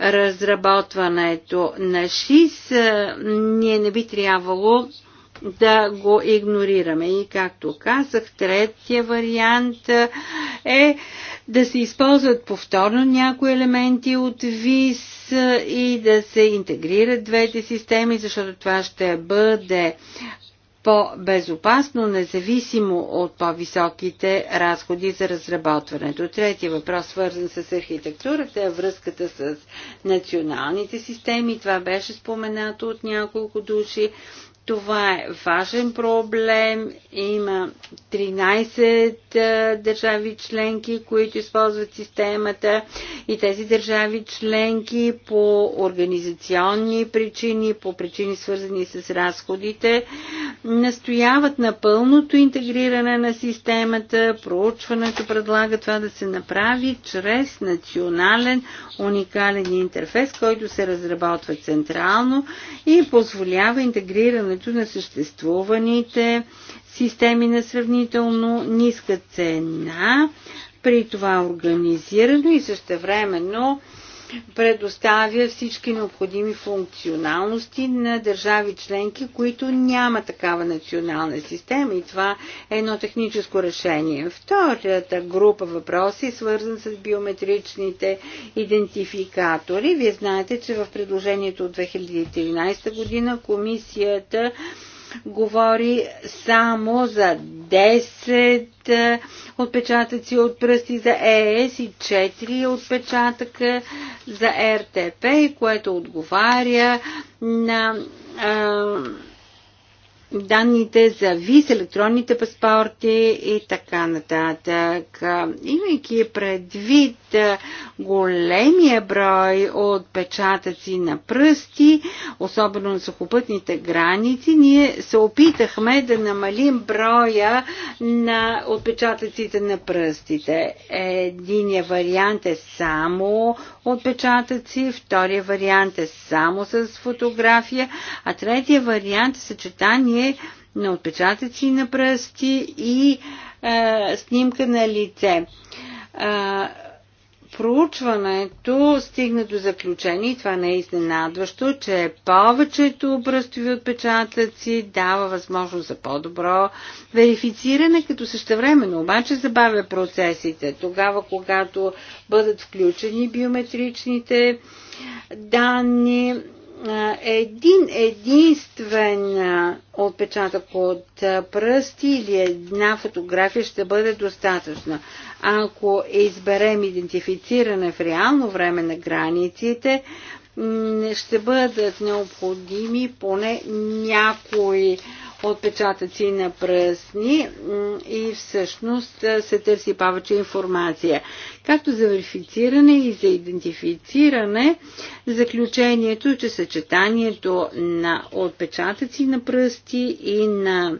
разработването на ШИС, ние не би трябвало да го игнорираме. И както казах, третия вариант е да се използват повторно някои елементи от ВИС и да се интегрират двете системи, защото това ще бъде по-безопасно, независимо от по-високите разходи за разработването. Третия въпрос, свързан с архитектурата, е връзката с националните системи. Това беше споменато от няколко души. Това е важен проблем. Има 13 държави членки, които използват системата и тези държави членки по организационни причини, по причини свързани с разходите, настояват на пълното интегриране на системата. Проучването предлага това да се направи чрез национален уникален интерфейс, който се разработва централно и позволява интегриране използването на съществуваните системи на сравнително ниска цена, при това организирано и същевременно предоставя всички необходими функционалности на държави членки, които няма такава национална система и това е едно техническо решение. Втората група въпроси е свързан с биометричните идентификатори. Вие знаете, че в предложението от 2013 година комисията говори само за 10 е, отпечатъци от пръсти за ЕС и 4 отпечатъка за РТП, което отговаря на а, е, данните за виз, електронните паспорти и така нататък. Имайки предвид е, големия брой отпечатъци на пръсти, особено на сухопътните граници, ние се опитахме да намалим броя на отпечатъците на пръстите. Единият вариант е само отпечатъци, втория вариант е само с фотография, а третия вариант е съчетание на отпечатъци на пръсти и е, снимка на лице. Е, проучването стигна до заключение, и това не е изненадващо, че повечето пръстови отпечатъци дава възможност за по-добро верифициране, като същевременно обаче забавя процесите. Тогава, когато бъдат включени биометричните данни, един единствен отпечатък от пръсти или една фотография ще бъде достатъчна. Ако изберем идентифициране в реално време на границите, ще бъдат необходими поне някои отпечатъци на пръсни и всъщност се търси повече информация. Както за верифициране и за идентифициране, заключението че съчетанието на отпечатъци на пръсти и на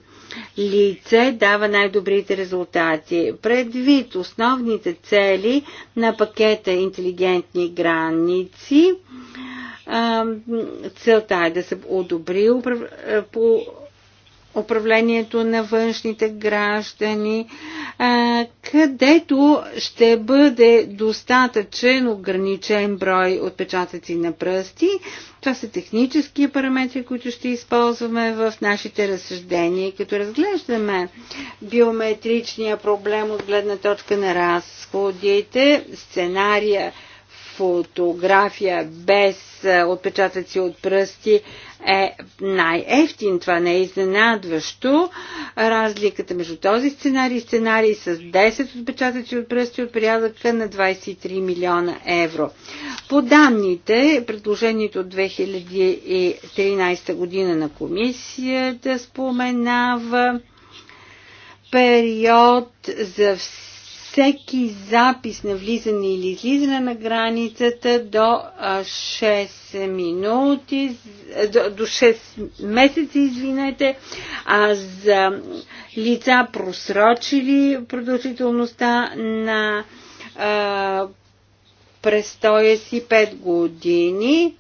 лице дава най-добрите резултати. Предвид основните цели на пакета интелигентни граници, целта е да се одобри по управлението на външните граждани, където ще бъде достатъчен ограничен брой отпечатъци на пръсти. Това са технически параметри, които ще използваме в нашите разсъждения. Като разглеждаме биометричния проблем от гледна точка на разходите, сценария фотография без е, отпечатъци от пръсти е най-ефтин. Това не е изненадващо. Разликата между този сценарий и сценарий с 10 отпечатъци от пръсти от порядъка на 23 милиона евро. По данните, предложението от 2013 година на комисията споменава период за всеки всеки запис на влизане или излизане на границата до 6 минути, до 6 месеца, извинете, а за лица просрочили продължителността на а, престоя си 5 години.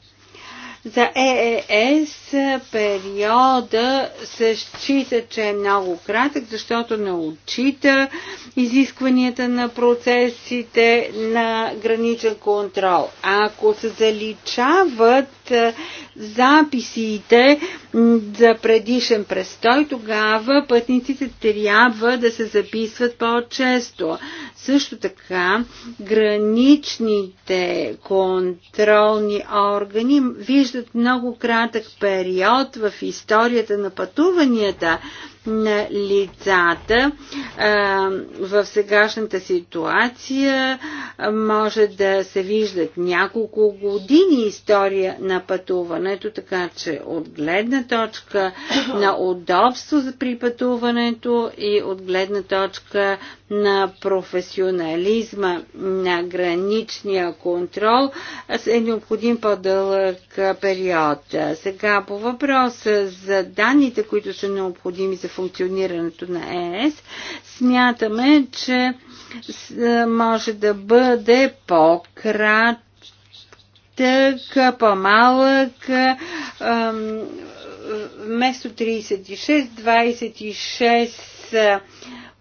За ЕЕС периода се счита, че е много кратък, защото не отчита изискванията на процесите на граничен контрол. Ако се заличават е, записите за предишен престой, тогава пътниците трябва да се записват по-често. Също така, граничните контролни органи виждат много кратък период период в историята на пътуванията на лицата в сегашната ситуация може да се виждат няколко години история на пътуването, така че от гледна точка на удобство при пътуването и от гледна точка на професионализма на граничния контрол е необходим по-дълъг период. Сега по въпроса за данните, които са необходими за функционирането на ЕС, смятаме, че е, може да бъде по-кратък, по-малък, вместо 36, 26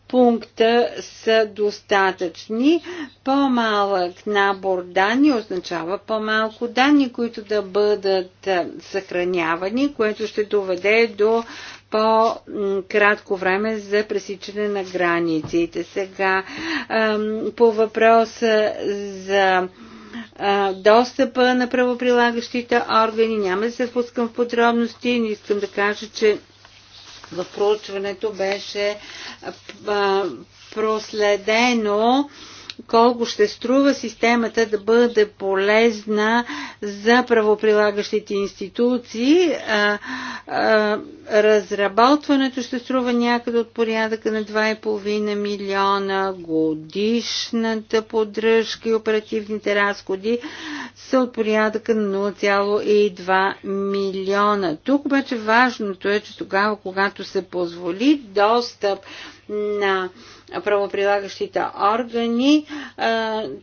пункта са достатъчни. По-малък набор данни означава по-малко данни, които да бъдат е, съхранявани, което ще доведе до по-кратко време за пресичане на границите. Сега по въпроса за достъпа на правоприлагащите органи. Няма да се впускам в подробности. Не искам да кажа, че в проучването беше проследено колко ще струва системата да бъде полезна за правоприлагащите институции. А, а, разработването ще струва някъде от порядъка на 2,5 милиона годишната поддръжка и оперативните разходи са от порядъка на 0,2 милиона. Тук обаче важното е, че тогава, когато се позволи достъп на правоприлагащите органи,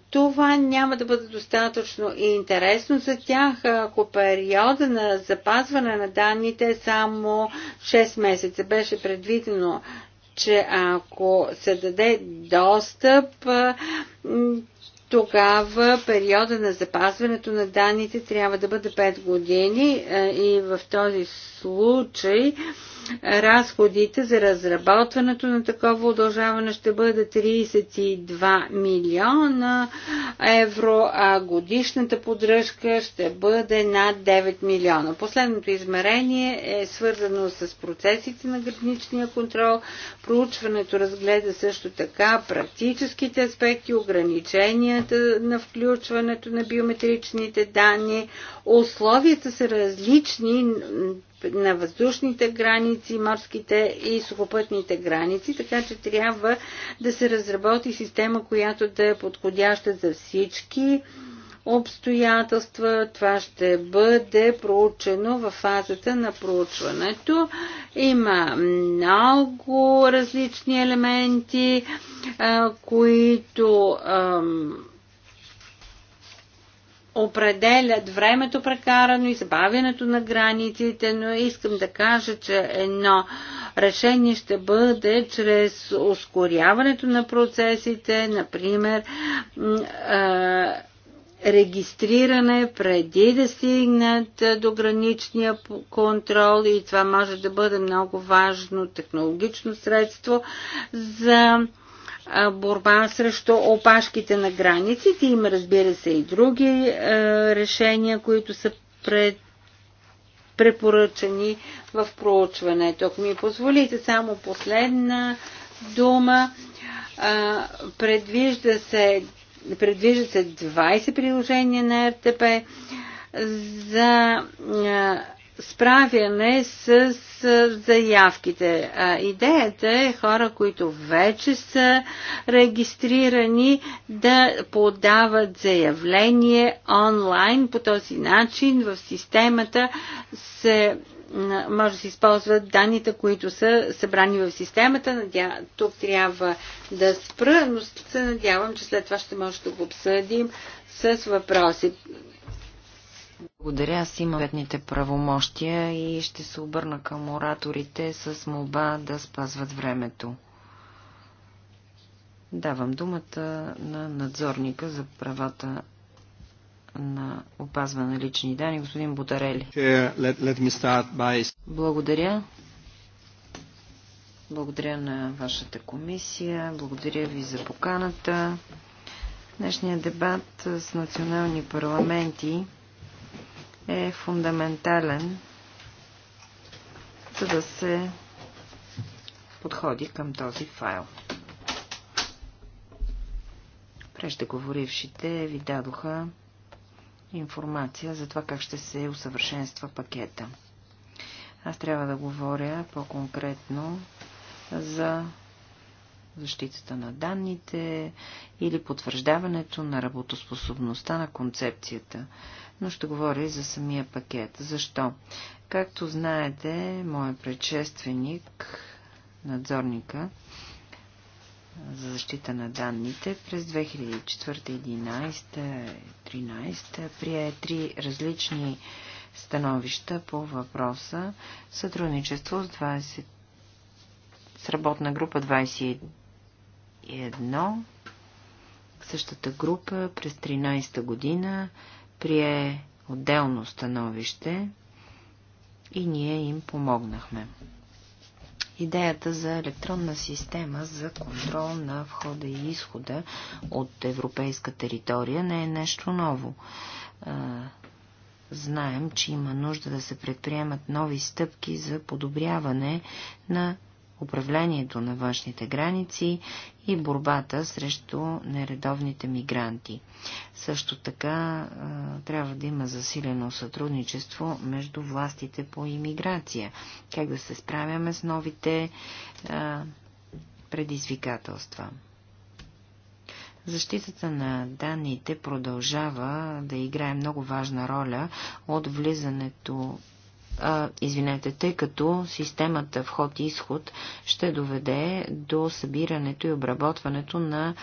това няма да бъде достатъчно и интересно за тях, ако периода на запазване на данните е само 6 месеца. Беше предвидено че ако се даде достъп, тогава периода на запазването на данните трябва да бъде 5 години и в този случай разходите за разработването на такова удължаване ще бъдат 32 милиона евро, а годишната поддръжка ще бъде над 9 милиона. Последното измерение е свързано с процесите на граничния контрол. Проучването разгледа също така практическите аспекти, ограниченията на включването на биометричните данни. Условията са различни на въздушните граници, морските и сухопътните граници, така че трябва да се разработи система, която да е подходяща за всички обстоятелства. Това ще бъде проучено в фазата на проучването. Има много различни елементи, които определят времето прекарано и забавянето на границите, но искам да кажа, че едно решение ще бъде чрез ускоряването на процесите, например, регистриране преди да стигнат до граничния контрол и това може да бъде много важно технологично средство за борба срещу опашките на границите. Има, разбира се, и други решения, които са пред препоръчани в проучването. Ако ми позволите само последна дума, предвижда се, предвижда се 20 приложения на РТП за а, справяне с заявките. Идеята е хора, които вече са регистрирани да подават заявление онлайн. По този начин в системата се може да се използват данните, които са събрани в системата. Надя... Тук трябва да спра, но се надявам, че след това ще може да го обсъдим с въпроси. Благодаря, аз имам ветните правомощия и ще се обърна към ораторите с молба да спазват времето. Давам думата на надзорника за правата на опазване на лични данни, господин Бутарели. Благодаря. Благодаря на вашата комисия. Благодаря ви за поканата. Днешният дебат с национални парламенти е фундаментален, за да се подходи към този файл. Преждеговорившите ви дадоха информация за това как ще се усъвършенства пакета. Аз трябва да говоря по-конкретно за защитата на данните или потвърждаването на работоспособността на концепцията но ще говоря и за самия пакет. Защо? Както знаете, моят предшественик, надзорника за защита на данните, през 2004-2011-2013 прие три различни становища по въпроса сътрудничество с 20 с работна група 21. Същата група през 13-та година прие отделно становище и ние им помогнахме. Идеята за електронна система за контрол на входа и изхода от европейска територия не е нещо ново. Знаем, че има нужда да се предприемат нови стъпки за подобряване на управлението на външните граници и борбата срещу нередовните мигранти. Също така трябва да има засилено сътрудничество между властите по иммиграция, Как да се справяме с новите предизвикателства. Защитата на данните продължава да играе много важна роля от влизането а, извинете, тъй като системата вход и изход ще доведе до събирането и обработването на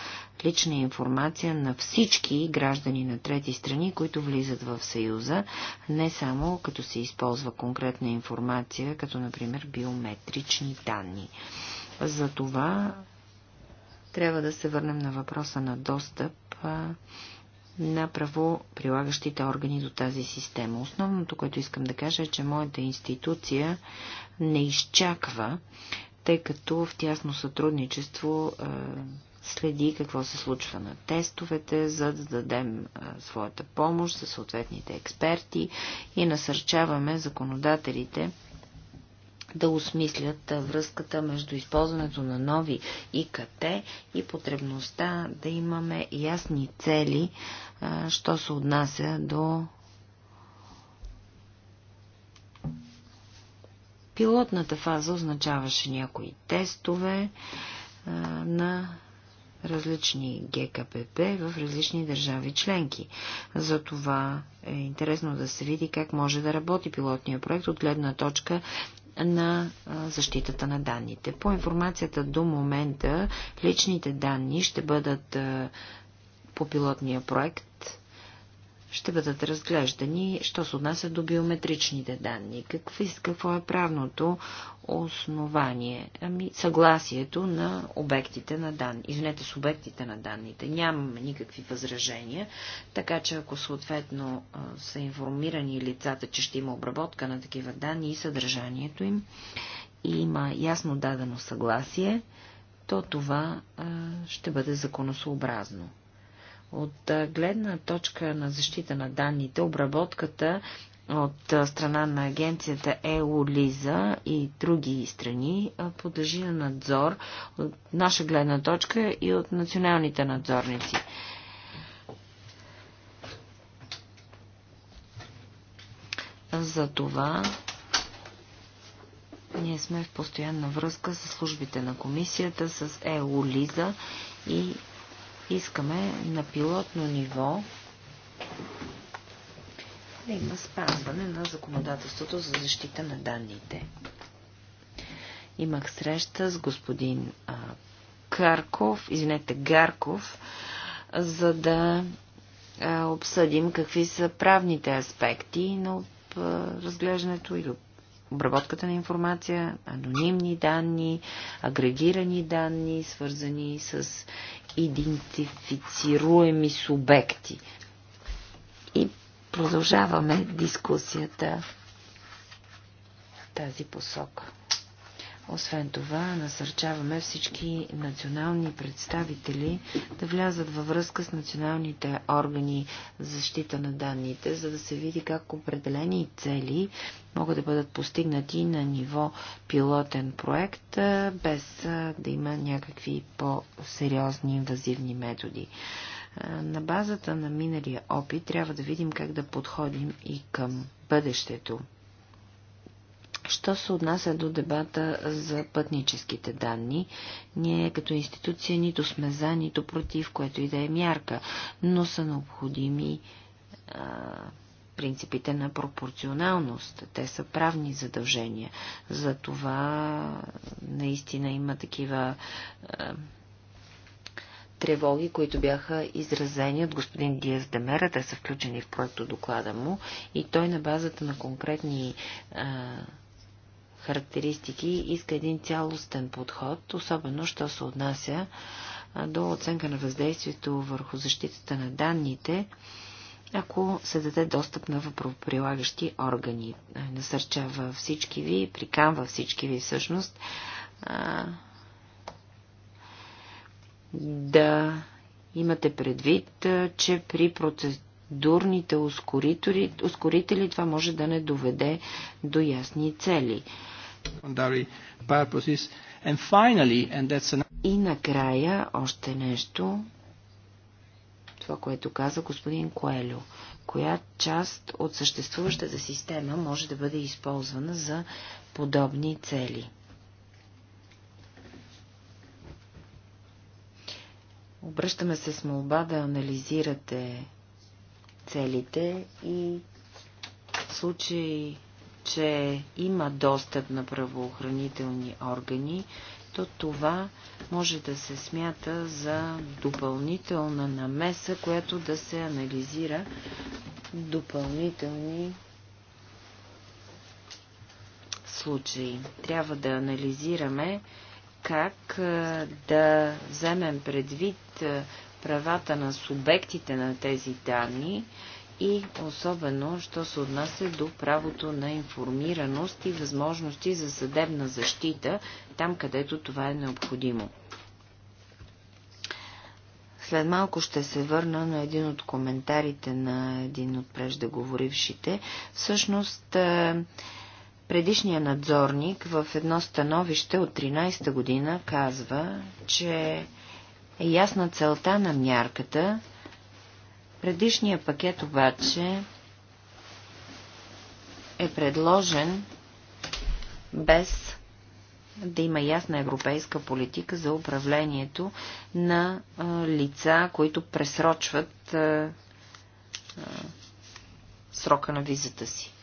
лична информация на всички граждани на трети страни, които влизат в Съюза, не само като се използва конкретна информация, като например биометрични данни. За това трябва да се върнем на въпроса на достъп на правоприлагащите органи до тази система. Основното, което искам да кажа е, че моята институция не изчаква, тъй като в тясно сътрудничество е, следи какво се случва на тестовете, за да дадем е, своята помощ за съответните експерти и насърчаваме законодателите да осмислят връзката между използването на нови ИКТ и потребността да имаме ясни цели, що се отнася до пилотната фаза означаваше някои тестове на различни ГКПП в различни държави членки. Затова е интересно да се види как може да работи пилотния проект от гледна точка на защитата на данните. По информацията до момента личните данни ще бъдат по пилотния проект ще бъдат разглеждани, що се отнася до биометричните данни. Какво, е- какво е правното основание? Ами, съгласието на обектите на данни. Извинете, субектите на данните. Нямаме никакви възражения, така че ако съответно са информирани лицата, че ще има обработка на такива данни и съдържанието им, и има ясно дадено съгласие, то това а, ще бъде законосообразно. От гледна точка на защита на данните, обработката от страна на агенцията ЕОЛИЗА и други страни подлежи на надзор от наша гледна точка и от националните надзорници. За това ние сме в постоянна връзка с службите на комисията, с ЕОЛИЗА и Искаме на пилотно ниво да има спазване на законодателството за защита на данните. Имах среща с господин а, Карков, извинете, Гарков, за да а, обсъдим какви са правните аспекти на разглеждането или обработката на информация, анонимни данни, агрегирани данни, свързани с идентифицируеми субекти. И продължаваме дискусията в тази посока. Освен това, насърчаваме всички национални представители да влязат във връзка с националните органи за защита на данните, за да се види как определени цели могат да бъдат постигнати на ниво пилотен проект, без да има някакви по-сериозни инвазивни методи. На базата на миналия опит трябва да видим как да подходим и към бъдещето. Що се отнася до дебата за пътническите данни, ние като институция нито сме за, нито против, което и да е мярка, но са необходими а, принципите на пропорционалност. Те са правни задължения. За това наистина има такива а, тревоги, които бяха изразени от господин Диас Демера. Те са включени в проекто доклада му и той на базата на конкретни а, характеристики иска един цялостен подход, особено, що се отнася до оценка на въздействието върху защитата на данните, ако се даде достъп на въпроприлагащи органи. Е, насърчава всички ви, приканва всички ви всъщност да имате предвид, че при процедурните ускорители, ускорители това може да не доведе до ясни цели. И накрая още нещо, това, което каза господин Коелю. Коя част от съществуващата система може да бъде използвана за подобни цели? Обръщаме се с молба да анализирате целите и случаи че има достъп на правоохранителни органи, то това може да се смята за допълнителна намеса, която да се анализира допълнителни случаи. Трябва да анализираме как да вземем предвид правата на субектите на тези данни, и особено, що се отнася до правото на информираност и възможности за съдебна защита, там където това е необходимо. След малко ще се върна на един от коментарите на един от преждеговорившите. Всъщност, е, предишния надзорник в едно становище от 13-та година казва, че е ясна целта на мярката Предишния пакет обаче е предложен без да има ясна европейска политика за управлението на а, лица, които пресрочват а, а, срока на визата си.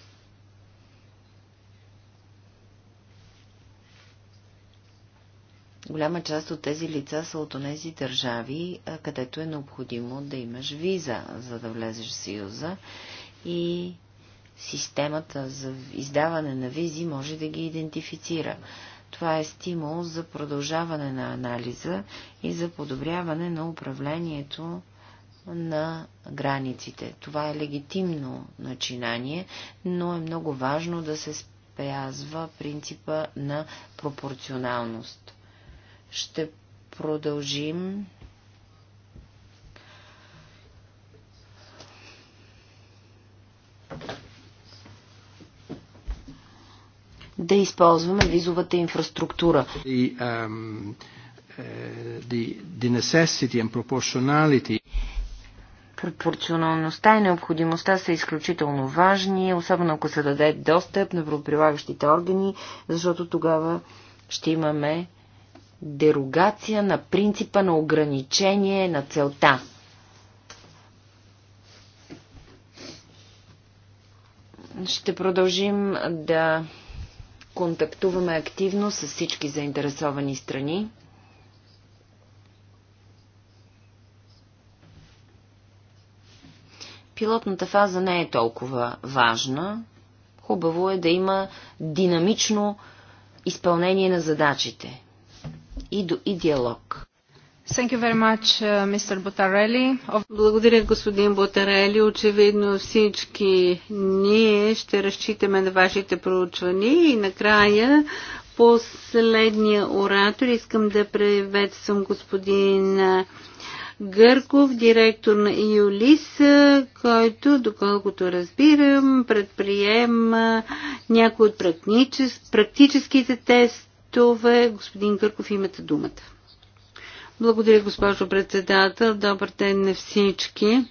Голяма част от тези лица са от тези държави, където е необходимо да имаш виза, за да влезеш в Съюза и системата за издаване на визи може да ги идентифицира. Това е стимул за продължаване на анализа и за подобряване на управлението на границите. Това е легитимно начинание, но е много важно да се спазва принципа на пропорционалност. Ще продължим да използваме визовата инфраструктура. The, um, uh, the, Пропорционалността и необходимостта са изключително важни, особено ако се даде достъп на правоприлагащите органи, защото тогава ще имаме дерогация на принципа на ограничение на целта. Ще продължим да контактуваме активно с всички заинтересовани страни. Пилотната фаза не е толкова важна. Хубаво е да има динамично изпълнение на задачите и, до, и диалог. Thank you very much, uh, Mr. Butarelli. Благодаря, господин Ботарели. Очевидно всички ние ще разчитаме на вашите проучвания и накрая последния оратор. Искам да приветствам господин Гърков, директор на Юлис, който, доколкото разбирам, предприема някои от практическите тест, Митове. Господин Кърков, имате думата. Благодаря, госпожо председател. Добър ден на всички.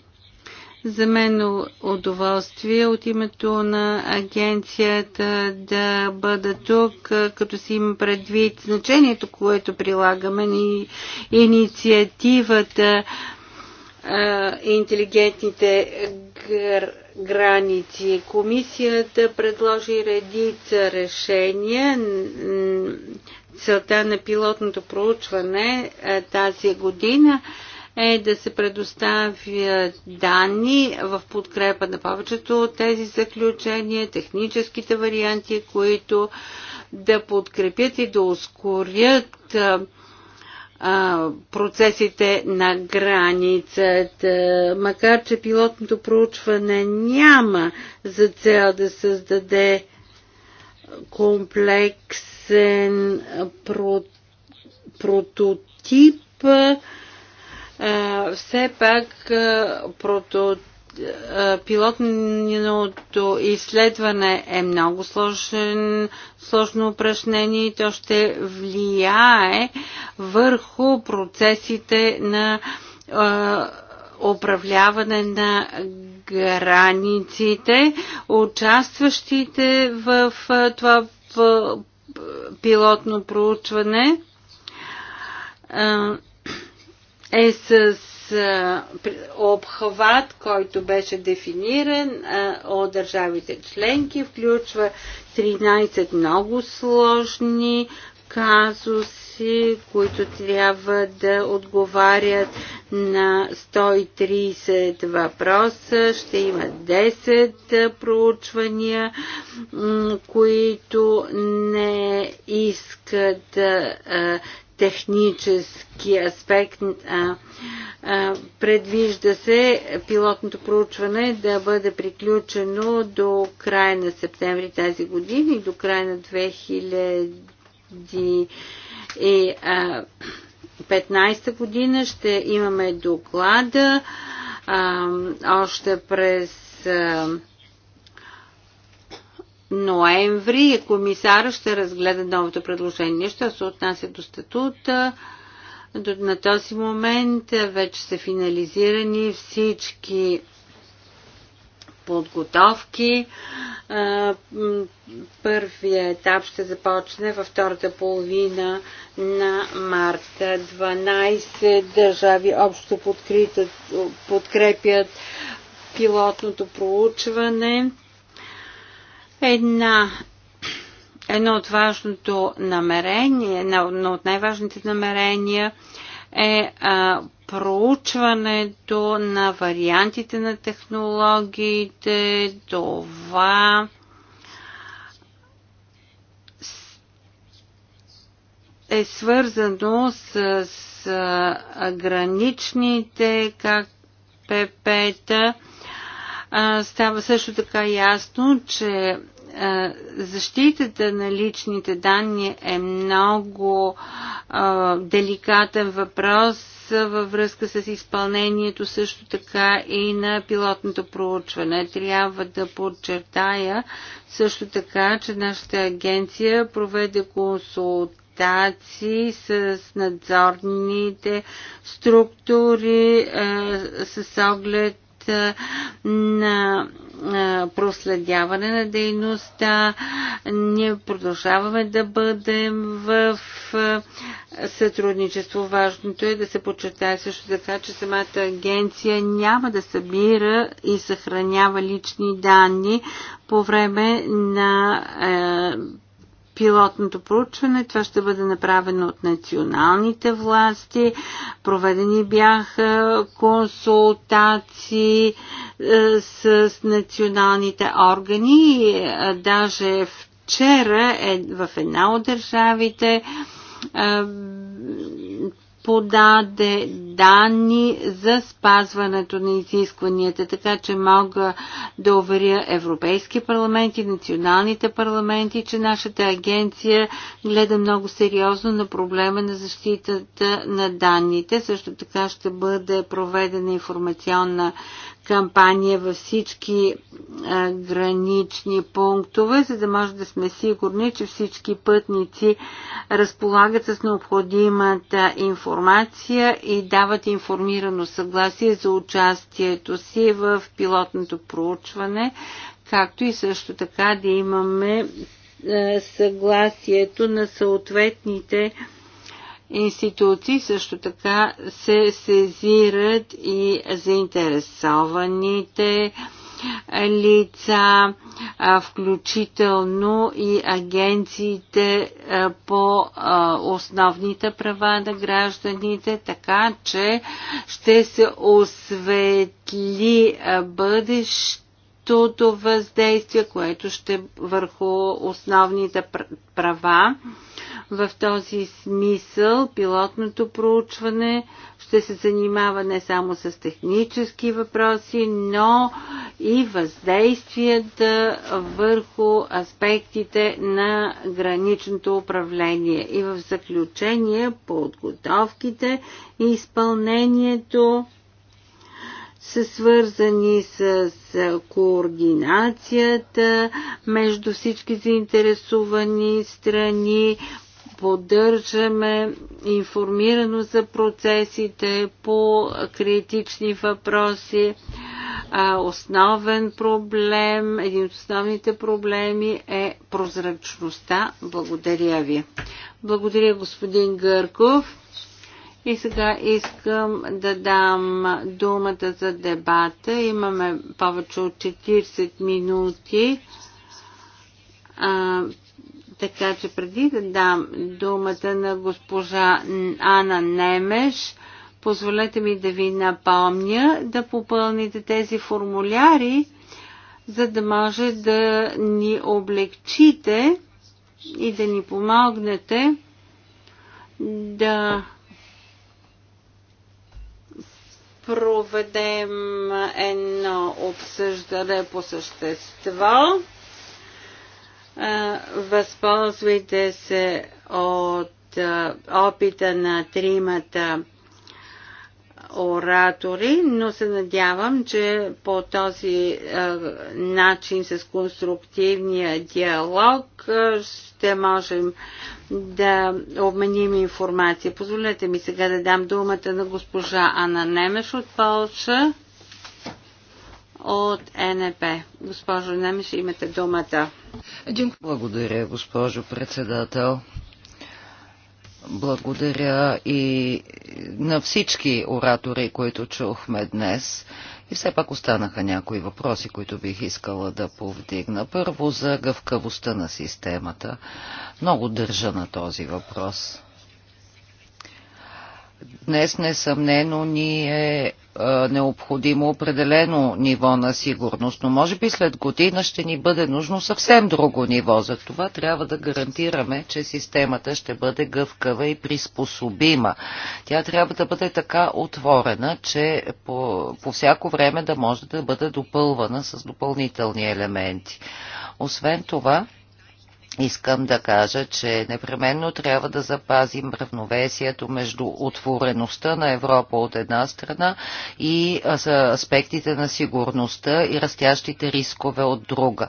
За мен удоволствие от името на агенцията да бъда тук, като си има предвид значението, което прилагаме и инициативата интелигентните гър граници. Комисията предложи редица решения. Целта на пилотното проучване е, тази година е да се предоставят данни в подкрепа на повечето от тези заключения, техническите варианти, които да подкрепят и да ускорят е, процесите на границата. Макар, че пилотното проучване няма за цел да създаде комплексен про... прототип, все пак прототип е, пилотното изследване е много сложен, сложно упражнение и то ще влияе върху процесите на е, управляване на границите. Участващите в е, това пилотно проучване е с обхват, който беше дефиниран от държавите членки, включва 13 много сложни казуси, които трябва да отговарят на 130 въпроса. Ще има 10 проучвания, които не искат технически аспект. А, а, предвижда се пилотното проучване да бъде приключено до края на септември тази година и до края на 2015 година ще имаме доклада а, още през а, ноември комисара ще разгледа новото предложение. Що се отнася до статута, до, на този момент вече са финализирани всички подготовки. Първият етап ще започне във втората половина на марта 12 държави общо подкрепят пилотното проучване. Една едно от важното намерение, едно от най-важните намерения е а, проучването на вариантите на технологиите, това е свързано с, с граничните как ПП-та става също така ясно, че защитата на личните данни е много деликатен въпрос във връзка с изпълнението също така и на пилотното проучване. Трябва да подчертая също така, че нашата агенция проведе консултации с надзорните структури с оглед на проследяване на дейността. Ние продължаваме да бъдем в сътрудничество. Важното е да се подчертае също така, че самата агенция няма да събира и съхранява лични данни по време на пилотното проучване. Това ще бъде направено от националните власти. Проведени бяха консултации е, с националните органи. Е, даже вчера е в една от държавите подаде данни за спазването на изискванията, така че мога да уверя Европейски парламент и националните парламенти, че нашата агенция гледа много сериозно на проблема на защитата на данните. Също така ще бъде проведена информационна кампания във всички а, гранични пунктове, за да може да сме сигурни, че всички пътници разполагат с необходимата информация и дават информирано съгласие за участието си в пилотното проучване, както и също така да имаме а, съгласието на съответните а, институции също така се сезират и заинтересованите лица, включително и агенциите по основните права на гражданите, така че ще се осветли бъдеще въздействие, което ще върху основните права в този смисъл пилотното проучване ще се занимава не само с технически въпроси, но и въздействията върху аспектите на граничното управление. И в заключение по подготовките и изпълнението са свързани с координацията между всички заинтересовани страни, поддържаме информирано за процесите по критични въпроси. основен проблем, един от основните проблеми е прозрачността. Благодаря ви. Благодаря господин Гърков. И сега искам да дам думата за дебата. Имаме повече от 40 минути. Така че преди да дам думата на госпожа Ана Немеш, позволете ми да ви напомня да попълните тези формуляри, за да може да ни облегчите и да ни помогнете да проведем едно обсъждане по същество. Възползвайте се от опита на тримата оратори, но се надявам, че по този начин с конструктивния диалог ще можем да обменим информация. Позволете ми сега да дам думата на госпожа Анна Немеш от Полша от НП. Госпожо Немеш, имате думата. Благодаря, госпожо председател. Благодаря и на всички оратори, които чухме днес. И все пак останаха някои въпроси, които бих искала да повдигна. Първо за гъвкавостта на системата. Много държа на този въпрос. Днес несъмнено ние е, необходимо определено ниво на сигурност, но може би след година ще ни бъде нужно съвсем друго ниво. За това трябва да гарантираме, че системата ще бъде гъвкава и приспособима. Тя трябва да бъде така отворена, че по, по всяко време да може да бъде допълвана с допълнителни елементи. Освен това, Искам да кажа, че непременно трябва да запазим равновесието между отвореността на Европа от една страна и аспектите на сигурността и растящите рискове от друга.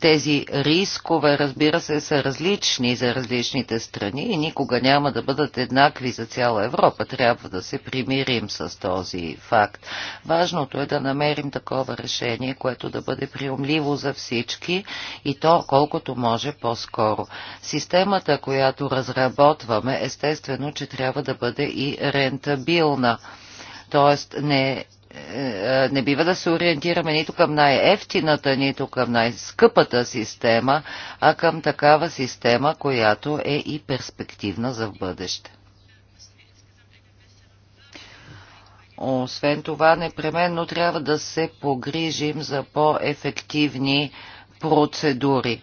Тези рискове, разбира се, са различни за различните страни и никога няма да бъдат еднакви за цяла Европа. Трябва да се примирим с този факт. Важното е да намерим такова решение, което да бъде приумливо за всички и то колкото може по-скоро. Системата, която разработваме, естествено, че трябва да бъде и рентабилна. Тоест не е, не бива да се ориентираме нито към най-ефтината, нито към най-скъпата система, а към такава система, която е и перспективна за в бъдеще. Освен това, непременно трябва да се погрижим за по-ефективни процедури.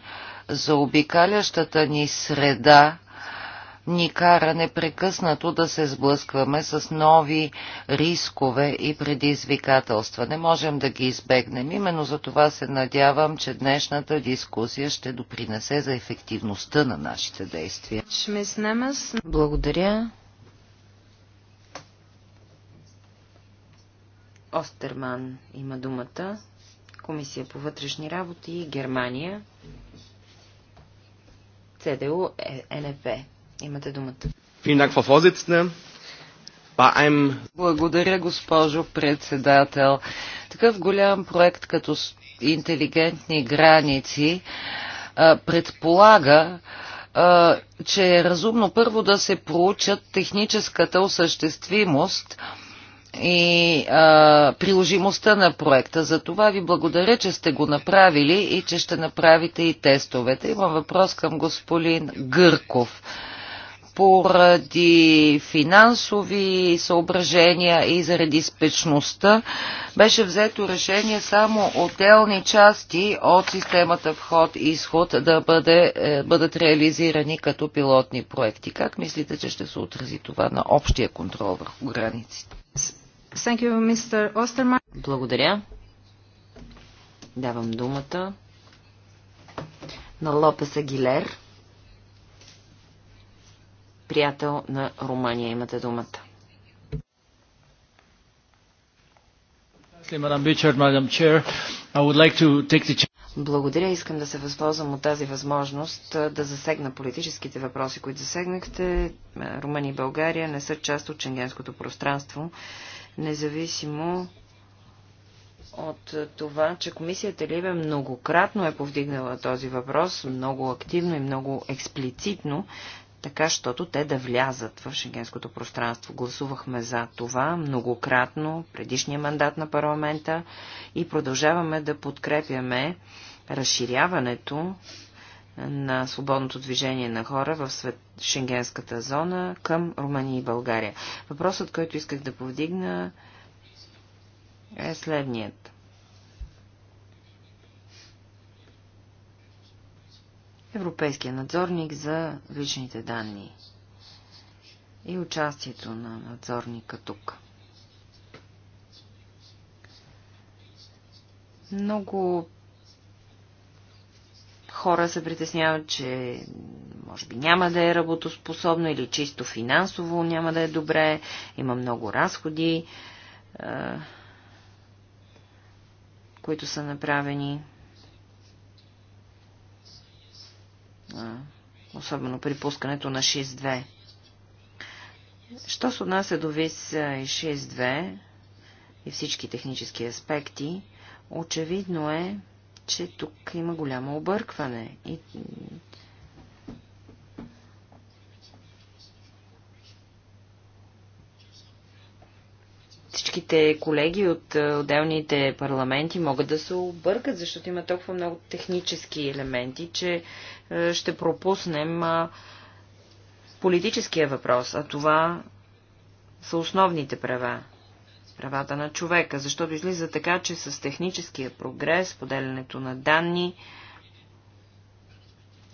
За обикалящата ни среда ни кара непрекъснато да се сблъскваме с нови рискове и предизвикателства. Не можем да ги избегнем. Именно за това се надявам, че днешната дискусия ще допринесе за ефективността на нашите действия. Благодаря. Остерман има думата. Комисия по вътрешни работи, Германия, ЦДУ, е, НФ. Имате думата. Благодаря, госпожо председател. Такъв голям проект като интелигентни граници предполага, че е разумно първо да се проучат техническата осъществимост и а, приложимостта на проекта. За това ви благодаря, че сте го направили и че ще направите и тестовете. Имам въпрос към господин Гърков поради финансови съображения и заради спечността беше взето решение само отделни части от системата вход и изход да бъде, е, бъдат реализирани като пилотни проекти. Как мислите, че ще се отрази това на общия контрол върху границите? You, Благодаря. Давам думата на Лопес Агилер приятел на Румъния. Имате думата. Благодаря. Искам да се възползвам от тази възможност да засегна политическите въпроси, които засегнахте. Румъния и България не са част от ченгенското пространство, независимо от това, че комисията Либе многократно е повдигнала този въпрос, много активно и много експлицитно, така, щото те да влязат в шенгенското пространство. Гласувахме за това многократно предишния мандат на парламента и продължаваме да подкрепяме разширяването на свободното движение на хора в свет, шенгенската зона към Румъния и България. Въпросът, който исках да повдигна е следният. Европейския надзорник за личните данни и участието на надзорника тук. Много хора се притесняват, че може би няма да е работоспособно или чисто финансово няма да е добре, има много разходи, които са направени. особено при пускането на 6.2. Що се отнася до ВИС и 6.2 и всички технически аспекти, очевидно е, че тук има голямо объркване и всичките колеги от отделните парламенти могат да се объркат, защото има толкова много технически елементи, че е, ще пропуснем политическия въпрос, а това са основните права. Правата на човека, защото излиза така, че с техническия прогрес, поделянето на данни,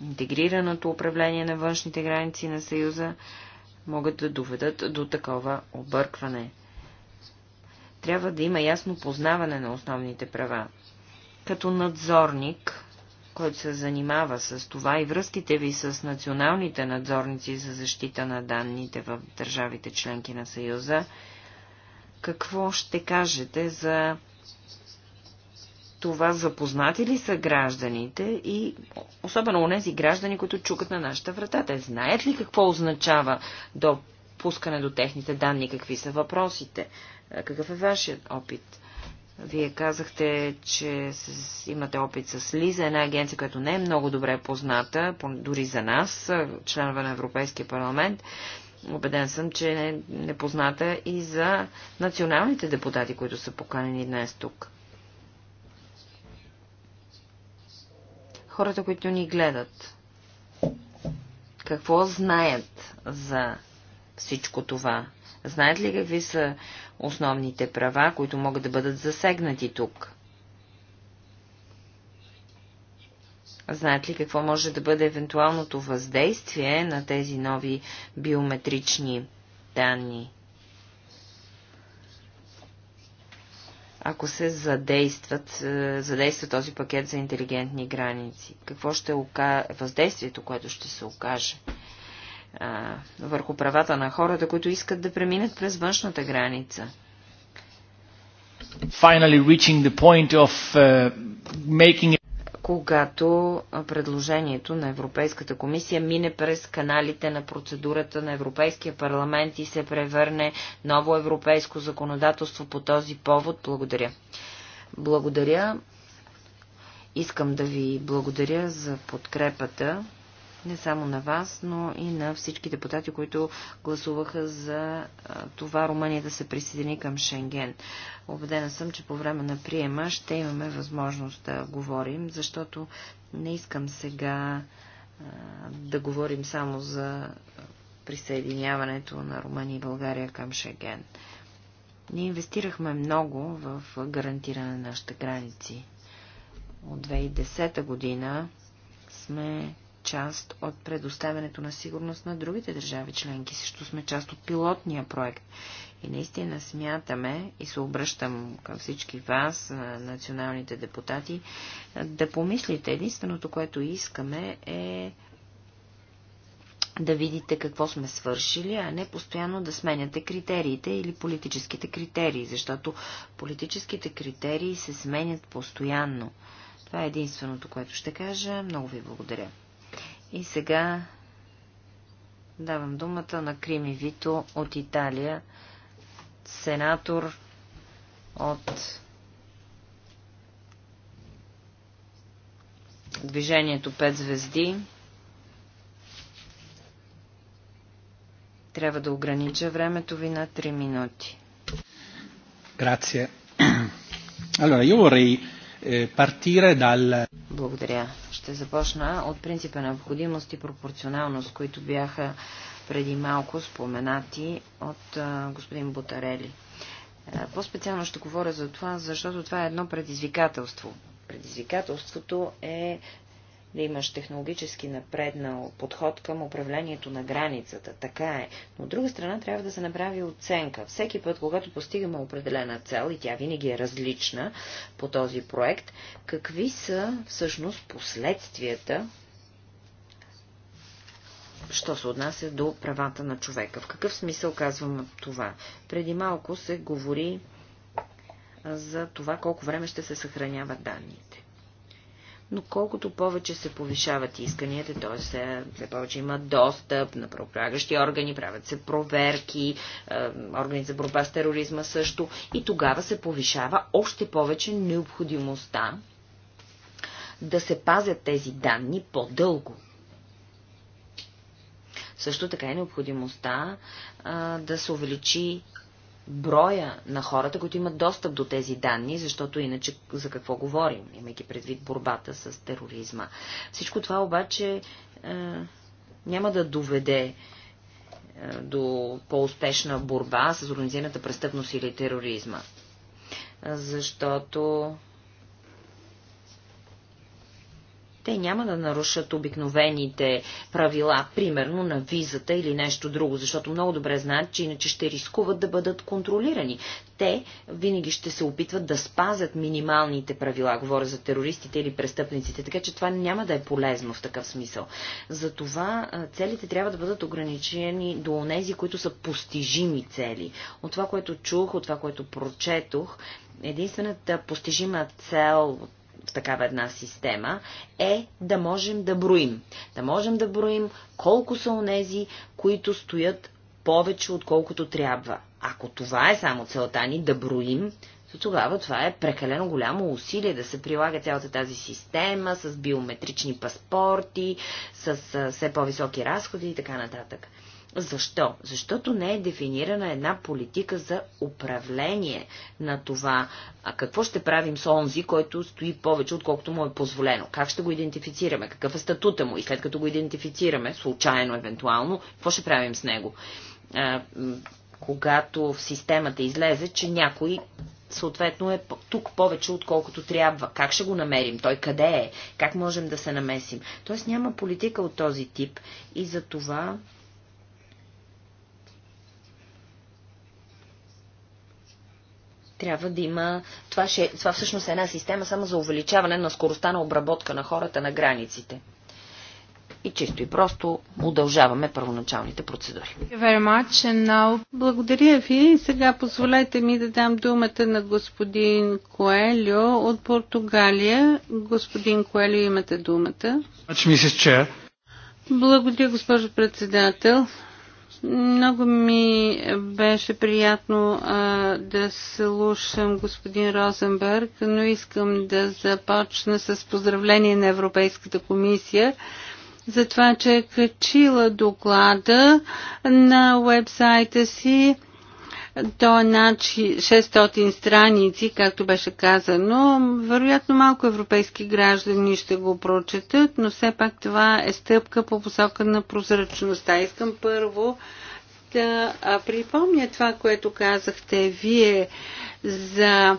интегрираното управление на външните граници на Съюза могат да доведат до такова объркване. Трябва да има ясно познаване на основните права. Като надзорник който се занимава с това и връзките ви с националните надзорници за защита на данните в държавите членки на Съюза, какво ще кажете за това запознати ли са гражданите и особено у нези граждани, които чукат на нашата врата? Те знаят ли какво означава допускане до техните данни, какви са въпросите, какъв е вашият опит? Вие казахте, че имате опит с Лиза, една агенция, която не е много добре позната, дори за нас, членове на Европейския парламент. Обеден съм, че не, не позната и за националните депутати, които са поканени днес тук. Хората, които ни гледат, какво знаят за всичко това? Знаят ли какви са основните права, които могат да бъдат засегнати тук. Знаят ли какво може да бъде евентуалното въздействие на тези нови биометрични данни? ако се задействат, е, задейства този пакет за интелигентни граници? Какво ще е въздействието, което ще се окаже? а, върху правата на хората, които искат да преминат през външната граница. Finally reaching the point of uh, making когато предложението на Европейската комисия мине през каналите на процедурата на Европейския парламент и се превърне ново европейско законодателство по този повод. Благодаря. Благодаря. Искам да ви благодаря за подкрепата не само на вас, но и на всички депутати, които гласуваха за това Румъния да се присъедини към Шенген. Обедена съм, че по време на приема ще имаме възможност да говорим, защото не искам сега да говорим само за присъединяването на Румъния и България към Шенген. Ние инвестирахме много в гарантиране на нашите граници. От 2010 година сме част от предоставянето на сигурност на другите държави членки. Също сме част от пилотния проект. И наистина смятаме, и се обръщам към всички вас, националните депутати, да помислите. Единственото, което искаме е да видите какво сме свършили, а не постоянно да сменяте критериите или политическите критерии, защото политическите критерии се сменят постоянно. Това е единственото, което ще кажа. Много ви благодаря. И сега давам думата на Крими Вито от Италия, сенатор от движението 5 звезди. Трябва да огранича времето ви на 3 минути. Grazie. Allora, io vorrei eh, partire dal... Благодаря. Ще започна от принципа на необходимост и пропорционалност, които бяха преди малко споменати от господин Бутарели. Е, по-специално ще говоря за това, защото това е едно предизвикателство. Предизвикателството е да имаш технологически напреднал подход към управлението на границата. Така е. Но от друга страна трябва да се направи оценка. Всеки път, когато постигаме определена цел, и тя винаги е различна по този проект, какви са всъщност последствията що се отнася до правата на човека. В какъв смисъл казвам това? Преди малко се говори за това колко време ще се съхраняват данни но колкото повече се повишават исканията, т.е. все повече има достъп на правоприлагащи органи, правят се проверки, е, органи за борба с тероризма също, и тогава се повишава още повече необходимостта да се пазят тези данни по-дълго. Също така е необходимостта а, да се увеличи броя на хората, които имат достъп до тези данни, защото иначе за какво говорим, имайки предвид борбата с тероризма. Всичко това обаче е, няма да доведе е, до по-успешна борба с организираната престъпност или тероризма. Защото Те няма да нарушат обикновените правила, примерно на визата или нещо друго, защото много добре знаят, че иначе ще рискуват да бъдат контролирани. Те винаги ще се опитват да спазят минималните правила, говоря за терористите или престъпниците, така че това няма да е полезно в такъв смисъл. Затова целите трябва да бъдат ограничени до онези, които са постижими цели. От това, което чух, от това, което прочетох, единствената постижима цел от в такава една система, е да можем да броим. Да можем да броим колко са онези, които стоят повече, отколкото трябва. Ако това е само целта ни, да броим, то тогава това е прекалено голямо усилие да се прилага цялата тази система с биометрични паспорти, с все по-високи разходи и така нататък. Защо? Защото не е дефинирана една политика за управление на това, а какво ще правим с онзи, който стои повече, отколкото му е позволено. Как ще го идентифицираме? Какъв е статута му? И след като го идентифицираме, случайно, евентуално, какво ще правим с него? когато в системата излезе, че някой съответно е тук повече, отколкото трябва. Как ще го намерим? Той къде е? Как можем да се намесим? Тоест няма политика от този тип и за това трябва да има... Това, ще... Това всъщност е една система само за увеличаване на скоростта на обработка на хората на границите. И чисто и просто удължаваме първоначалните процедури. Благодаря ви. Сега позволете ми да дам думата на господин Коелио от Португалия. Господин Коелио, имате думата. Благодаря, госпожо председател. Много ми беше приятно а, да слушам господин Розенберг, но искам да започна с поздравление на Европейската комисия за това, че е качила доклада на вебсайта си то е над 600 страници, както беше казано. Вероятно малко европейски граждани ще го прочетат, но все пак това е стъпка по посока на прозрачността. Искам първо да припомня това, което казахте вие за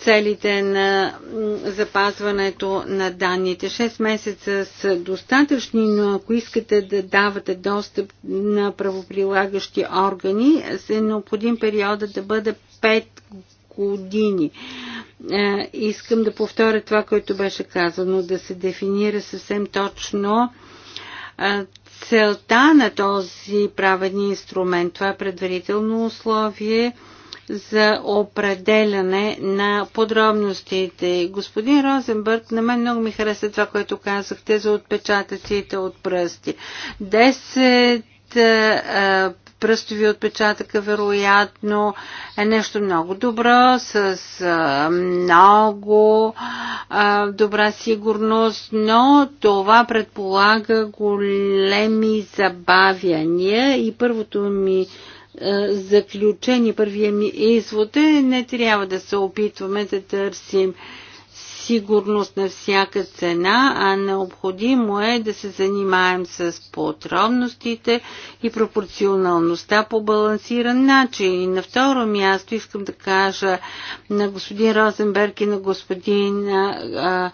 целите на запазването на данните. 6 месеца са достатъчни, но ако искате да давате достъп на правоприлагащи органи, се е необходим периода да бъде 5 години. Искам да повторя това, което беше казано, да се дефинира съвсем точно целта на този правен инструмент. Това е предварително условие за определяне на подробностите. Господин Розенбърг, на мен много ми хареса това, което казахте за отпечатъците от пръсти. Десет а, пръстови отпечатъка вероятно е нещо много добро, с а, много а, добра сигурност, но това предполага големи забавяния и първото ми заключение, първия ми извод е, не трябва да се опитваме да търсим сигурност на всяка цена, а необходимо е да се занимаем с подробностите и пропорционалността по балансиран начин. И на второ място искам да кажа на господин Розенберг и на господин а, а,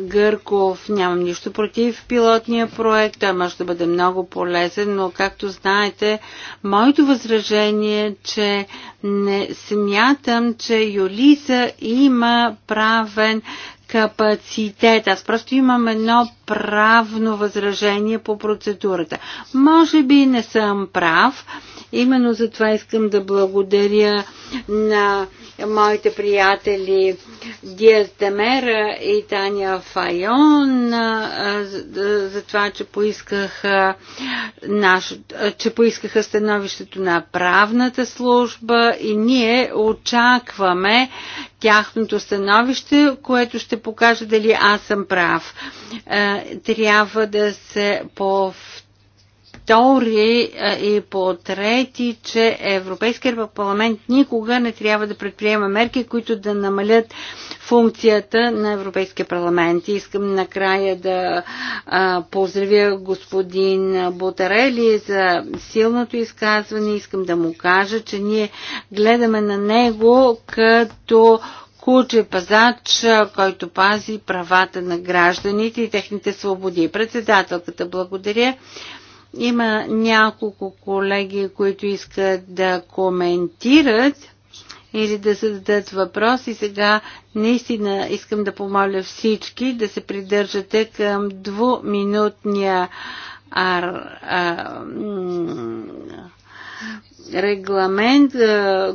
Гърков. Нямам нищо против пилотния проект. Той може да бъде много полезен, но както знаете, моето възражение е, че не смятам, че Юлиза има правен капацитет. Аз просто имам едно правно възражение по процедурата. Може би не съм прав, Именно за това искам да благодаря на моите приятели Диас Демера и Таня Файон за това, че поискаха, наш, че поискаха становището на правната служба и ние очакваме тяхното становище, което ще покаже дали аз съм прав. Трябва да се повторя втори е, и по трети, че Европейския парламент никога не трябва да предприема мерки, които да намалят функцията на Европейския парламент. искам накрая да поздравя господин Ботарели за силното изказване. Искам да му кажа, че ние гледаме на него като куче пазач, който пази правата на гражданите и техните свободи. Председателката благодаря. Има няколко колеги, които искат да коментират или да зададат въпроси. Сега наистина искам да помоля всички да се придържате към двуминутния ар, а, регламент.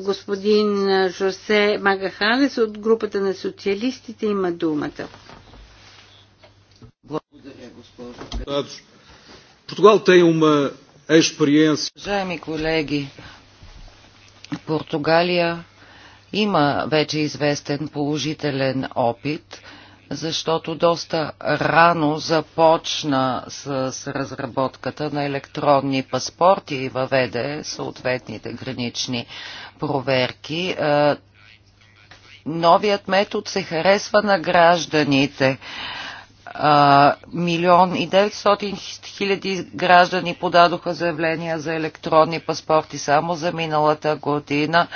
Господин Жосе Магахалес от групата на социалистите има думата. Благодаря, госпожо. Португал tem uma експериенция. Уважаеми колеги, Португалия има вече известен положителен опит, защото доста рано започна с разработката на електронни паспорти и въведе съответните гранични проверки. Е, новият метод се харесва на гражданите милион и 900 хиляди граждани подадоха заявления за електронни паспорти само за миналата година.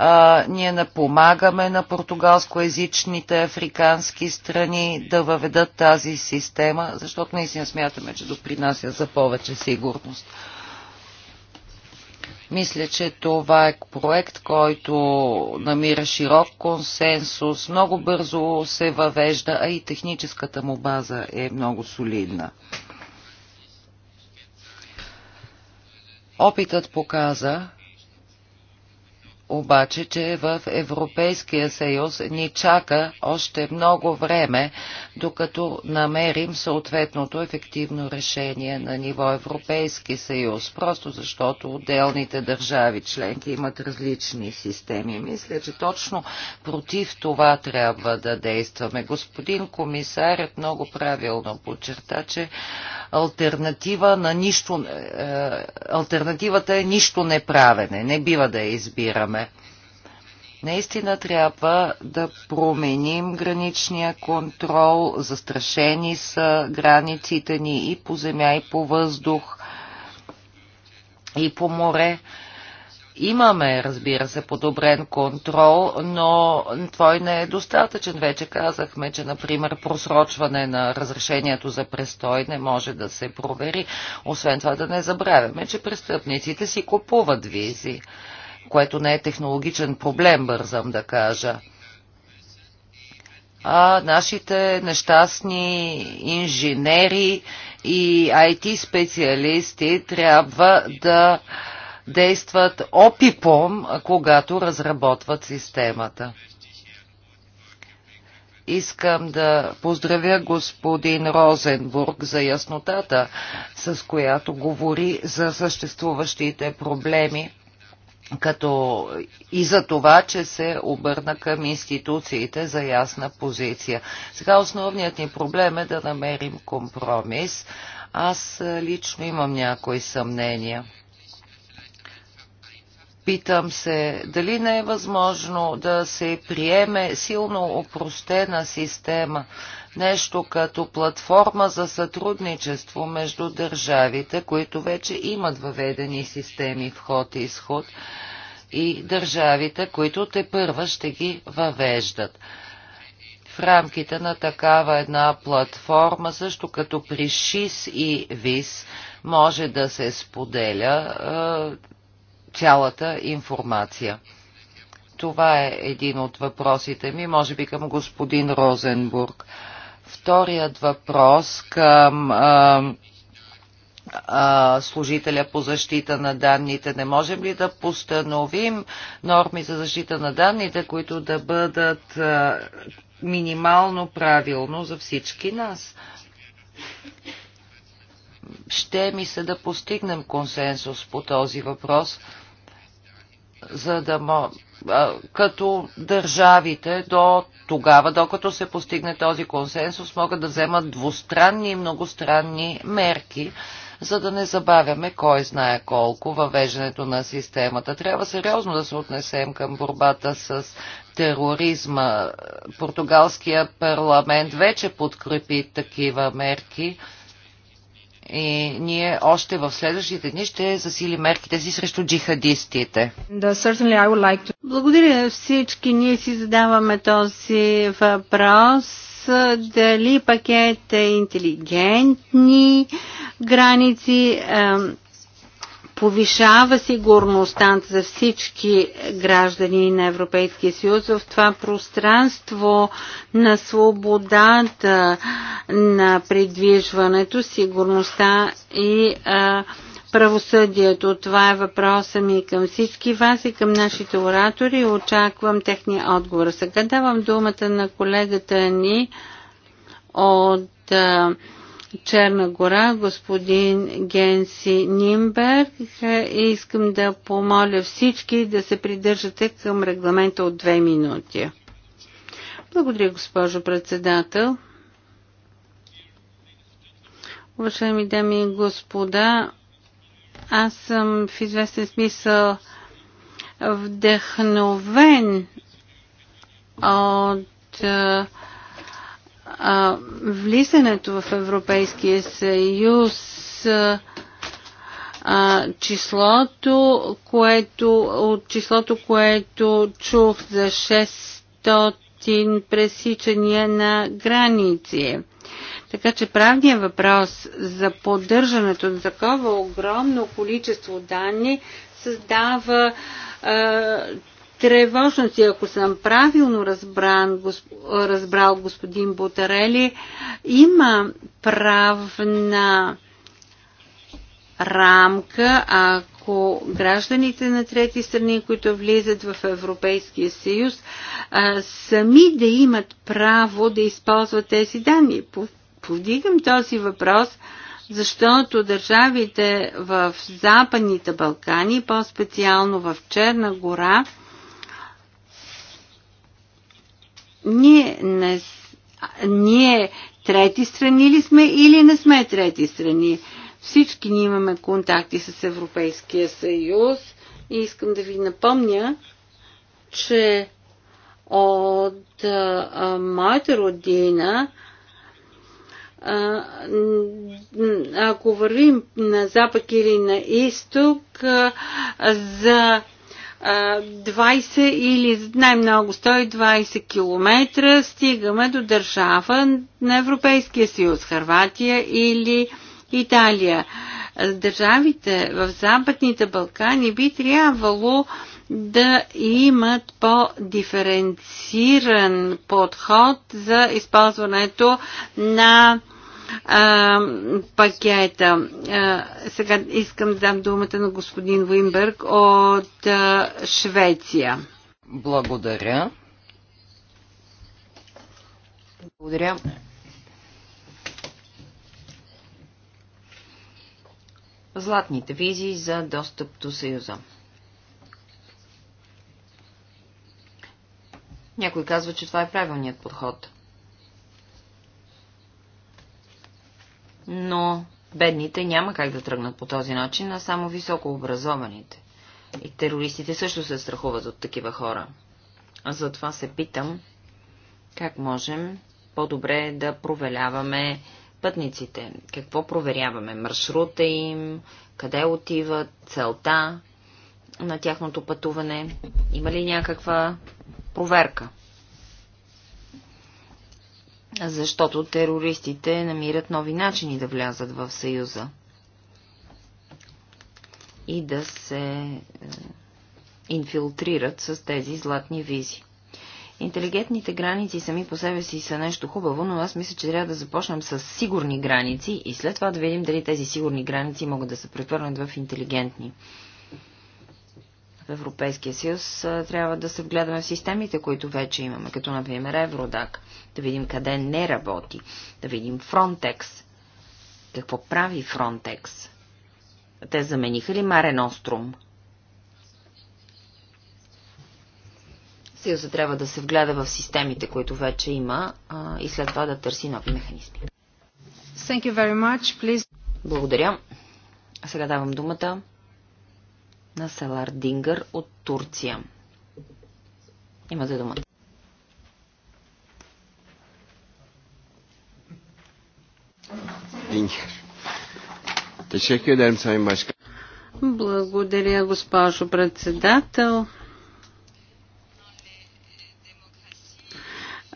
А, ние напомагаме на португалскоязичните африкански страни да въведат тази система, защото наистина смятаме, че допринася за повече сигурност. Мисля, че това е проект, който намира широк консенсус, много бързо се въвежда, а и техническата му база е много солидна. Опитът показа, обаче, че в Европейския съюз ни чака още много време, докато намерим съответното ефективно решение на ниво Европейски съюз, просто защото отделните държави членки имат различни системи. Мисля, че точно против това трябва да действаме. Господин комисарят много правилно подчерта, че альтернатива на нищо, е, альтернативата е нищо неправене. Не бива да я избираме. Наистина трябва да променим граничния контрол, застрашени са границите ни и по земя, и по въздух, и по море. Имаме, разбира се, подобрен контрол, но той не е достатъчен. Вече казахме, че, например, просрочване на разрешението за престой не може да се провери. Освен това да не забравяме, че престъпниците си купуват визи, което не е технологичен проблем, бързам да кажа. А нашите нещастни инженери и IT специалисти трябва да действат опипом, когато разработват системата. Искам да поздравя господин Розенбург за яснотата, с която говори за съществуващите проблеми като и за това, че се обърна към институциите за ясна позиция. Сега основният ни проблем е да намерим компромис. Аз лично имам някои съмнения. Питам се дали не е възможно да се приеме силно опростена система, нещо като платформа за сътрудничество между държавите, които вече имат въведени системи вход и изход и държавите, които те първа ще ги въвеждат. В рамките на такава една платформа, също като при ШИС и ВИС, може да се споделя цялата информация. Това е един от въпросите ми, може би към господин Розенбург. Вторият въпрос към а, а, служителя по защита на данните. Не можем ли да постановим норми за защита на данните, които да бъдат а, минимално правилно за всички нас? Ще ми се да постигнем консенсус по този въпрос за да мо... като държавите до тогава, докато се постигне този консенсус, могат да вземат двустранни и многостранни мерки, за да не забавяме кой знае колко въвеждането на системата. Трябва сериозно да се отнесем към борбата с тероризма. Португалския парламент вече подкрепи такива мерки и ние още в следващите дни ще засили мерките си срещу джихадистите. Благодаря всички. Ние си задаваме този въпрос дали пакет е интелигентни граници, повишава сигурността за всички граждани на Европейския съюз в това пространство на свободата на придвижването, сигурността и а, правосъдието. Това е въпроса ми към всички вас и към нашите оратори. Очаквам техния отговор. Сега давам думата на колегата ни от а, Черна гора, господин Генси Нимберг. Искам да помоля всички да се придържате към регламента от две минути. Благодаря, госпожо председател. Уважаеми дами и господа, аз съм в известен смисъл вдъхновен от а, влизането в Европейския съюз а, числото, което, от числото, което чух за 600 пресичания на граници. Така че правният въпрос за поддържането на такова огромно количество данни създава е, си, Ако съм правилно разбран, госп... разбрал господин Бутарели, има правна рамка, ако гражданите на трети страни, които влизат в Европейския съюз, сами да имат право да използват тези данни. Повдигам този въпрос, защото държавите в Западните Балкани, по-специално в Черна гора, Ние, не, ние трети страни ли сме или не сме трети страни? Всички ние имаме контакти с Европейския съюз и искам да ви напомня, че от а, а, моята родина а, ако вървим на запад или на изток, за 20 или най-много 120 км стигаме до държава на Европейския съюз, Харватия или Италия. Държавите в Западните Балкани би трябвало да имат по-диференциран подход за използването на а, пакета. А, сега искам да дам думата на господин Уинберг от а, Швеция. Благодаря. Благодаря. Златните визии за достъп до Съюза. Някой казва, че това е правилният подход. но бедните няма как да тръгнат по този начин, а само високо образованите. И терористите също се страхуват от такива хора. А затова се питам, как можем по-добре да провеляваме пътниците. Какво проверяваме? Маршрута им, къде отиват, целта на тяхното пътуване. Има ли някаква проверка? защото терористите намират нови начини да влязат в Съюза и да се е, инфилтрират с тези златни визи. Интелигентните граници сами по себе си са нещо хубаво, но аз мисля, че трябва да започнем с сигурни граници и след това да видим дали тези сигурни граници могат да се превърнат в интелигентни в Европейския съюз, трябва да се вгледаме в системите, които вече имаме, като например Евродак, да видим къде не работи, да видим Фронтекс, какво прави Фронтекс. Те замениха ли Марен Острум? Съюза трябва да се вгледа в системите, които вече има а, и след това да търси нови механизми. Thank you very much. Please. Благодаря. А сега давам думата на Селар Дингър от Турция. Имате думата. Дингър. Благодаря, госпожо председател.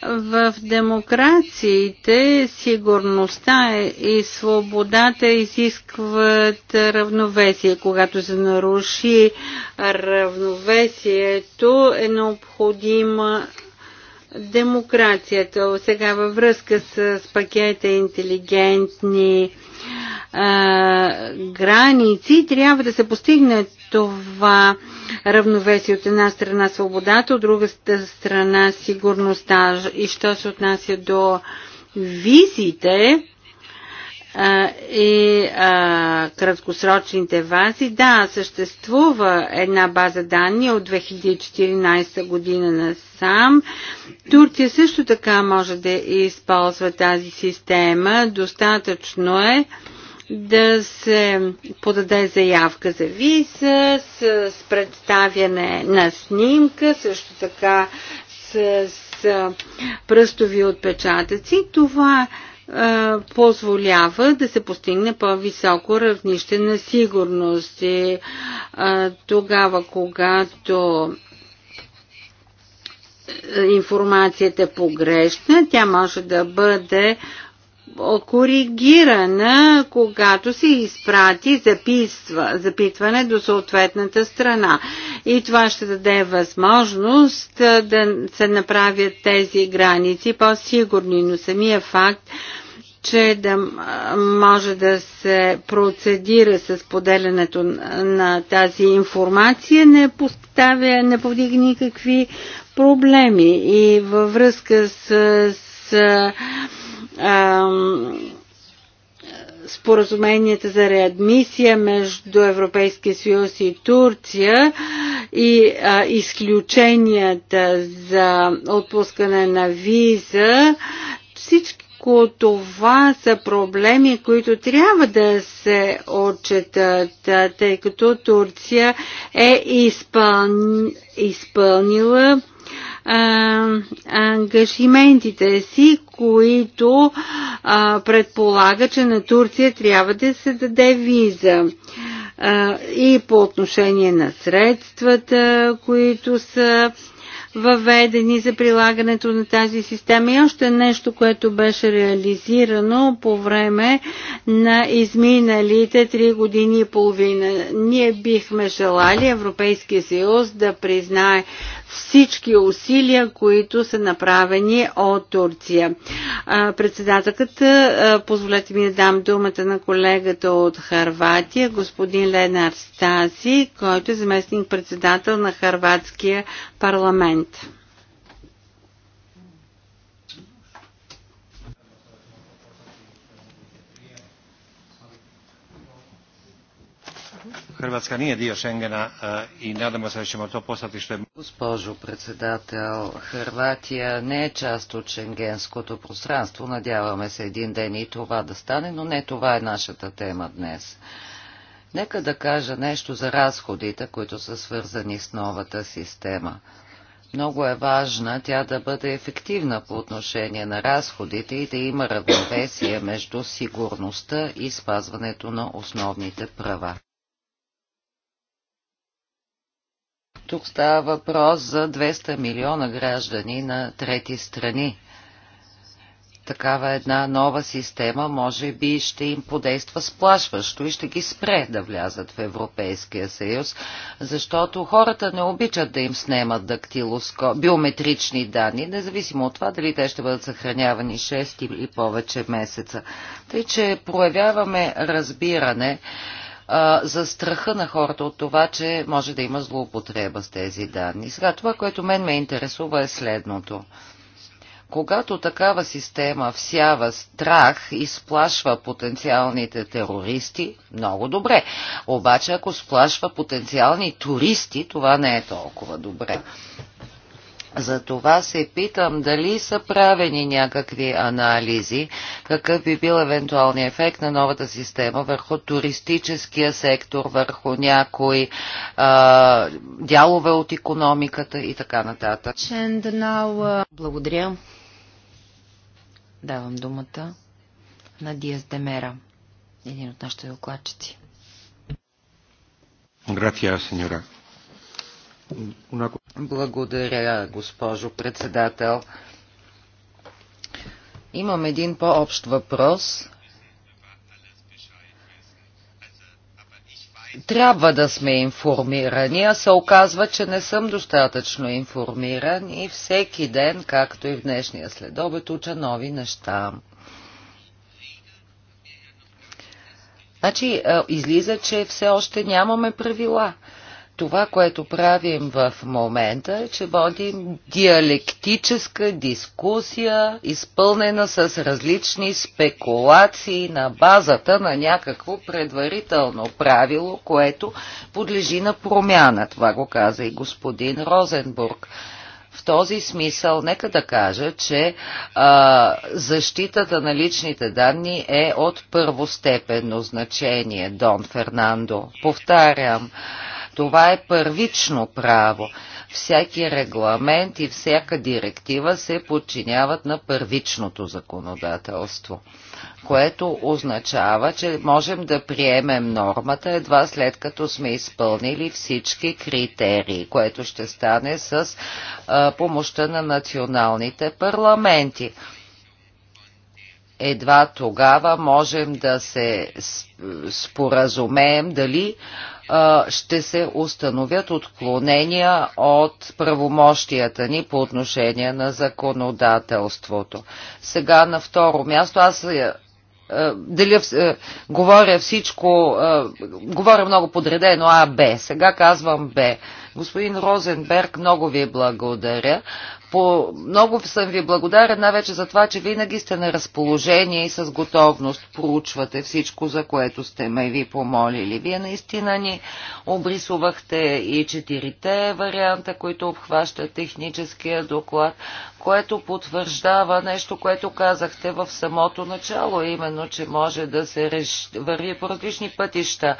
В демокрациите сигурността и свободата изискват равновесие. Когато се наруши равновесието, е необходима демокрацията. Сега във връзка с пакета интелигентни граници трябва да се постигне това равновесие от една страна свободата, от друга страна сигурността. И що се отнася до визите, и а, краткосрочните вази. Да, съществува една база данни от 2014 година на сам. Турция също така може да използва тази система. Достатъчно е да се подаде заявка за виза с, с представяне на снимка, също така с, с пръстови отпечатъци. Това е позволява да се постигне по-високо равнище на сигурност. И, а, тогава, когато информацията е погрешна, тя може да бъде коригирана, когато се изпрати записва, запитване до съответната страна и това ще даде възможност да се направят тези граници по-сигурни, но самия факт, че да може да се процедира с поделянето на тази информация не поставя, не повдига никакви проблеми и във връзка с, с а, споразуменията за реадмисия между Европейския съюз и Турция и а, изключенията за отпускане на виза. Всичко това са проблеми, които трябва да се отчетат, тъй като Турция е изпълни, изпълнила а, ангажиментите си, които а, предполага, че на Турция трябва да се даде виза. А, и по отношение на средствата, които са въведени за прилагането на тази система и още нещо, което беше реализирано по време на изминалите 3 години и половина. Ние бихме желали Европейския съюз да признае всички усилия, които са направени от Турция. Председателката, позволете ми да дам думата на колегата от Харватия, господин Ленар Стаси, който е заместник председател на Харватския парламент. Hrvatska nije dio Schengena eh, i nadamo se da ćemo to postati što je... Госпожо председател, Хрватия не е част от шенгенското пространство. Надяваме се един ден и това да стане, но не това е нашата тема днес. Нека да кажа нещо за разходите, които са свързани с новата система. Много е важна тя да бъде ефективна по отношение на разходите и да има равновесие между сигурността и спазването на основните права. Тук става въпрос за 200 милиона граждани на трети страни. Такава една нова система може би ще им подейства сплашващо и ще ги спре да влязат в Европейския съюз, защото хората не обичат да им снемат дактилоско... биометрични данни, независимо от това дали те ще бъдат съхранявани 6 или повече месеца. Тъй, че проявяваме разбиране за страха на хората от това, че може да има злоупотреба с тези данни. Сега това, което мен ме интересува е следното. Когато такава система всява страх и сплашва потенциалните терористи, много добре. Обаче ако сплашва потенциални туристи, това не е толкова добре. За това се питам дали са правени някакви анализи, какъв би бил евентуалният ефект на новата система върху туристическия сектор, върху някои а, дялове от економиката и така нататък. Uh, благодаря. Давам думата на Диас Демера, един от нашите докладчици. Gracias, señora благодаря, госпожо председател. Имам един по-общ въпрос. Трябва да сме информирани, а се оказва, че не съм достатъчно информиран и всеки ден, както и в днешния следобед, уча нови неща. Значи, е, излиза, че все още нямаме правила това, което правим в момента, е, че водим диалектическа дискусия, изпълнена с различни спекулации на базата на някакво предварително правило, което подлежи на промяна. Това го каза и господин Розенбург. В този смисъл, нека да кажа, че а, защитата на личните данни е от първостепенно значение, Дон Фернандо. Повтарям, а, това е първично право. Всяки регламент и всяка директива се подчиняват на първичното законодателство, което означава, че можем да приемем нормата едва след като сме изпълнили всички критерии, което ще стане с а, помощта на националните парламенти едва тогава можем да се споразумеем дали ще се установят отклонения от правомощията ни по отношение на законодателството. Сега на второ място аз деля, говоря всичко, говоря много подредено А, Б. Сега казвам Б. Господин Розенберг, много ви благодаря. По, много съм ви благодарена вече за това, че винаги сте на разположение и с готовност проучвате всичко, за което сте ме ви помолили. Вие наистина ни обрисувахте и четирите варианта, които обхващат техническия доклад което потвърждава нещо, което казахте в самото начало, именно, че може да се реш... върви по различни пътища.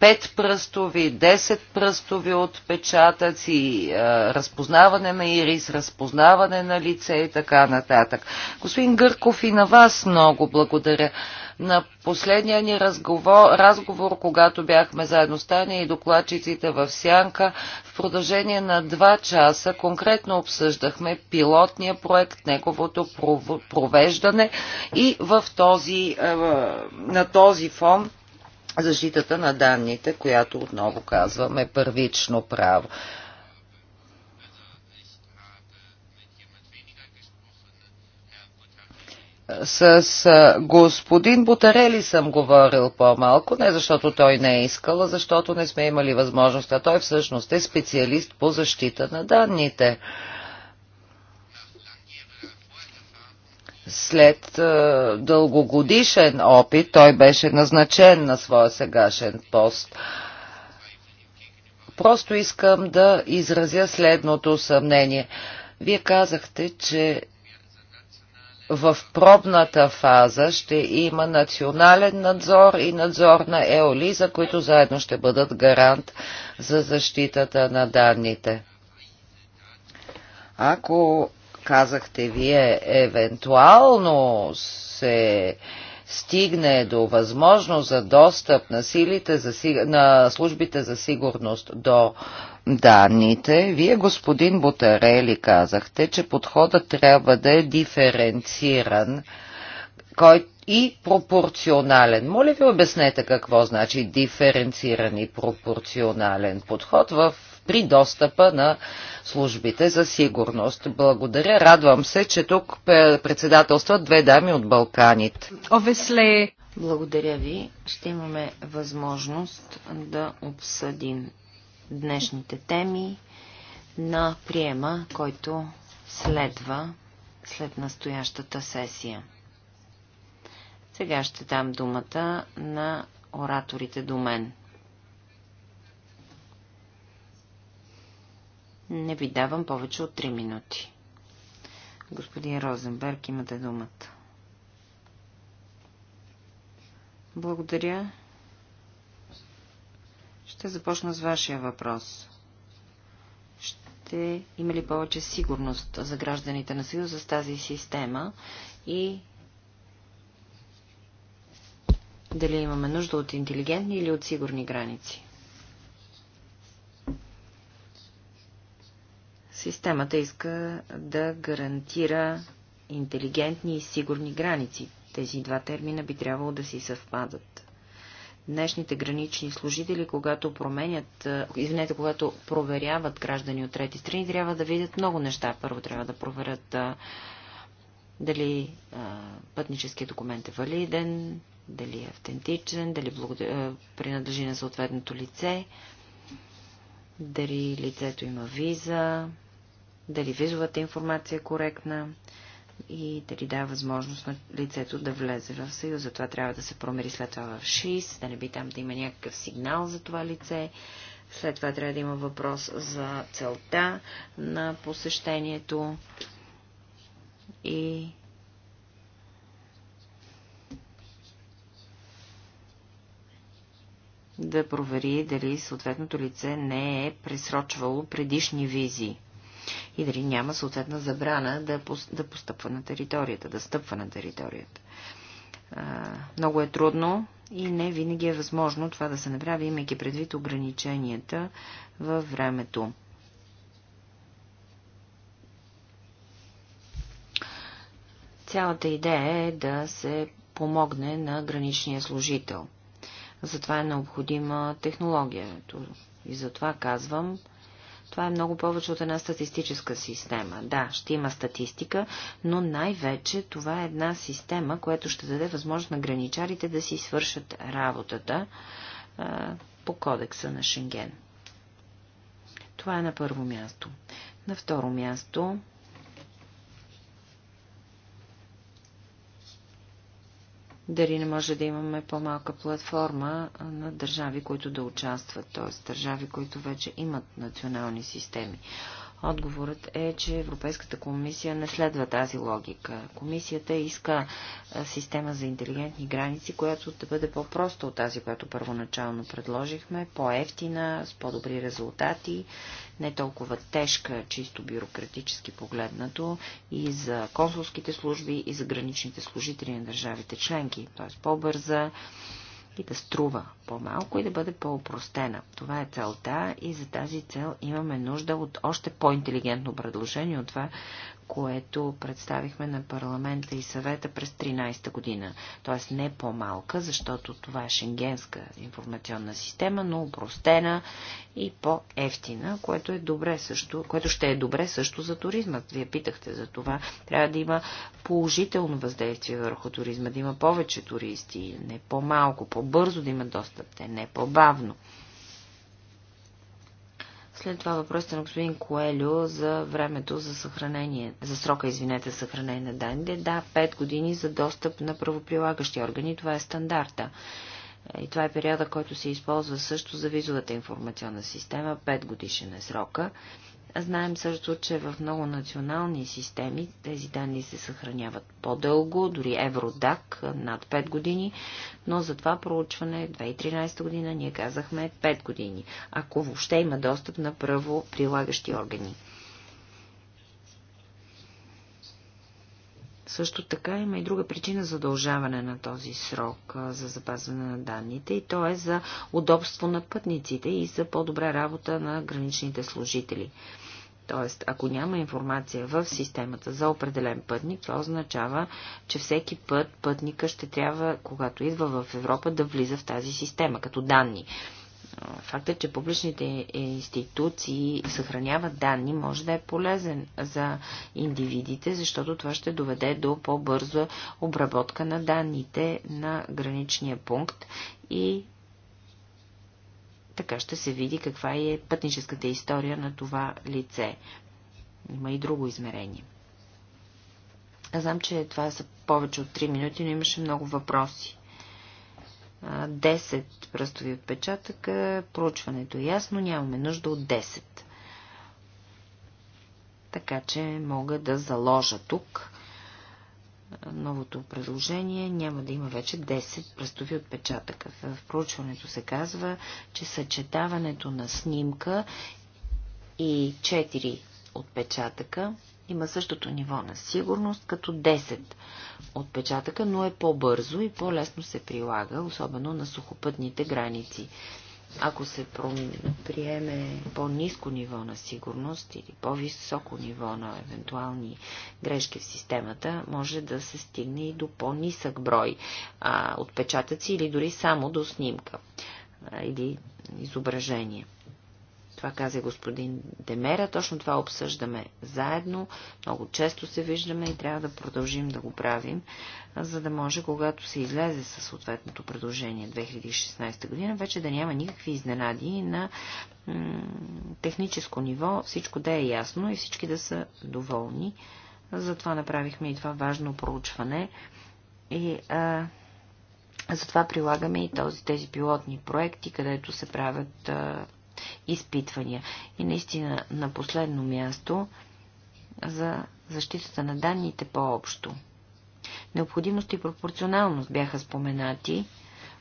Пет пръстови, десет пръстови отпечатъци, разпознаване на ирис, разпознаване на лице и така нататък. Господин Гърков и на вас много благодаря. На последния ни разговор, разговор когато бяхме заедно с Таня и докладчиците в Сянка, в продължение на два часа конкретно обсъждахме пилотния проект, неговото провеждане и в този, е, на този фон защитата на данните, която отново казваме първично право. С господин Бутарели съм говорил по-малко, не защото той не е искал, а защото не сме имали възможност, а той всъщност е специалист по защита на данните. След дългогодишен опит той беше назначен на своя сегашен пост. Просто искам да изразя следното съмнение. Вие казахте, че в пробната фаза ще има национален надзор и надзор на еОЛИ, за които заедно ще бъдат гарант за защитата на данните. Ако казахте вие, евентуално се стигне до възможност за достъп на, силите за, на службите за сигурност до данните, вие, господин Бутарели, казахте, че подходът трябва да е диференциран кой и пропорционален. Моля ви обяснете какво значи диференциран и пропорционален подход в при достъпа на службите за сигурност. Благодаря. Радвам се, че тук председателстват две дами от Балканите. Овесле! Благодаря ви. Ще имаме възможност да обсъдим днешните теми на приема, който следва след настоящата сесия. Сега ще дам думата на ораторите до мен. Не ви давам повече от 3 минути. Господин Розенберг, имате думата. Благодаря. Ще започна с вашия въпрос. Ще има ли повече сигурност за гражданите на Съюза с тази система и дали имаме нужда от интелигентни или от сигурни граници? Системата иска да гарантира интелигентни и сигурни граници. Тези два термина би трябвало да си съвпадат. Днешните гранични служители, когато променят, извинете, когато проверяват граждани от трети страни, трябва да видят много неща. Първо трябва да проверят а, дали а, пътническият документ е валиден, дали е автентичен, дали благодар... принадлежи на съответното лице, дали лицето има виза, дали визовата информация е коректна и дали дава възможност на лицето да влезе в съюз. Затова трябва да се промери след това в ШИС, да не би там да има някакъв сигнал за това лице. След това трябва да има въпрос за целта на посещението и да провери дали съответното лице не е пресрочвало предишни визии и дали няма съответна забрана да, да постъпва на територията, да стъпва на територията. много е трудно и не винаги е възможно това да се направи, имайки предвид ограниченията във времето. Цялата идея е да се помогне на граничния служител. Затова е необходима технология. И затова казвам, това е много повече от една статистическа система. Да, ще има статистика, но най-вече това е една система, която ще даде възможност на граничарите да си свършат работата а, по кодекса на Шенген. Това е на първо място. На второ място дали не може да имаме по-малка платформа на държави, които да участват, т.е. държави, които вече имат национални системи. Отговорът е, че Европейската комисия не следва тази логика. Комисията иска система за интелигентни граници, която да бъде по-проста от тази, която първоначално предложихме, по-ефтина, с по-добри резултати, не толкова тежка, чисто бюрократически погледнато, и за консулските служби, и за граничните служители на държавите членки, т.е. по-бърза, и да струва по-малко и да бъде по-опростена. Това е целта и за тази цел имаме нужда от още по-интелигентно предложение от това, което представихме на парламента и съвета през 13-та година. Т.е. не по-малка, защото това е шенгенска информационна система, но упростена и по-ефтина, което, е добре също, което ще е добре също за туризма. Вие питахте за това. Трябва да има положително въздействие върху туризма, да има повече туристи, не по-малко, по-бързо да има достъп, не по-бавно. След това въпросът е на господин Коелю за времето за съхранение, за срока, извинете, съхранение на данните. Да, 5 години за достъп на правоприлагащи органи, това е стандарта. И това е периода, който се използва също за визовата информационна система, 5 годишен е срока. Знаем също, че в много национални системи тези данни се съхраняват по-дълго, дори Евродак над 5 години, но за това проучване 2013 година ние казахме 5 години, ако въобще има достъп на право прилагащи органи. Също така има и друга причина за удължаване на този срок за запазване на данните и то е за удобство на пътниците и за по-добра работа на граничните служители. Т.е. ако няма информация в системата за определен пътник, това означава, че всеки път пътника ще трябва, когато идва в Европа, да влиза в тази система като данни. Фактът, е, че публичните институции съхраняват данни, може да е полезен за индивидите, защото това ще доведе до по-бърза обработка на данните на граничния пункт и така ще се види каква е пътническата история на това лице. Има и друго измерение. Аз знам, че това са повече от 3 минути, но имаше много въпроси. 10 пръстови отпечатъка, проучването е ясно, нямаме нужда от 10. Така че мога да заложа тук новото предложение няма да има вече 10 пръстови отпечатъка. В проучването се казва, че съчетаването на снимка и 4 отпечатъка има същото ниво на сигурност като 10 отпечатъка, но е по-бързо и по-лесно се прилага, особено на сухопътните граници. Ако се приеме по-низко ниво на сигурност или по-високо ниво на евентуални грешки в системата, може да се стигне и до по-нисък брой а, отпечатъци или дори само до снимка а, или изображение. Това каза господин Демера. Точно това обсъждаме заедно. Много често се виждаме и трябва да продължим да го правим, за да може, когато се излезе със съответното предложение 2016 година, вече да няма никакви изненади на техническо ниво, всичко да е ясно и всички да са доволни. Затова направихме и това важно проучване. И а, затова прилагаме и този, тези пилотни проекти, където се правят а, изпитвания. И наистина на последно място за защитата на данните по-общо. Необходимост и пропорционалност бяха споменати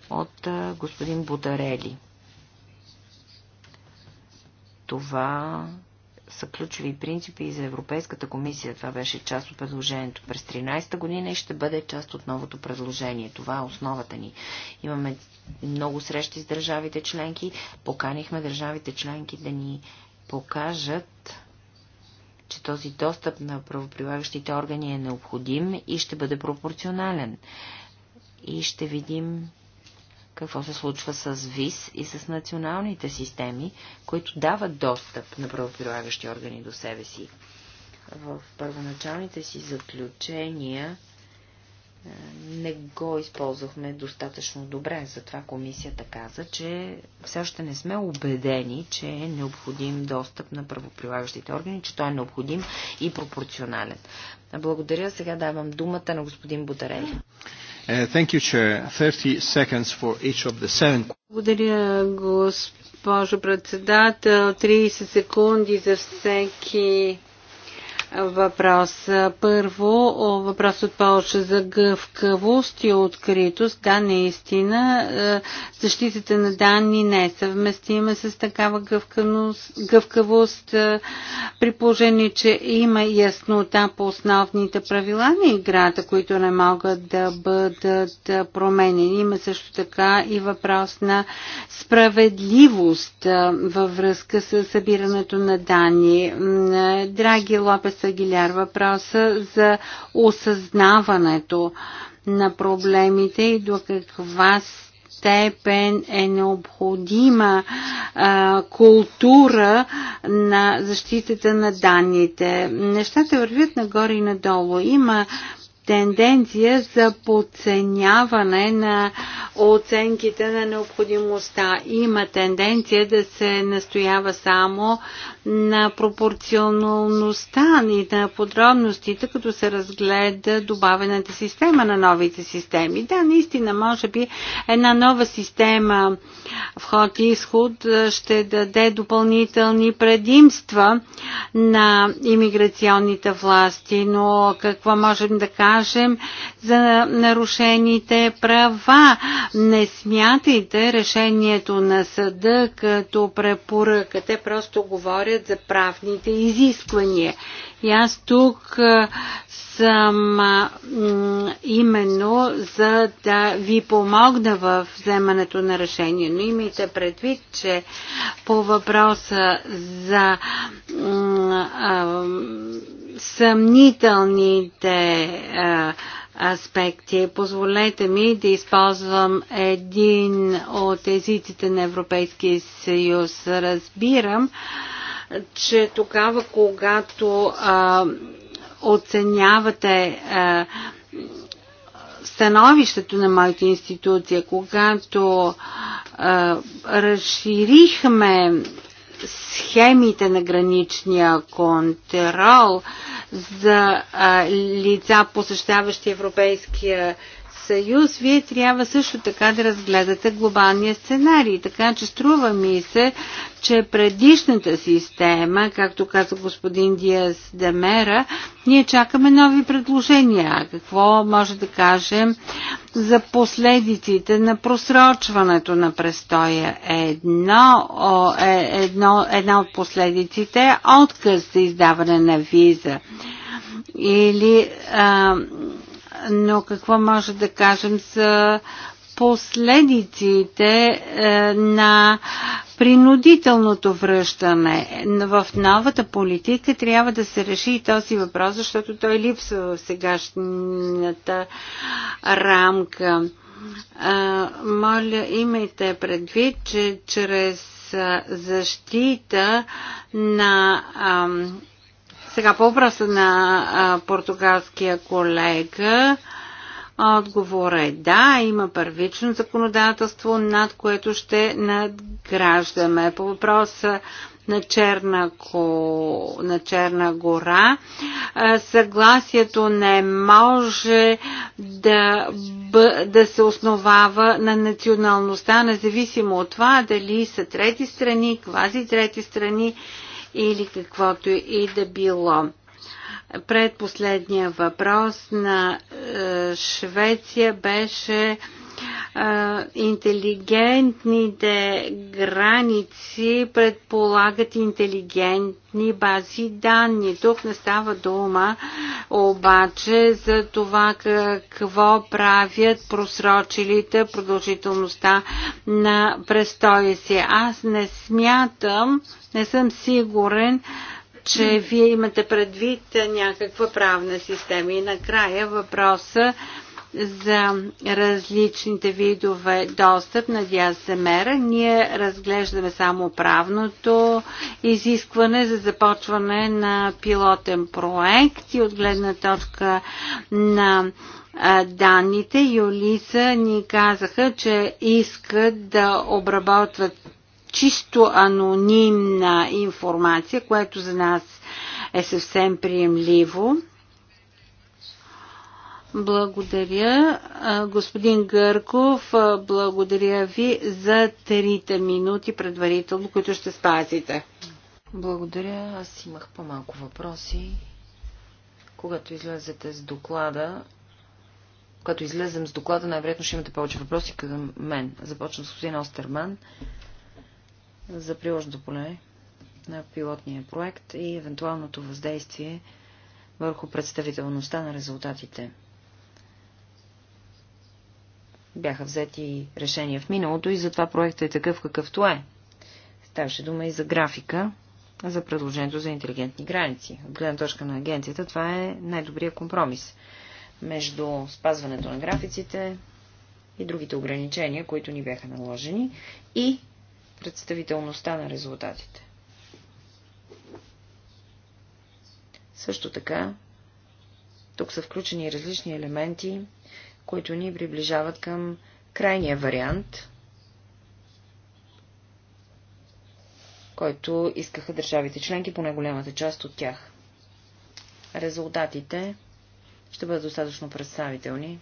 от господин Бударели. Това са ключови принципи за Европейската комисия. Това беше част от предложението през 13-та година и ще бъде част от новото предложение. Това е основата ни. Имаме много срещи с държавите членки. Поканихме държавите членки да ни покажат че този достъп на правоприлагащите органи е необходим и ще бъде пропорционален. И ще видим какво се случва с ВИС и с националните системи, които дават достъп на правоприлагащи органи до себе си. В първоначалните си заключения е, не го използвахме достатъчно добре. Затова комисията каза, че все още не сме убедени, че е необходим достъп на правоприлагащите органи, че той е необходим и пропорционален. Благодаря. Сега давам думата на господин Бутарели. Uh, Благодаря, госпожо председател. 30 секунди за всеки Въпрос, Първо, въпрос от Полша за гъвкавост и откритост. Да, наистина, защитата на данни не е съвместима с такава гъвкавост, при положение, че има яснота по основните правила на играта, които не могат да бъдат променени. Има също така и въпрос на справедливост във връзка с събирането на данни. Драги Лопес с Агиляр. Въпроса за осъзнаването на проблемите и до каква степен е необходима а, култура на защитата на данните. Нещата вървят нагоре и надолу. Има тенденция за подценяване на оценките на необходимостта. Има тенденция да се настоява само на пропорционалността и на подробностите, като се разгледа добавената система на новите системи. Да, наистина, може би една нова система вход и изход ще даде допълнителни предимства на иммиграционните власти, но какво можем да кажем кажем за нарушените права. Не смятайте решението на съда като препоръка. Те просто говорят за правните изисквания. И аз тук съм именно за да ви помогна в вземането на решение. Но имайте предвид, че по въпроса за съмнителните а, аспекти. Позволете ми да използвам един от езиците на Европейския съюз. Разбирам, че тогава, когато а, оценявате а, становището на моята институция, когато а, разширихме схемите на граничния контрол за лица, посещаващи Европейския съюз, вие трябва също така да разгледате глобалния сценарий. Така че струва ми се, че предишната система, както каза господин Диас Демера, ние чакаме нови предложения. Какво може да кажем за последиците на просрочването на престоя? Едно, е, едно, една от последиците е отказ за издаване на виза или а, но какво може да кажем за последиците е, на принудителното връщане. В новата политика трябва да се реши и този въпрос, защото той липсва в сегашната рамка. Е, моля, имайте предвид, че чрез е, защита на сега по въпроса на португалския колега. отговора е да, има първично законодателство, над което ще надграждаме. По въпроса на Черна, ко... на Черна гора. Съгласието не може да, б... да се основава на националността, независимо от това дали са трети страни, квази трети страни или каквото и да било. Предпоследния въпрос на е, Швеция беше Интелигентните граници предполагат интелигентни бази данни. Тук не става дума обаче за това какво правят просрочилите продължителността на престоя си. Аз не смятам, не съм сигурен, че вие имате предвид някаква правна система. И накрая въпроса за различните видове достъп на диаземера. Ние разглеждаме само правното изискване за започване на пилотен проект и от гледна точка на данните. Юлиса ни казаха, че искат да обработват чисто анонимна информация, което за нас е съвсем приемливо. Благодаря. Господин Гърков, благодаря ви за трите минути предварително, които ще спазите. Благодаря. Аз имах по-малко въпроси. Когато излезете с доклада, когато излезем с доклада, най-вероятно ще имате повече въпроси към мен. Започвам с господин Остерман за приложното поле на пилотния проект и евентуалното въздействие върху представителността на резултатите. Бяха взети решения в миналото и затова проектът е такъв какъвто е. Ставаше дума и за графика, за предложението за интелигентни граници. От гледна точка на агенцията това е най-добрият компромис между спазването на графиците и другите ограничения, които ни бяха наложени и представителността на резултатите. Също така, тук са включени различни елементи които ни приближават към крайния вариант, който искаха държавите членки, поне голямата част от тях. Резултатите ще бъдат достатъчно представителни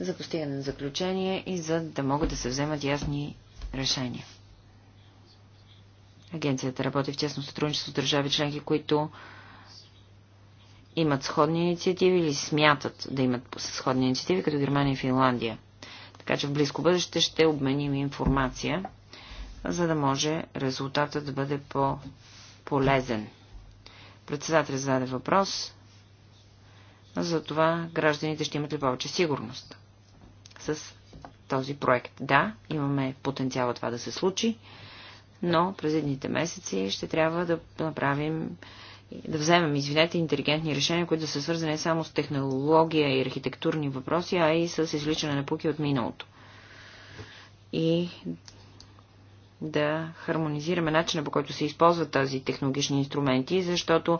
за постигане на заключение и за да могат да се вземат ясни решения. Агенцията работи в тясно сътрудничество с държави членки, които имат сходни инициативи или смятат да имат сходни инициативи, като Германия и Финландия. Така че в близко бъдеще ще обменим информация, за да може резултатът да бъде по-полезен. Председател зададе въпрос за това гражданите ще имат ли повече сигурност с този проект. Да, имаме потенциала това да се случи, но през едните месеци ще трябва да направим да вземем, извинете, интелигентни решения, които са свързани само с технология и архитектурни въпроси, а и с извличане на пуки от миналото. И да хармонизираме начина по който се използват тази технологични инструменти, защото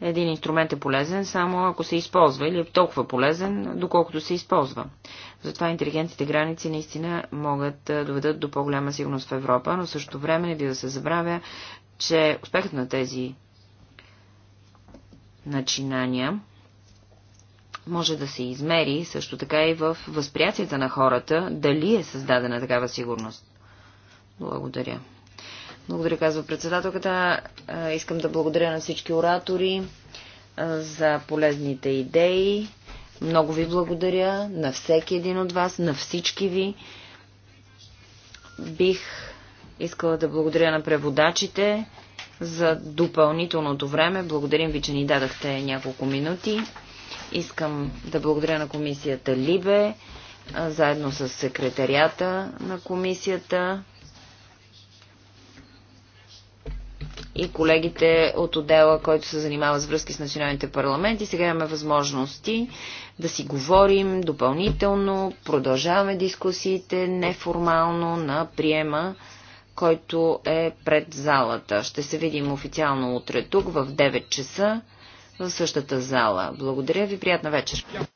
един инструмент е полезен само ако се използва или е толкова полезен, доколкото се използва. Затова интелигентните граници наистина могат да доведат до по-голяма сигурност в Европа, но също време не би да се забравя, че успехът на тези начинания може да се измери също така и в възприятията на хората, дали е създадена такава сигурност. Благодаря. Благодаря, казва председателката. Искам да благодаря на всички оратори за полезните идеи. Много ви благодаря на всеки един от вас, на всички ви. Бих искала да благодаря на преводачите за допълнителното време. Благодарим ви, че ни дадахте няколко минути. Искам да благодаря на комисията Либе, заедно с секретарията на комисията. и колегите от отдела, който се занимава с връзки с националните парламенти. Сега имаме възможности да си говорим допълнително, продължаваме дискусиите неформално на приема, който е пред залата. Ще се видим официално утре тук в 9 часа в същата зала. Благодаря ви, приятна вечер!